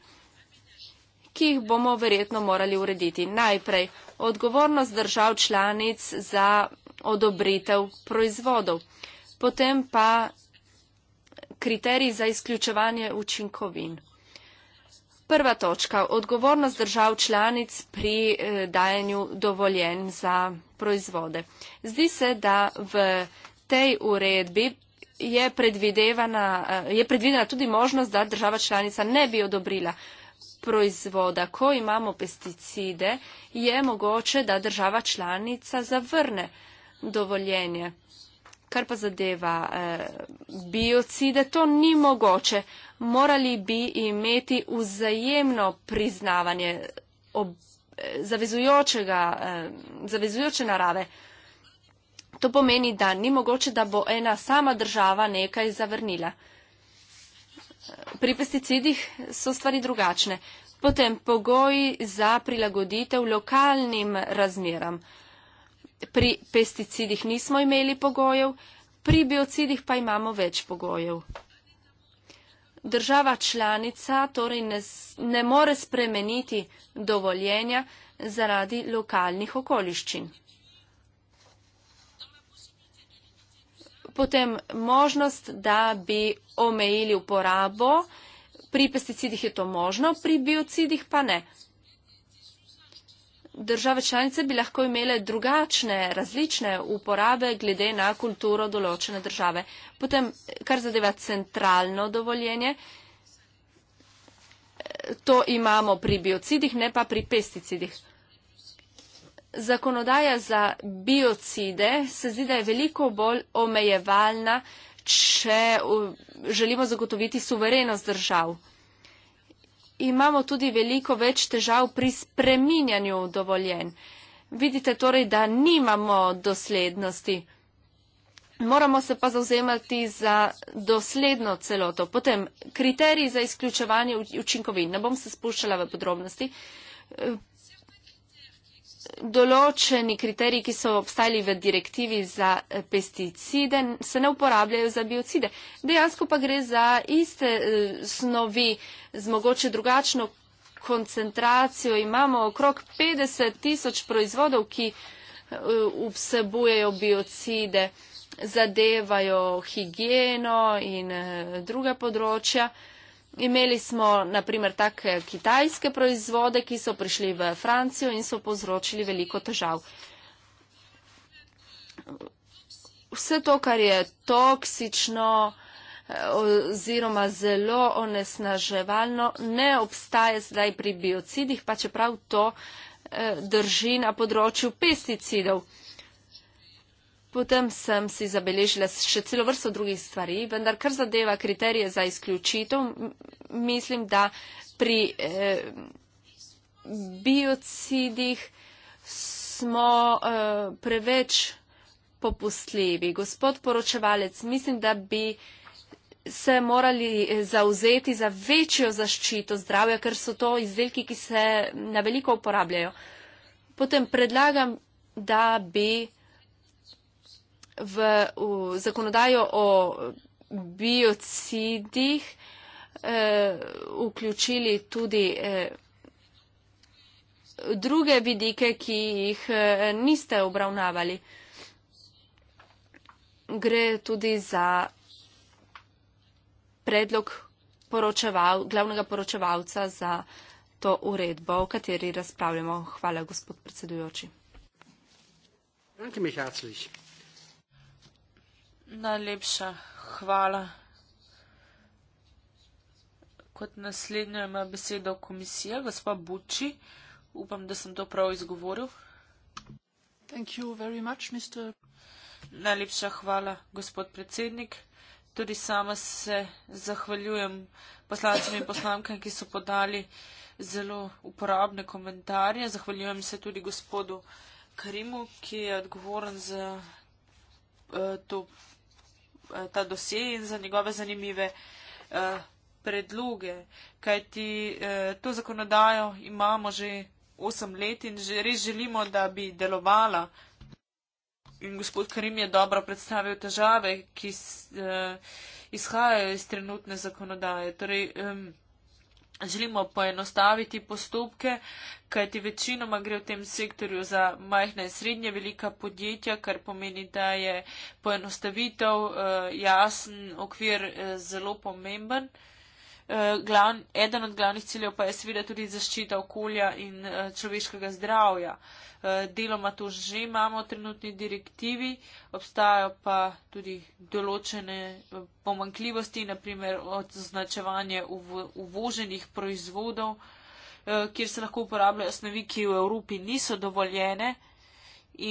[SPEAKER 1] ki jih bomo verjetno morali urediti. Najprej odgovornost držav članic za odobritev proizvodov, potem pa kriterij za izključevanje učinkovin. Prva točka, odgovornost držav članic pri eh, dajanju dovoljen za proizvode. Zdi se, da v tej uredbi je, eh, je predvidena tudi možnost, da država članica ne bi odobrila proizvoda, ko imamo pesticide, je mogoče, da država članica zavrne dovoljenje. Kar pa zadeva eh, biocide, to ni mogoče. Morali bi imeti vzajemno priznavanje ob, eh, zavezujočega, eh, zavezujoče narave. To pomeni, da ni mogoče, da bo ena sama država nekaj zavrnila. Eh, Pri pesticidih so stvari drugačne. Potem pogoji za prilagoditev lokalnim razmeram. Pri pesticidih nismo imeli pogojev, pri biocidih pa imamo več pogojev. Država članica torej ne, ne more spremeniti dovoljenja zaradi lokalnih okoliščin. Potem možnost, da bi omejili uporabo. Pri pesticidih je to možno, pri biocidih pa ne. Države članice bi lahko imele drugačne, različne uporabe glede na kulturo določene države. Potem, kar zadeva centralno dovoljenje, to imamo pri biocidih, ne pa pri pesticidih zakonodaja za biocide se zdi, da je veliko bolj omejevalna, če želimo zagotoviti suverenost držav. Imamo tudi veliko več težav pri spreminjanju dovoljen. Vidite torej, da nimamo doslednosti. Moramo se pa zauzemati za dosledno celoto. Potem kriteriji za izključevanje učinkovin. Ne bom se spuščala v podrobnosti določeni kriteriji, ki so obstajali v direktivi za eh, pesticide, se ne uporabljajo za biocide. Dejansko pa gre za iste eh, snovi z mogoče drugačno koncentracijo. Imamo okrog 50 tisoč proizvodov, ki eh, vsebujejo biocide, zadevajo higieno in druga področja. Imeli smo naprimer take kitajske proizvode, ki so prišli v Francijo in so povzročili veliko težav. Vse to, kar je toksično eh, oziroma zelo onesnaževalno, ne obstaja zdaj pri biocidih, pa čeprav to eh, drži na področju pesticidov. Potem sem si zabeležila še celo vrsto drugih stvari, vendar kar zadeva kriterije za izključitev, mislim, da pri eh, biocidih smo eh, preveč popustljivi. Gospod poročevalec, mislim, da bi se morali eh, zauzeti za večjo zaščito zdravja, ker so to izdelki, ki se na veliko uporabljajo. Potem predlagam, da bi v, v zakonodajo o biocidih eh, vključili tudi eh, druge vidike, ki jih eh, niste obravnavali. Gre tudi za predlog poročeval, glavnega poročevalca za to uredbo, o kateri razpravljamo. Hvala, gospod predsedujoči.
[SPEAKER 2] Danke mich herzlich.
[SPEAKER 3] Najlepša hvala. Kot naslednjo ima besedo komisija, gospod Buči. Upam, da sem to prav izgovoril.
[SPEAKER 2] Thank you very much, Mr.
[SPEAKER 3] Najlepša hvala, gospod predsednik. Tudi sama se zahvaljujem poslancem in poslankam, ki so podali zelo uporabne komentarje. Zahvaljujem se tudi gospodu Karimu, ki je odgovoren za uh, to Eh, ta dosje in za njegove zanimive eh, predloge. Kaj ti eh, to zakonodajo imamo že 8 let in res želimo, da bi delovala. In gospod Karim je dobro predstavil težave, ki izhajajo iz trenutne zakonodaje. Torej, um, želimo poenostaviti postopke, kajti večinoma gre v tem sektorju za majhna in srednje velika podjetja, kar pomeni, da je poenostavitev, eh, jasen okvir eh, zelo pomemben. Eh, glavn, eden od glavnih ciljev pa je seveda tudi zaščita okolja in eh, človeškega zdravja. Eh, deloma to že imamo v trenutni direktivi, obstajajo pa tudi določene pomankljivosti, naprimer označevanje uvoženih proizvodov, kjer se lahko uporabljajo snovi, ki v Evropi niso dovoljene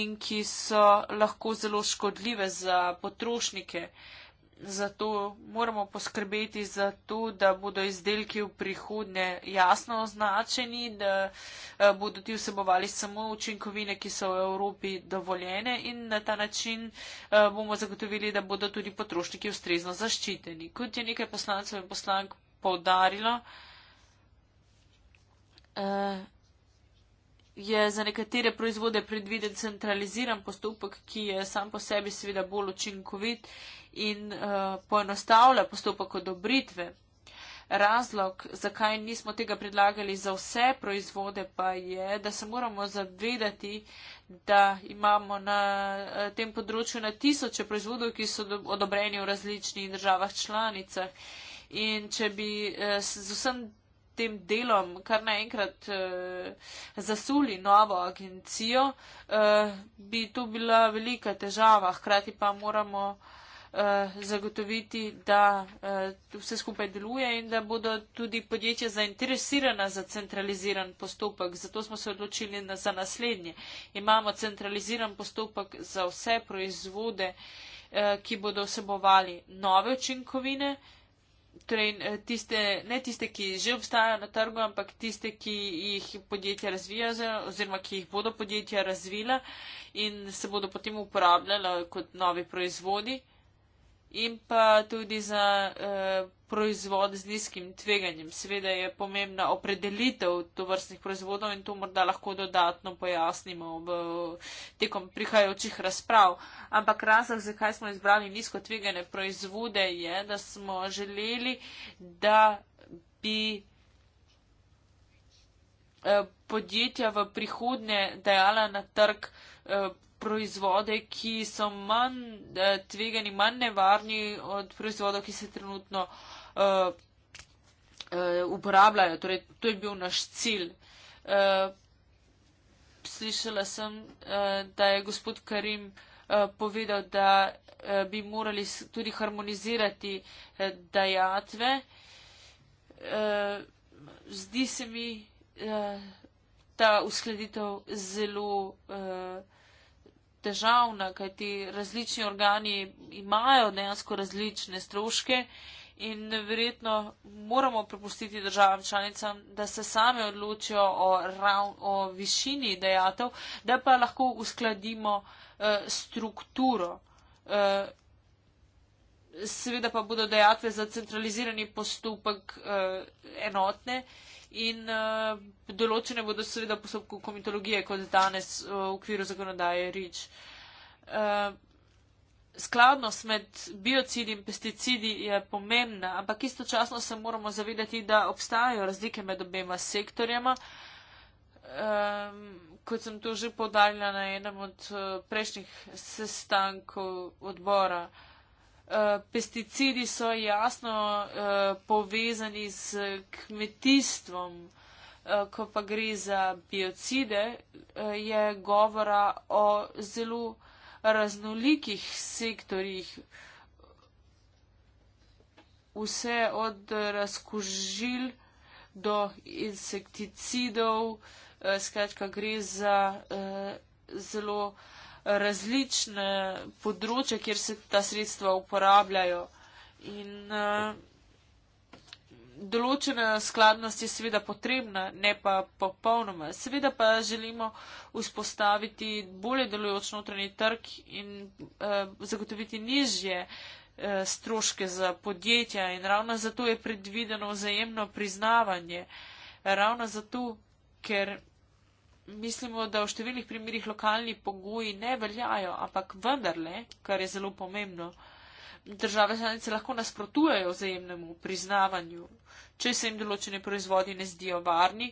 [SPEAKER 3] in ki so lahko zelo škodljive za potrošnike. Uh, zato moramo poskrbeti za to, da bodo izdelki v prihodnje jasno označeni, da eh, bodo ti vsebovali samo učinkovine, ki so v Evropi dovoljene in na ta način eh, bomo zagotovili, da bodo tudi potrošniki ustrezno zaščiteni. Kot je nekaj poslancev in poslank povdarilo, eh, je za nekatere proizvode predviden centraliziran postopek, ki je sam po sebi seveda bolj učinkovit in uh, poenostavlja postopek odobritve. Razlog, zakaj nismo tega predlagali za vse proizvode, pa je, da se moramo zavedati, da imamo na eh, tem področju na tisoče proizvodov, ki so odobreni v različnih državah članicah. In če bi eh, z vsem tem delom kar naenkrat zasuli novo agencijo, bi to bila velika težava. Hkrati pa moramo. Eh, zagotoviti, da eh, vse skupaj deluje in da bodo tudi podjetja zainteresirana za centraliziran postopek. Zato smo se odločili za naslednje. Imamo centraliziran postopek za vse proizvode, eh, ki bodo vsebovali nove učinkovine. Torej, tiste, ne tiste, ki že obstajajo na trgu, ampak tiste, ki jih podjetja razvijajo oziroma ki jih bodo podjetja razvila in se bodo potem uporabljala kot novi proizvodi in pa tudi za uh, proizvod z nizkim tveganjem. Sveda je pomembna opredelitev to vrstnih proizvodov in to morda lahko dodatno pojasnimo v tekom prihajajočih razprav. Ampak razlog, zakaj smo izbrali nizko tvegane proizvode, je, da smo želeli, da bi eh, podjetja v prihodnje dajala na trg eh, proizvode, ki so manj eh, tvegani, manj nevarni od proizvodov, ki se trenutno eh, eh, uporabljajo. Torej, to je bil naš cilj. Slišala sem, da je gospod Karim povedal, da bi morali tudi harmonizirati dajatve. Zdi se mi ta uskladitev zelo težavna, kajti različni organi imajo dejansko različne stroške in verjetno moramo prepustiti državam članicam, da se same odločijo o, rav, o višini dejatev, da pa lahko uskladimo eh, strukturo. Eh, seveda pa bodo dejatve za centralizirani postopek eh, enotne in uh, določene bodo seveda postopku komitologije, kot danes eh, v okviru zakonodaje REACH. Uh, skladnost med biocidi in pesticidi je pomembna, ampak istočasno se moramo zavedati, da obstajajo razlike med obema sektorjama. Um, kot sem to že podaljala na enem od uh, prejšnjih sestankov odbora. Uh, Eh, pesticidi so jasno uh, povezani z kmetijstvom, uh, ko pa gre za biocide, uh, je govora o zelo raznolikih sektorjih. Vse od razkožil do insekticidov, uh, skratka, gre za uh, zelo različne področje, kjer se ta sredstva uporabljajo. In uh, določena skladnost je seveda potrebna, ne pa popolnoma. Seveda pa želimo vzpostaviti bolje delujoč notranji trg in uh, zagotoviti nižje uh, stroške za podjetja in ravno zato je predvideno vzajemno priznavanje. Ravno zato, ker mislimo, da v številnih primerjih lokalni pogoji ne veljajo, ampak vendarle, kar je zelo pomembno, države članice lahko nasprotujejo vzajemnemu priznavanju, če se jim določene proizvodi ne zdijo varni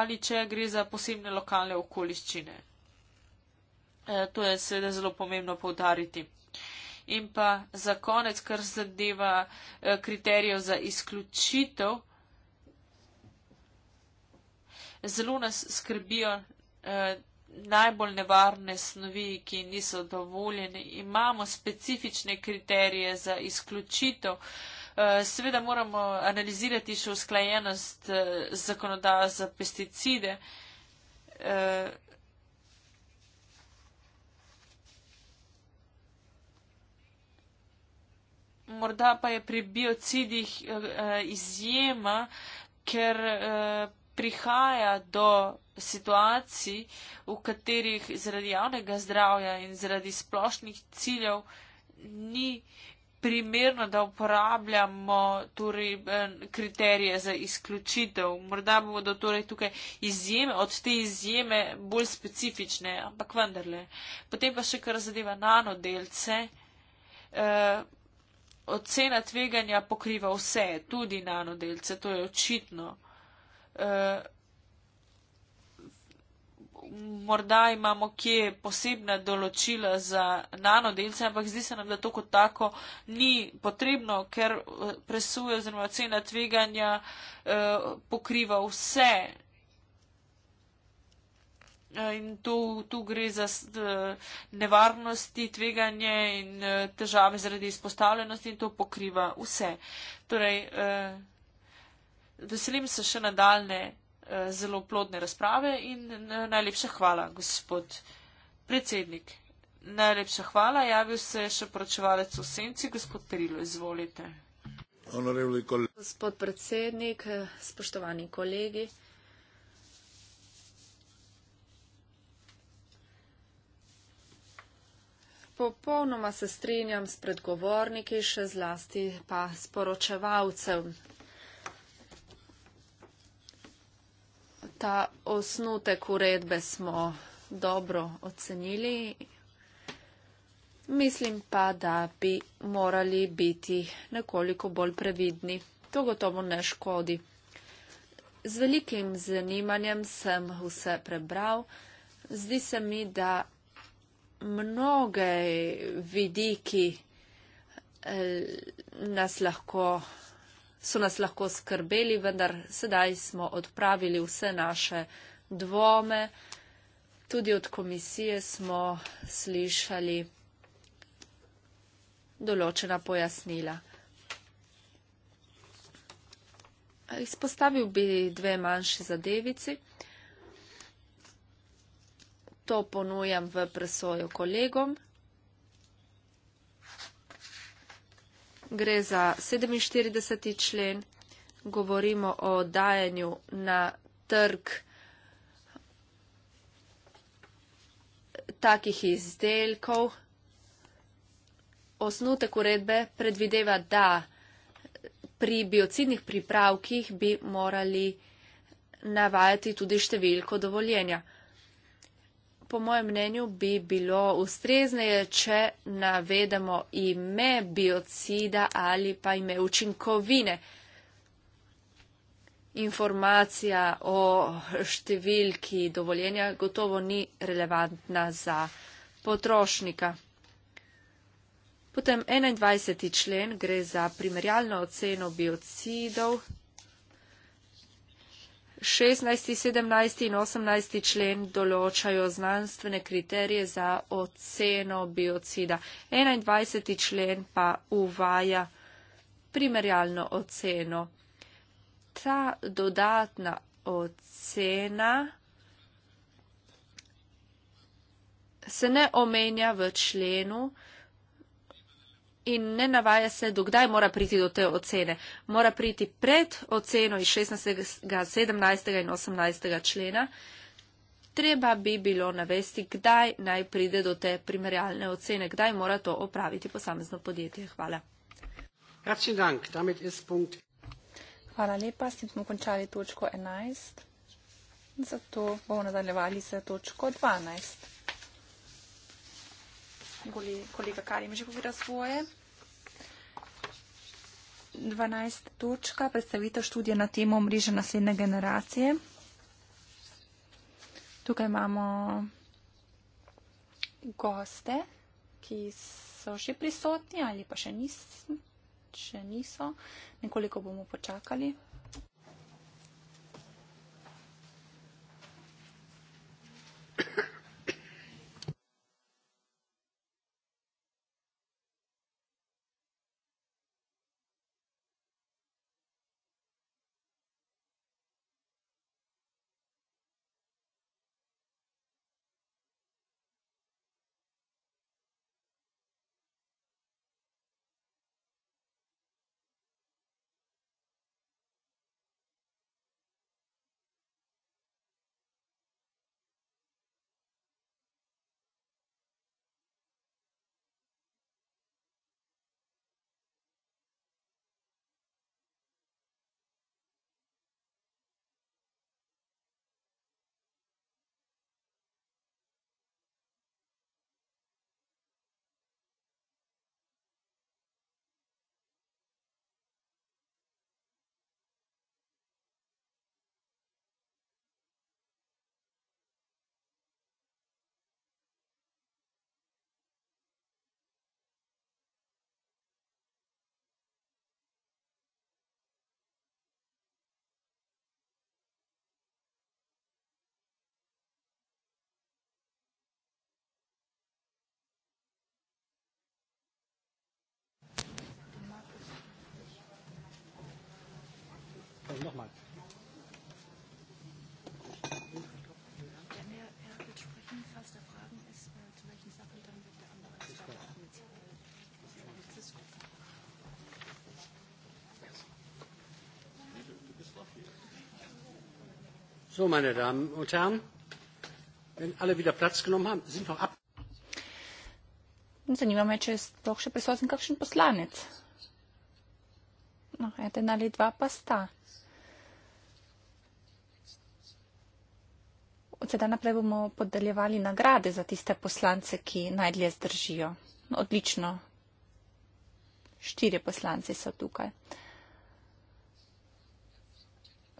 [SPEAKER 3] ali če gre za posebne lokalne okoliščine. E, to je seveda zelo pomembno povdariti. In pa za konec, kar zadeva e, kriterijev za izključitev zelo nas skrbijo eh, najbolj nevarne snovi, ki niso dovoljene. Imamo specifične kriterije za izključitev. Eh, seveda moramo analizirati še usklajenost eh, zakonodaja za pesticide. Eh, morda pa je pri biocidih eh, eh izjema, ker eh, prihaja do situacij, v katerih zaradi javnega zdravja in zaradi splošnih ciljev ni primerno, da uporabljamo torej, kriterije za izključitev. Morda bodo torej tukaj izjeme, od te izjeme bolj specifične, ampak vendarle. Potem pa še kar zadeva nanodelce. E, ocena tveganja pokriva vse, tudi nanodelce, to je očitno. Eh, morda imamo kje posebna določila za nanodelce, ampak zdi se nam, da to kot tako ni potrebno, ker eh, presuje oziroma cena tveganja eh, pokriva vse. In tu, tu gre za nevarnosti, tveganje in težave zaradi izpostavljenosti in to pokriva vse. Torej, eh, veselim se še nadaljne eh, zelo plodne razprave in najlepša hvala, gospod predsednik. Najlepša hvala, javil se je še poročevalec v senci, gospod Perilo, izvolite.
[SPEAKER 5] Gospod
[SPEAKER 1] predsednik, spoštovani kolegi. Popolnoma se strinjam s predgovorniki, še zlasti pa s poročevalcem. ta osnutek uredbe smo dobro ocenili. Mislim pa, da bi morali biti nekoliko bolj previdni. To gotovo ne škodi. Z velikim zanimanjem sem vse prebral. Zdi se mi, da mnoge vidiki eh, nas lahko so nas lahko skrbeli, vendar sedaj smo odpravili vse naše dvome. Tudi od komisije smo slišali določena pojasnila. Izpostavil bi dve manjši zadevici. To ponujam v presojo kolegom, gre za 47. člen, govorimo o dajanju na trg takih izdelkov. Osnutek uredbe predvideva, da pri biocidnih pripravkih bi morali navajati tudi številko dovoljenja po mojem mnenju, bi bilo ustrezneje, če navedemo ime biocida ali pa ime učinkovine. Informacija o številki dovoljenja gotovo ni relevantna za potrošnika. Potem 21. člen gre za primerjalno oceno biocidov. 16., 17. in 18. člen določajo znanstvene kriterije za oceno biocida. 21. člen pa uvaja primerjalno oceno. Ta dodatna ocena se ne omenja v členu, in ne navaja se, dokdaj mora priti do te ocene. Mora priti pred oceno iz 16., 17. in 18. člena. Treba bi bilo navesti, kdaj naj pride do te primerjalne ocene, kdaj mora to opraviti posamezno podjetje. Hvala.
[SPEAKER 2] Hvala
[SPEAKER 4] lepa, s tem smo končali točko 11. Zato bomo nadaljevali se točko 12 kolega Karim že povedal svoje. 12. točka, predstavitev študije na temo mreže naslednje generacije. Tukaj imamo goste, ki so že prisotni ali pa še niso. Še niso. Nekoliko bomo počakali.
[SPEAKER 2] nochmal. So, meine Damen und Herren, wenn alle wieder Platz genommen haben, sind wir ab.
[SPEAKER 4] Zanimamo, če je sploh še prisoten kakšen poslanec. No, eden ali dva pa sta. Od sedaj naprej bomo podeljevali nagrade za tiste poslance, ki najdlje zdržijo. No, odlično. Štiri poslance so tukaj.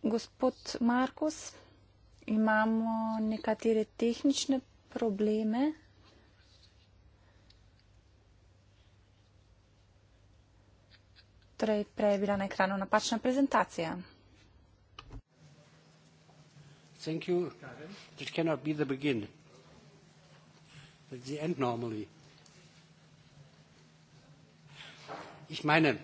[SPEAKER 4] Gospod Markus, imamo nekatere tehnične probleme. Torej, prej je bila na ekranu napačna prezentacija.
[SPEAKER 2] Thank you. This cannot be the begin. The end normally. Ich meine,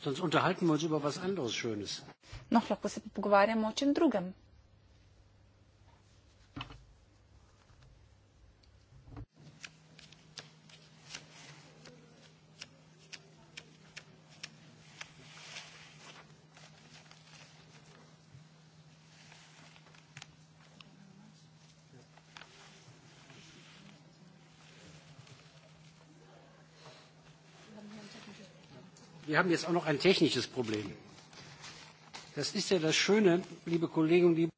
[SPEAKER 2] sonst unterhalten wir uns über was anderes Schönes.
[SPEAKER 4] Noch lahko se pogovarjamo o čem drugem.
[SPEAKER 2] wir haben jetzt auch noch ein technisches Problem. Das ist ja das Schöne, liebe Kollegen, liebe.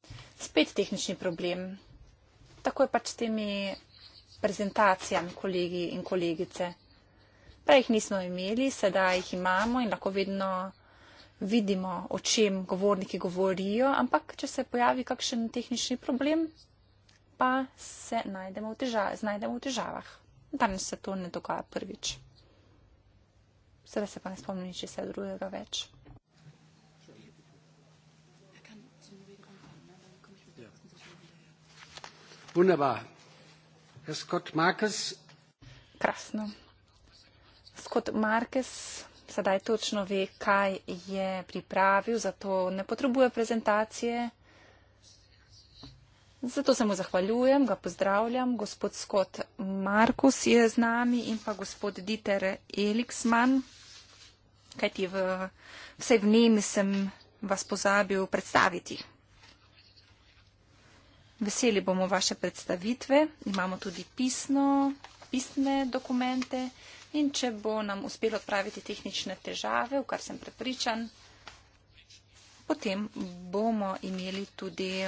[SPEAKER 4] Spet technische Problem. Tako je pač s temi prezentacijami, kolegi in kolegice. Prej jih nismo imeli, sedaj jih imamo in lahko vedno vidimo, o čem govorniki govorijo, ampak če se pojavi kakšen tehnični problem, pa se znajdemo v težavah. Danes se to ne dogaja prvič. Sedaj se pa ne spomnim nič vse drugega več. Krasno. Skot Markes sedaj točno ve, kaj je pripravil, zato ne potrebuje prezentacije. Zato se mu zahvaljujem, ga pozdravljam. Gospod Skot Markus je z nami in pa gospod Dieter Eliksman kajti v vsej vnemi sem vas pozabil predstaviti. Veseli bomo vaše predstavitve, imamo tudi pisno, pisne dokumente in če bo nam uspelo odpraviti tehnične težave, v kar sem prepričan, potem bomo imeli tudi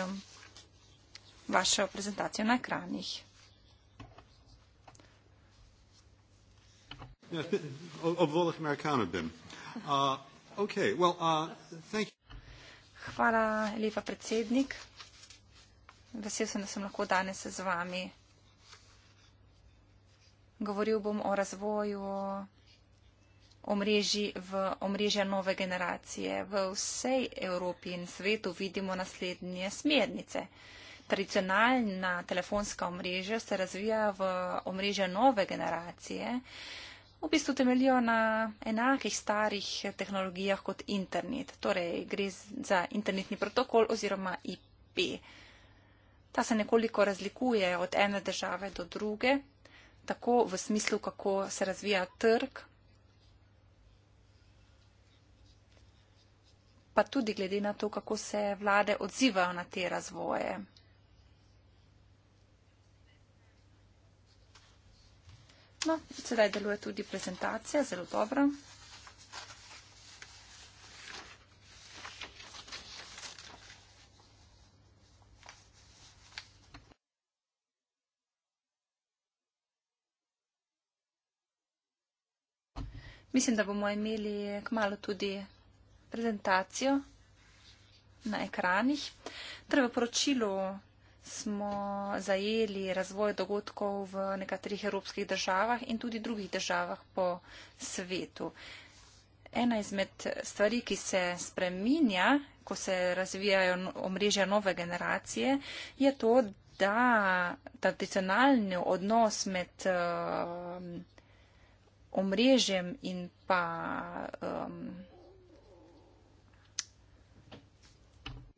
[SPEAKER 4] vašo prezentacijo na ekranih.
[SPEAKER 2] Ja, ob, obvolah Amerikanov bim. Uh, okay, well, uh, Hvala
[SPEAKER 4] lepa, predsednik. Vesel sem, da sem lahko danes z vami. Govoril bom o razvoju omrežji v omrežja nove generacije. V vsej Evropi in svetu vidimo naslednje smernice. Tradicionalna telefonska omrežja se razvija v omrežja nove generacije, v bistvu temeljijo na enakih starih tehnologijah kot internet. Torej, gre za internetni protokol oziroma IP. Ta se nekoliko razlikuje od ene države do druge, tako v smislu, kako se razvija trg, pa tudi glede na to, kako se vlade odzivajo na te razvoje. prijetno. Sedaj deluje tudi prezentacija, zelo dobro. Mislim, da bomo imeli kmalo tudi prezentacijo na ekranih. Treba poročilo smo zajeli razvoj dogodkov v nekaterih evropskih državah in tudi drugih državah po svetu. Ena izmed stvari, ki se spreminja, ko se razvijajo no, omrežja nove generacije, je to, da tradicionalni odnos med um, omrežjem in pa um,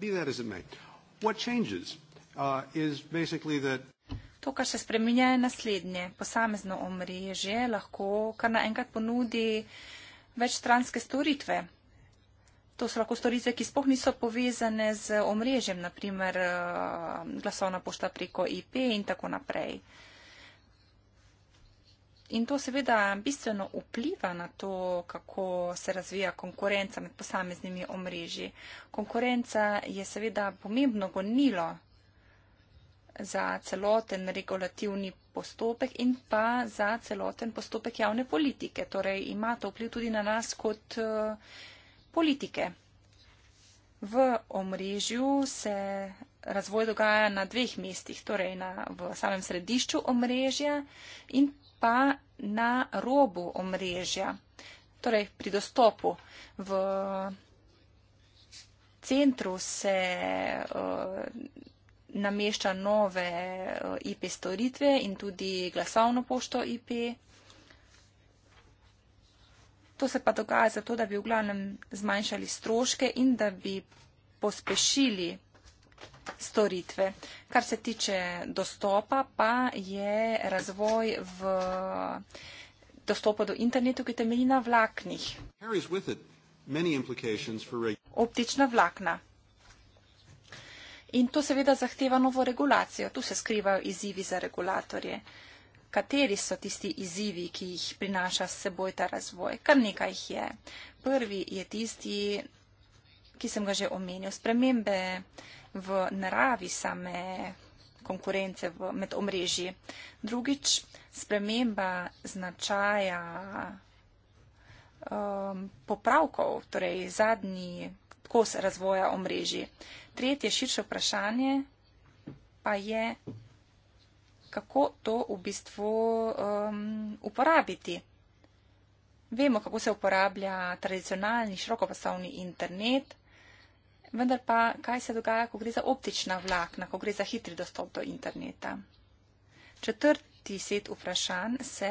[SPEAKER 2] Be that as it may. What changes uh, is basically that
[SPEAKER 4] To, kar se spreminja, je naslednje. Posamezno omrežje lahko kar naenkrat ponudi večstranske storitve. To so lahko storitve, ki spoh niso povezane z omrežjem, naprimer uh, glasovna pošta preko IP in tako naprej. Uh, In to seveda bistveno vpliva na to, kako se razvija konkurenca med posameznimi omrežji. Konkurenca je seveda pomembno gonilo za celoten regulativni postopek in pa za celoten postopek javne politike. Torej ima to vpliv tudi na nas kot eh, politike. V omrežju se razvoj dogaja na dveh mestih, torej na, v samem središču omrežja in pa na robu omrežja, torej pri dostopu. V centru se eh, namešča nove eh, IP storitve in tudi glasovno pošto IP. To se pa dogaja zato, da bi v glavnem zmanjšali stroške in da bi pospešili storitve. Kar se tiče dostopa, pa je razvoj v dostopu do internetu, ki temelji na vlaknih. Optična vlakna. In to seveda zahteva novo regulacijo. Tu se skrivajo izzivi za regulatorje. Kateri so tisti izzivi, ki jih prinaša s seboj ta razvoj? Kar nekaj jih je. Prvi je tisti, ki sem ga že omenil, spremembe v naravi same konkurence v, med omrežji. Drugič, sprememba značaja um, popravkov, torej zadnji kos razvoja omrežji. Tretje širše vprašanje pa je, kako to v bistvu um, uporabiti. Vemo, kako se uporablja tradicionalni širokopasovni internet, Vendar pa, kaj se dogaja, ko gre za optična vlakna, ko gre za hitri dostop do interneta? Četrti set vprašanj se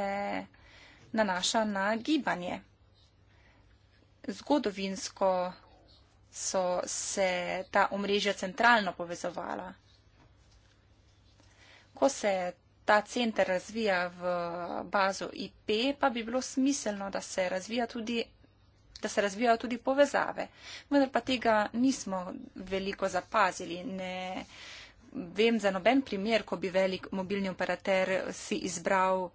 [SPEAKER 4] nanaša na gibanje. Zgodovinsko so se ta omrežja centralno povezovala. Ko se ta center razvija v bazo IP, pa bi bilo smiselno, da se razvija tudi da se razvijajo tudi povezave. Vendar pa tega nismo veliko zapazili. Ne vem za noben primer, ko bi velik mobilni operater si izbral,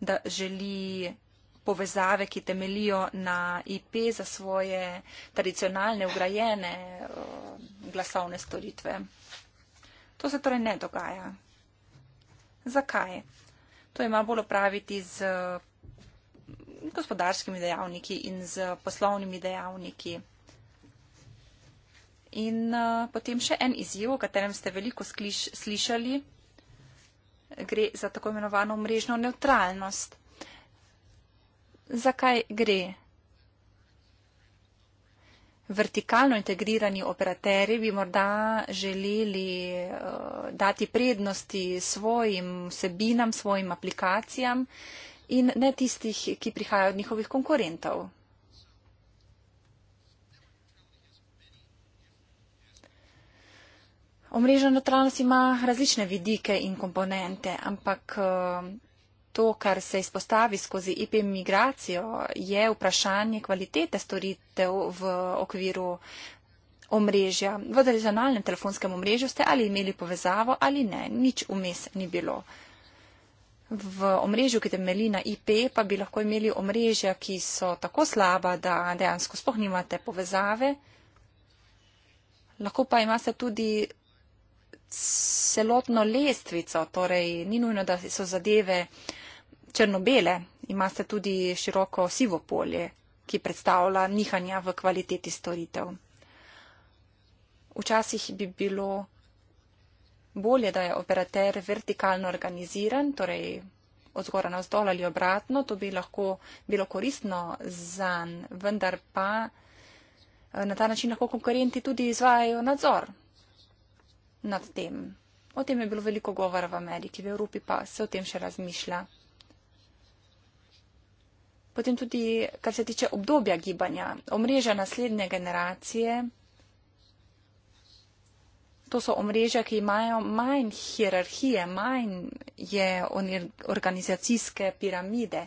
[SPEAKER 4] da želi povezave, ki temelijo na IP za svoje tradicionalne ugrajene eh, glasovne storitve. To se torej ne dogaja. Zakaj? To ima bolj opraviti z gospodarskimi dejavniki in z poslovnimi dejavniki. In uh, potem še en izjiv, o katerem ste veliko skliš, slišali, gre za tako imenovano mrežno neutralnost. Zakaj gre? Vertikalno integrirani operateri bi morda želeli uh, dati prednosti svojim vsebinam, svojim aplikacijam, uh, in ne tistih, ki prihajajo od njihovih konkurentov. Omrežna neutralnost ima različne vidike in komponente, ampak eh, to, kar se izpostavi skozi IP migracijo, je vprašanje kvalitete storitev v okviru omrežja. V tradicionalnem telefonskem omrežju ste ali imeli povezavo ali ne, nič vmes ni bilo. V omrežju, ki temelji na IP, pa bi lahko imeli omrežja, ki so tako slaba, da dejansko spoh nimate povezave. Lahko pa imate tudi celotno lestvico, torej ni nujno, da so zadeve črnobele, imate tudi široko sivo polje, ki predstavlja nihanja v kvaliteti storitev. Včasih bi bilo bolje, da je operater vertikalno organiziran, torej od zgora na vzdol ali obratno, to bi lahko bilo koristno za njen, vendar pa eh, na ta način lahko konkurenti tudi izvajajo nadzor nad tem. O tem je bilo veliko govora v Ameriki, v Evropi pa se o tem še razmišlja. Potem tudi, kar se tiče obdobja gibanja, omrežja naslednje generacije. To so omrežja, ki imajo manj hierarhije, manj je organizacijske piramide,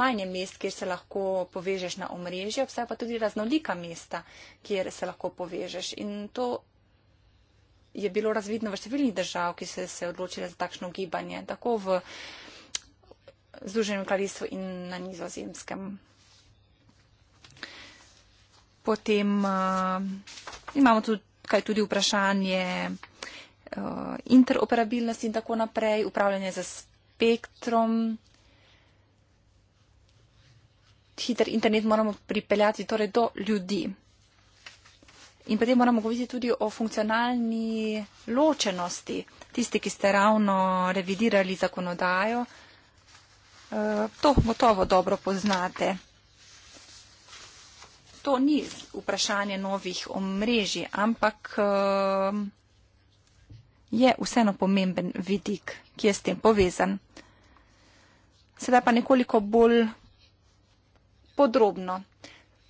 [SPEAKER 4] manj je mest, kjer se lahko povežeš na omrežje, vse pa tudi raznolika mesta, kjer se lahko povežeš. In to je bilo razvidno v številnih držav, ki so se odločile za takšno gibanje, tako v Združenem kraljestvu in na nizozemskem. Potem uh, imamo tudi skratka je tudi vprašanje eh, interoperabilnosti in tako naprej, upravljanje za spektrom. Hiter internet moramo pripeljati torej do ljudi. In potem moramo govoriti tudi o funkcionalni ločenosti. Tisti, ki ste ravno revidirali zakonodajo, eh, to gotovo dobro poznate to ni vprašanje novih omrežij, ampak ehm, je vseeno pomemben vidik, ki je s tem povezan. Sedaj pa nekoliko bolj podrobno.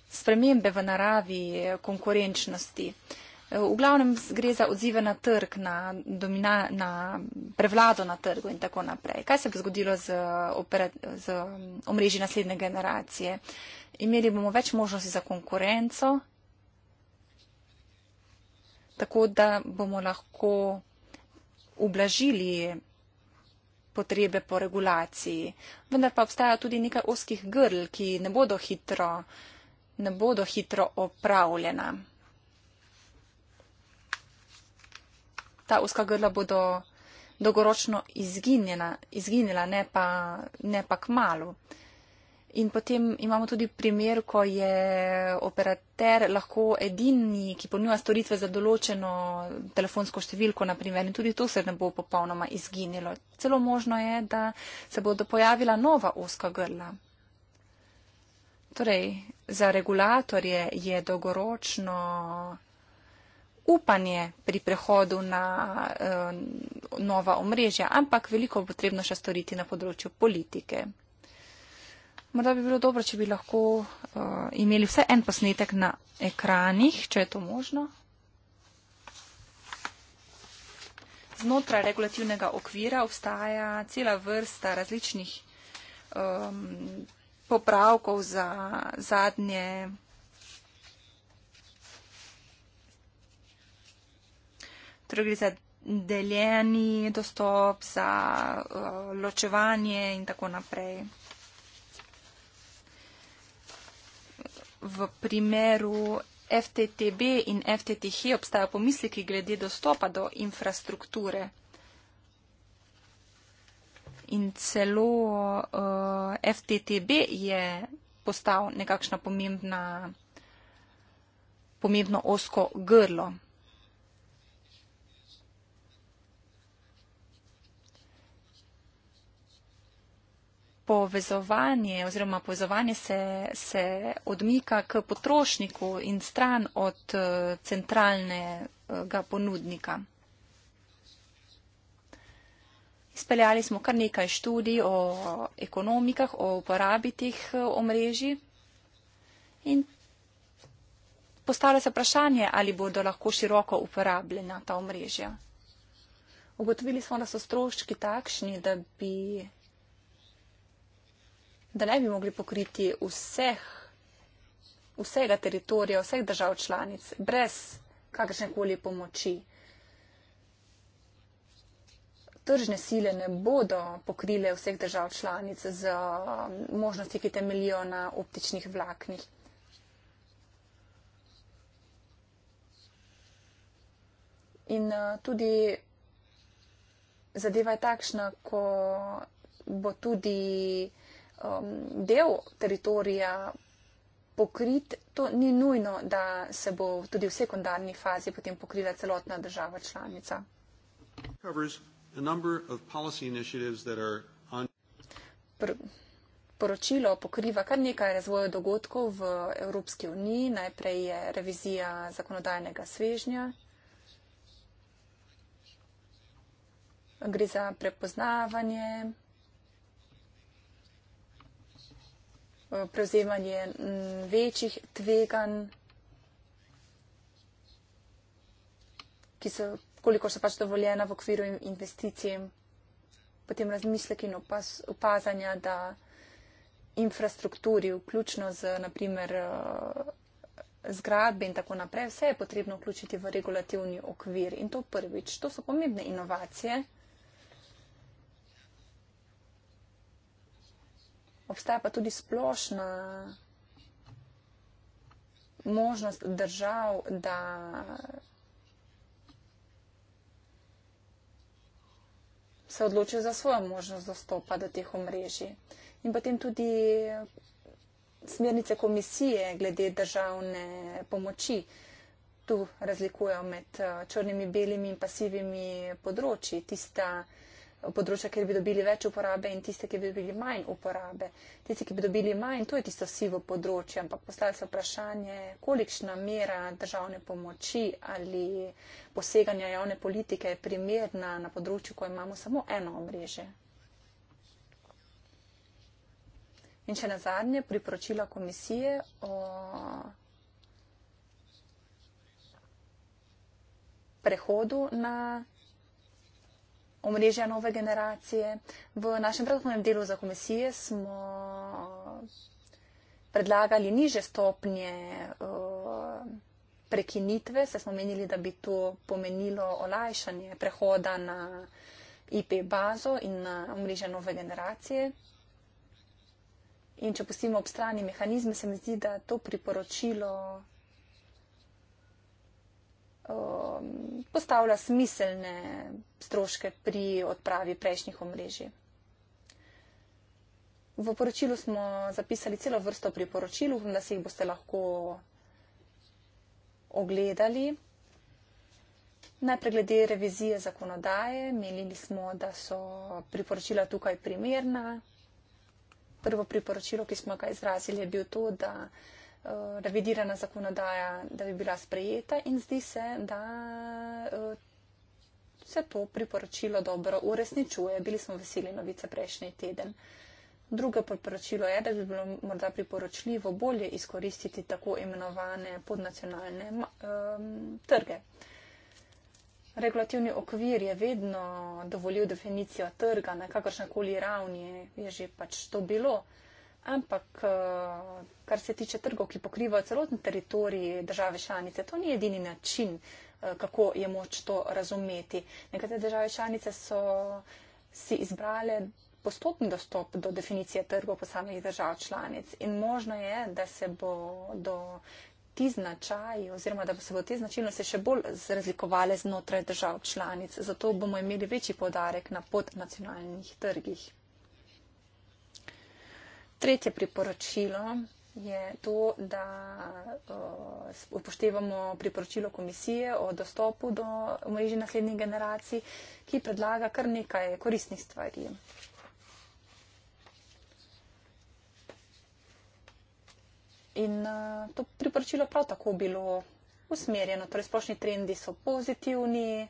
[SPEAKER 4] Spremembe v naravi konkurenčnosti. Uh, Eh, v glavnem gre za odzive na trg, na, domina, na prevlado na trgu in tako naprej. Kaj se bo zgodilo z, z mm, omrežji naslednje generacije? Imeli bomo več možnosti za konkurenco, tako da bomo lahko ublažili potrebe po regulaciji. Vendar pa obstaja tudi nekaj oskih grl, ki ne bodo hitro, ne bodo hitro opravljena. ta uska grla bodo dolgoročno izginjena, izginjela, ne pa, ne pa k malu. In potem imamo tudi primer, ko je operater lahko edini, ki ponuja storitve za določeno telefonsko številko, naprimer, in tudi to se ne bo popolnoma izginilo. Celo možno je, da se bodo pojavila nova uska grla. Torej, za regulatorje je dolgoročno upanje pri prehodu na uh, nova omrežja, ampak veliko bo potrebno še storiti na področju politike. Morda bi bilo dobro, če bi lahko uh, imeli vse en posnetek na ekranih, če je to možno. Znotraj regulativnega okvira obstaja cela vrsta različnih um, popravkov za zadnje. drugi torej za deljeni dostop, za uh, ločevanje in tako naprej. V primeru FTTB in FTTH obstaja pomisliki glede dostopa do infrastrukture. In celo uh, eh, FTTB je postal nekakšna pomembna, pomembno osko grlo. povezovanje oziroma povezovanje se, se odmika k potrošniku in stran od eh, centralnega ponudnika. Izpeljali smo kar nekaj študij o ekonomikah, o uporabi teh eh, omrežij in postavlja se vprašanje, ali bodo lahko široko uporabljena ta omrežja. Ugotovili smo, da so stroški takšni, da bi da ne bi mogli pokriti vseh, vsega teritorija, vseh držav članic, brez kakršne koli pomoči. Tržne sile ne bodo pokrile vseh držav članic z um, možnosti, ki temeljijo na optičnih vlaknih. In uh, tudi zadeva je takšna, ko bo tudi um, del teritorija pokrit, to ni nujno, da se bo tudi v sekundarni fazi potem pokrila celotna država članica. Poročilo pokriva kar nekaj razvojev dogodkov v Evropski uniji. Najprej je revizija zakonodajnega svežnja. Gre za prepoznavanje prevzemanje večjih tveganj, ki so, koliko so pač dovoljena v okviru investicij, potem razmislek in opaz, opazanja, da infrastrukturi, vključno z naprimer eh, zgradbe in tako naprej, vse je potrebno vključiti v regulativni okvir. In to prvič, to so pomembne inovacije. obstaja pa tudi splošna možnost držav, da se odločijo za svojo možnost dostopa do teh omrežij. In potem tudi smernice komisije glede državne pomoči. Tu razlikujejo med eh, črnimi, belimi in pasivimi področji. Tista, ki področja, kjer bi dobili več uporabe in tiste, ki bi dobili manj uporabe. Tisti, ki bi dobili manj, to je tisto sivo področje, ampak postavlja se vprašanje, kolikšna mera državne pomoči ali poseganja javne politike je primerna na področju, ko imamo samo eno omrežje. In še na zadnje, priporočila komisije o prehodu na omrežja nove generacije. V našem predhodnem delu za komisije smo predlagali niže stopnje eh, prekinitve, se smo menili, da bi to pomenilo olajšanje prehoda na IP bazo in na omrežje nove generacije. In če pustimo ob strani mehanizme, se mi zdi, da to priporočilo um, postavlja smiselne stroške pri odpravi prejšnjih omrežij. V poročilu smo zapisali celo vrsto priporočil, upam, da se jih boste lahko ogledali. Najprej glede revizije zakonodaje, menili smo, da so priporočila tukaj primerna. Prvo priporočilo, ki smo ga izrazili, je bil to, da Eh, revidirana zakonodaja, da bi bila sprejeta in zdi se, da eh, se to priporočilo dobro uresničuje. Bili smo veseli novice prejšnji teden. Drugo priporočilo je, da bi bilo morda priporočljivo bolje izkoristiti tako imenovane podnacionalne um, trge. Regulativni okvir je vedno dovolil definicijo trga na kakršnakoli ravni, je že pač to bilo. Uh, Ampak, eh, kar se tiče trgov, ki pokrivajo celoten teritorij države članice, to ni edini način, eh, kako je moč to razumeti. Nekatere države članice so si izbrale postopen dostop do definicije trgov posameznih držav članic in možno je, da se bo do ti značaji oziroma da bo se bo te značilnosti še bolj razlikovale znotraj držav članic. Zato bomo imeli večji podarek na podnacionalnih trgih. Tretje priporočilo je to, da upoštevamo priporočilo komisije o dostopu do mreže naslednjih generacij, ki predlaga kar nekaj koristnih stvari. In to priporočilo prav tako bilo usmerjeno, torej splošni trendi so pozitivni,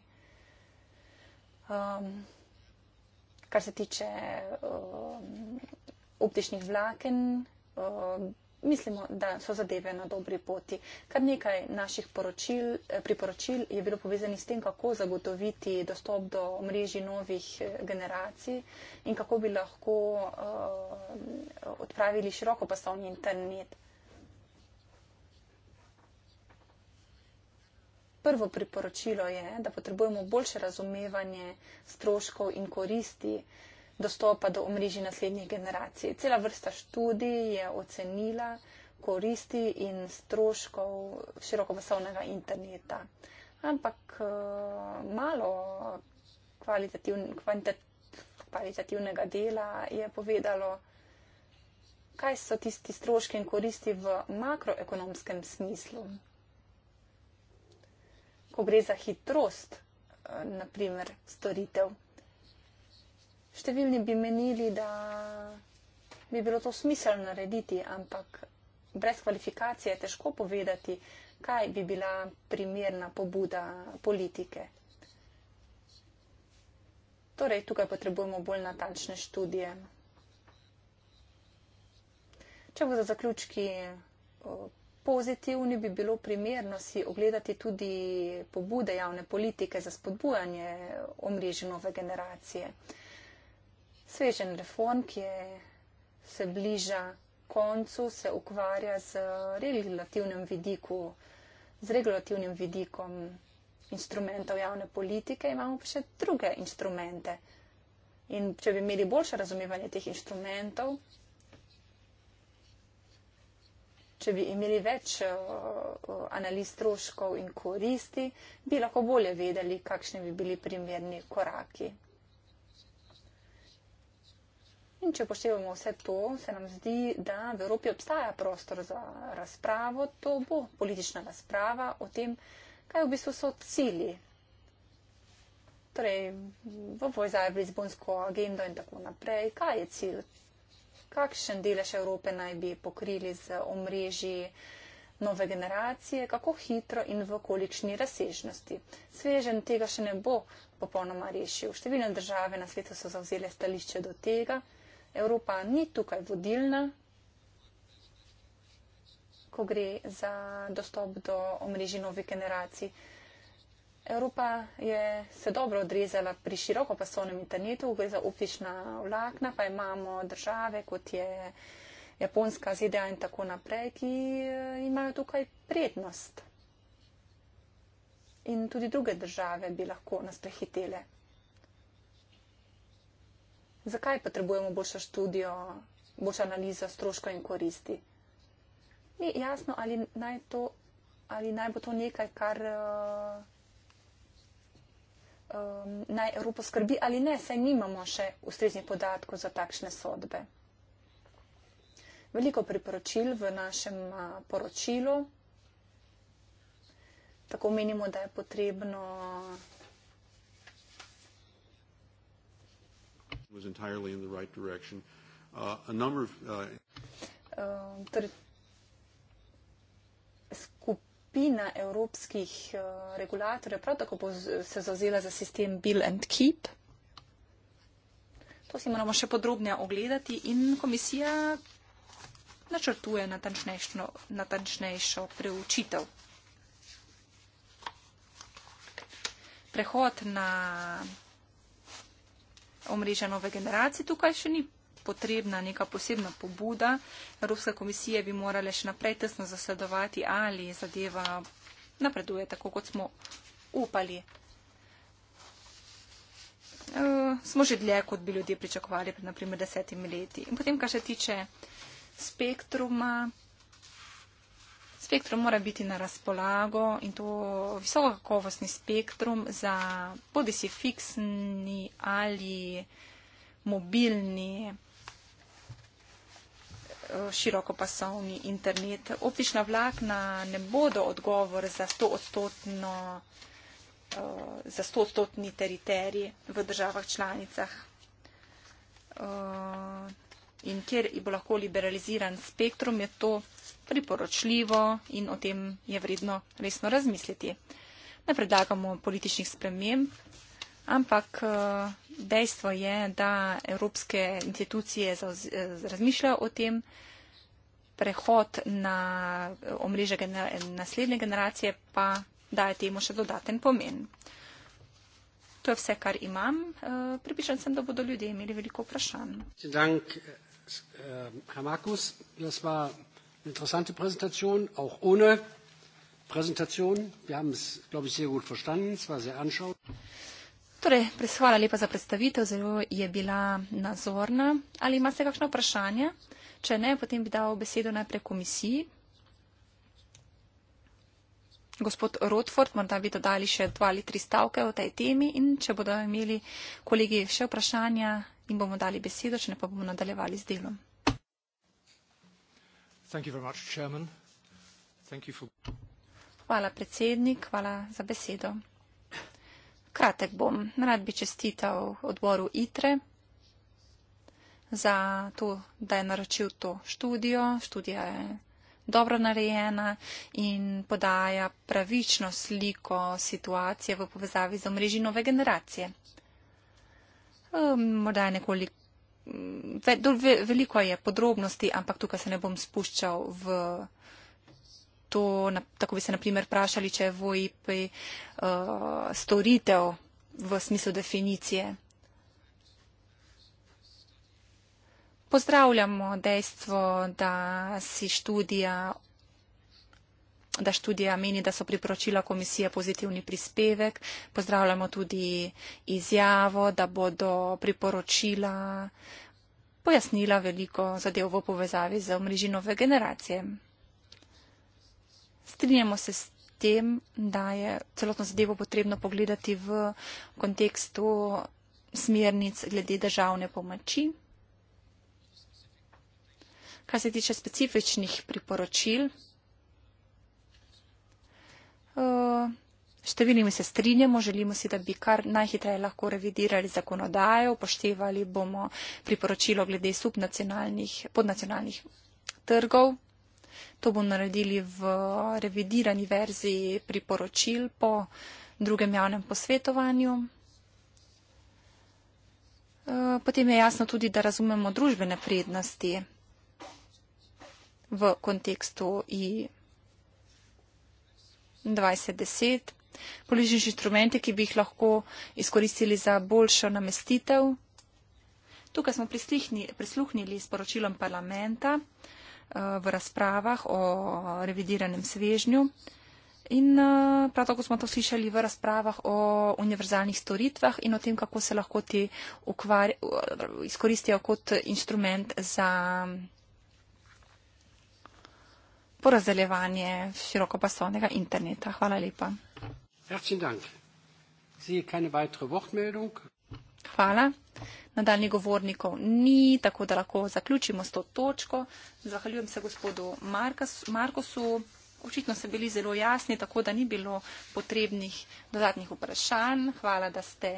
[SPEAKER 4] kar se tiče optičnih vlaken. Mislimo, da so zadeve na dobri poti. Kar nekaj naših poročil, eh, priporočil je bilo povezani s tem, kako zagotoviti dostop do mreži novih eh, generacij in kako bi lahko uh, odpravili široko pasovni internet. Prvo priporočilo je, da potrebujemo boljše razumevanje stroškov in koristi uh, dostopa do omrežij naslednjih generacij. Cela vrsta študij je ocenila koristi in stroškov širokopasovnega interneta. Ampak eh, malo kvalitativnega dela je povedalo, kaj so tisti stroški in koristi v makroekonomskem smislu. Ko gre za hitrost, eh, naprimer, storitev. Številni bi menili, da bi bilo to smiselno narediti, ampak brez kvalifikacije je težko povedati, kaj bi bila primerna pobuda politike. Torej, tukaj potrebujemo bolj natančne študije. Če bo za zaključki pozitivni, bi bilo primerno si ogledati tudi pobude javne politike za spodbujanje omrežje nove generacije svežen telefon, ki je, se bliža koncu, se ukvarja z regulativnim, vidiku, z regulativnim vidikom instrumentov javne politike, imamo pa še druge instrumente. In če bi imeli boljše razumevanje teh instrumentov, če bi imeli več analiz stroškov in koristi, bi lahko bolje vedeli, kakšni bi bili primerni koraki. In če poštevamo vse to, se nam zdi, da v Evropi obstaja prostor za razpravo, to bo politična razprava o tem, kaj v bistvu so cilji. Torej, v povezavi z Lizbonsko agendo in tako naprej, kaj je cilj? Kakšen delež Evrope naj bi pokrili z omrežji nove generacije, kako hitro in v kolikšni razsežnosti? Svežen tega še ne bo popolnoma rešil. Številne države na svetu so zauzele stališče do tega. Evropa ni tukaj vodilna, ko gre za dostop do omrežji novih generacij. Evropa je se dobro odrezala pri širokopasovnem internetu, gre za optična vlakna, pa imamo države, kot je Japonska, ZDA in tako naprej, ki eh, imajo tukaj prednost. In tudi druge države bi lahko nas prehitele zakaj potrebujemo boljšo študijo, boljšo analizo stroškov in koristi. Ni jasno, ali naj, to, ali naj bo to nekaj, kar uh, um, naj Evropo skrbi ali ne, saj nimamo še ustreznih podatkov za takšne sodbe. Veliko priporočil v našem uh, poročilu. Tako menimo, da je potrebno
[SPEAKER 2] Right uh, of, uh...
[SPEAKER 4] Uh, torej, skupina evropskih uh, regulatorjev prav tako bo se zauzela za sistem Bill and Keep. To si moramo še podrobneje ogledati in komisija načrtuje natančnejšo preučitev. Prehod na omrežja nove generacije. Tukaj še ni potrebna neka posebna pobuda. Evropska komisija bi morala še naprej tesno zasledovati, ali zadeva napreduje tako, kot smo upali. Uh, smo že dlje, kot bi ljudje pričakovali pred naprimer desetimi leti. In potem, kar še tiče spektruma, Spektrum mora biti na razpolago in to visokokakovostni spektrum za bodisi fiksni ali mobilni eh, širokopasovni internet. Optična vlakna ne bodo odgovor za 100-odstotni eh, teritorij v državah članicah. Eh, in kjer bo lahko liberaliziran spektrum, je to priporočljivo in o tem je vredno resno razmisliti. Ne predlagamo političnih sprememb, ampak eh, dejstvo je, da evropske institucije razmišljajo o tem, prehod na eh, omrežje naslednje generacije pa daje temu še dodaten pomen. To je vse, kar imam. Eh, pripričan sem, da bodo ljudje imeli veliko vprašanj.
[SPEAKER 2] Dank, uh, Interessante Präsentation, auch ohne Präsentation. Wir haben es, glaube ich, sehr gut verstanden. Es war sehr anschaulich.
[SPEAKER 4] Torej, hvala lepa za predstavitev, zelo je bila nazorna. Ali imate kakšno vprašanje? Če ne, potem bi dal besedo najprej komisiji. Gospod Rotford, morda bi dodali še dva ali tri stavke o tej temi in če bodo imeli kolegi še vprašanja, jim bomo dali besedo, če ne pa bomo nadaljevali z delom. Hvala, predsednik, hvala za besedo. Kratek bom. Rad bi čestital odboru ITRE za to, da je naročil to študijo. Študija je dobro narejena in podaja pravično sliko situacije v povezavi z omrežji nove generacije. Ehm, morda je nekoliko ve, do, ve, veliko je podrobnosti, ampak tukaj se ne bom spuščal v to, na, tako bi se naprimer vprašali, če je VOIP uh, eh, storitev v smislu definicije. Pozdravljamo dejstvo, da si študija da študija meni, da so priporočila komisije pozitivni prispevek. Pozdravljamo tudi izjavo, da bodo priporočila pojasnila veliko zadev v povezavi z omrežji nove generacije. Strinjamo se s tem, da je celotno zadevo potrebno pogledati v kontekstu smernic glede državne pomoči. Kar se tiče specifičnih priporočil, Eh, številnimi se strinjamo, želimo si, da bi kar najhitreje lahko revidirali zakonodajo, upoštevali bomo priporočilo glede subnacionalnih, podnacionalnih trgov. To bomo naredili v revidirani verziji priporočil po drugem javnem posvetovanju. Eh, potem je jasno tudi, da razumemo družbene prednosti v kontekstu in 2010, političnih inštrumentih, ki bi jih lahko izkoristili za boljšo namestitev. Tukaj smo prisluhnili sporočilom parlamenta eh, v razpravah o revidiranem svežnju in eh, prav tako smo to slišali v razpravah o univerzalnih storitvah in o tem, kako se lahko ti izkoristijo kot instrument za porazdeljevanje širokopasovnega interneta. Hvala lepa. Hvala. Nadaljnih govornikov ni, tako da lahko zaključimo s to točko. Zahvaljujem se gospodu Markosu. Očitno ste bili zelo jasni, tako da ni bilo potrebnih dodatnih vprašanj. Hvala, da ste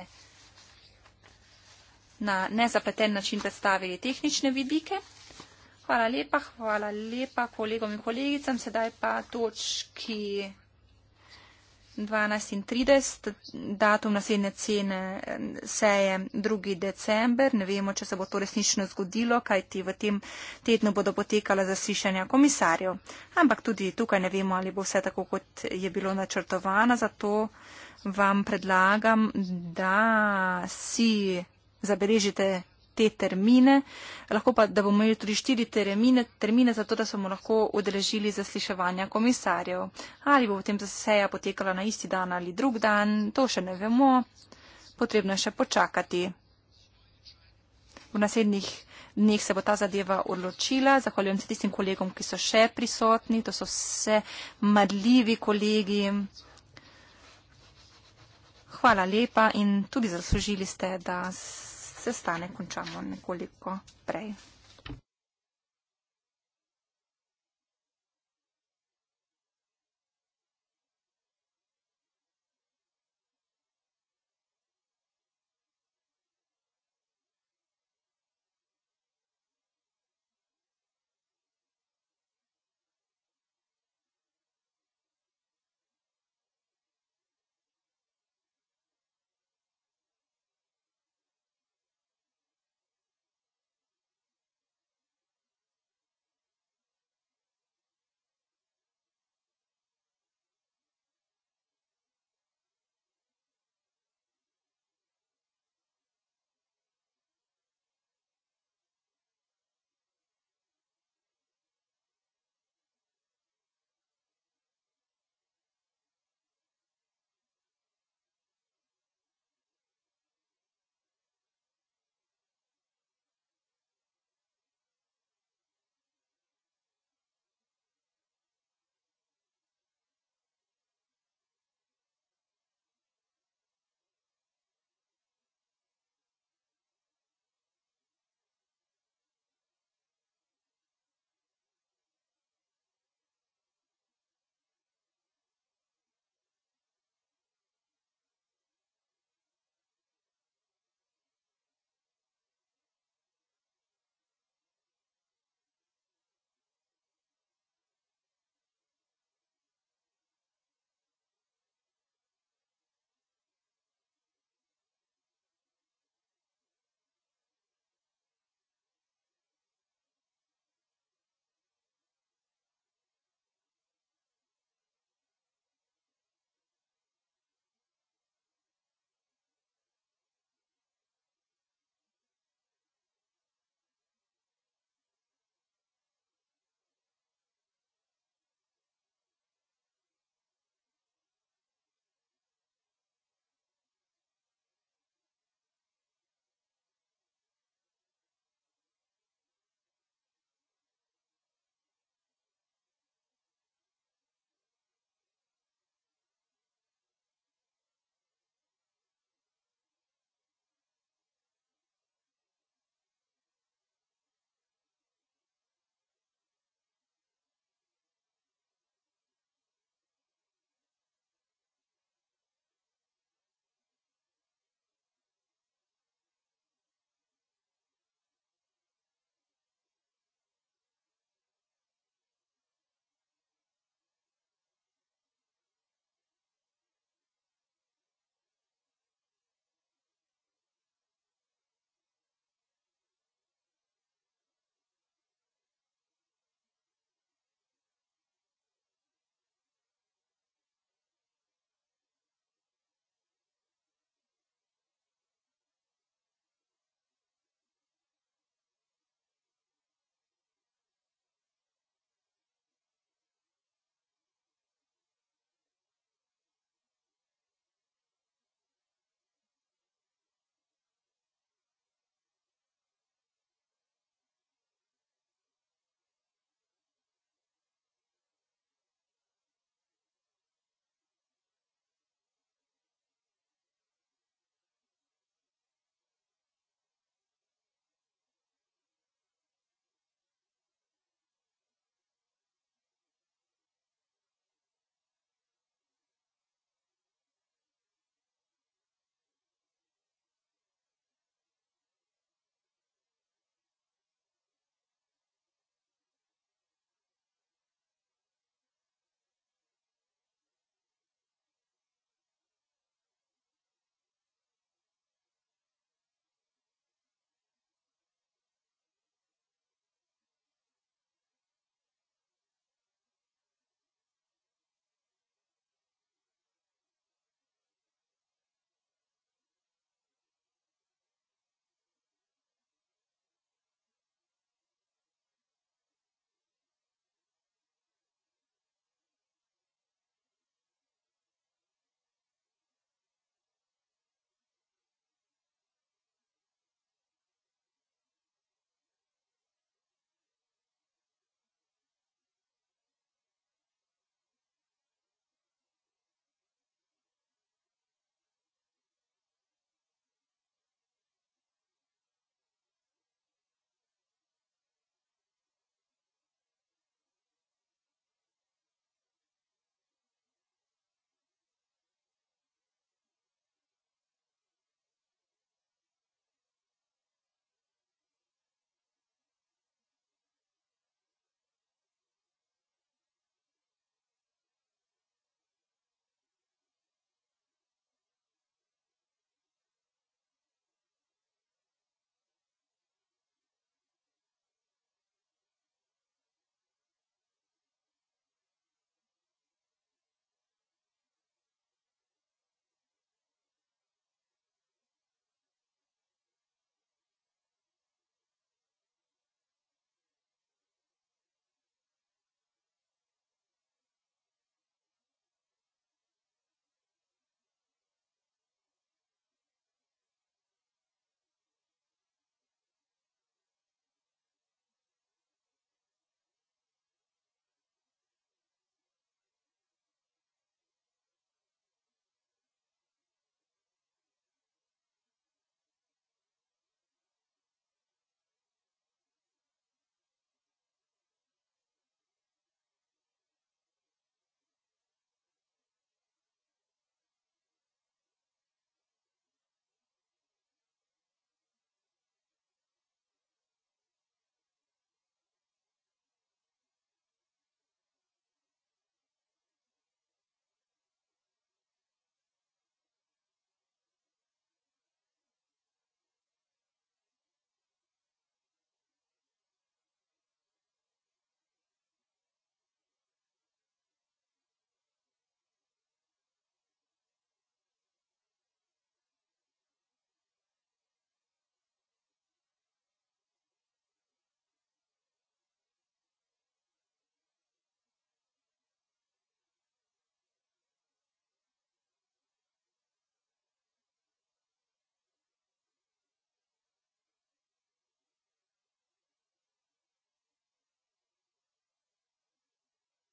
[SPEAKER 4] na nezapleten način predstavili tehnične vidike. Hvala lepa, hvala lepa kolegom in kolegicam. Sedaj pa točki 12 in 30, datum naslednje cene seje 2. december. Ne vemo, če se bo to resnično zgodilo, kajti v tem tednu bodo potekala zaslišanja komisarjev. Ampak tudi tukaj ne vemo, ali bo vse tako, kot je bilo načrtovano. Zato vam predlagam, da si zabeležite te termine, lahko pa, da bomo imeli tudi štiri termine, termine zato, da smo lahko odrežili zasliševanja komisarjev. Ali bo potem seja potekala na isti dan ali drug dan, to še ne vemo. Potrebno je še počakati. V naslednjih dneh se bo ta zadeva odločila. Zahvaljujem se tistim kolegom, ki so še prisotni. To so vse madljivi kolegi. Hvala lepa in tudi zaslužili ste, da sestanek končamo nekoliko prej.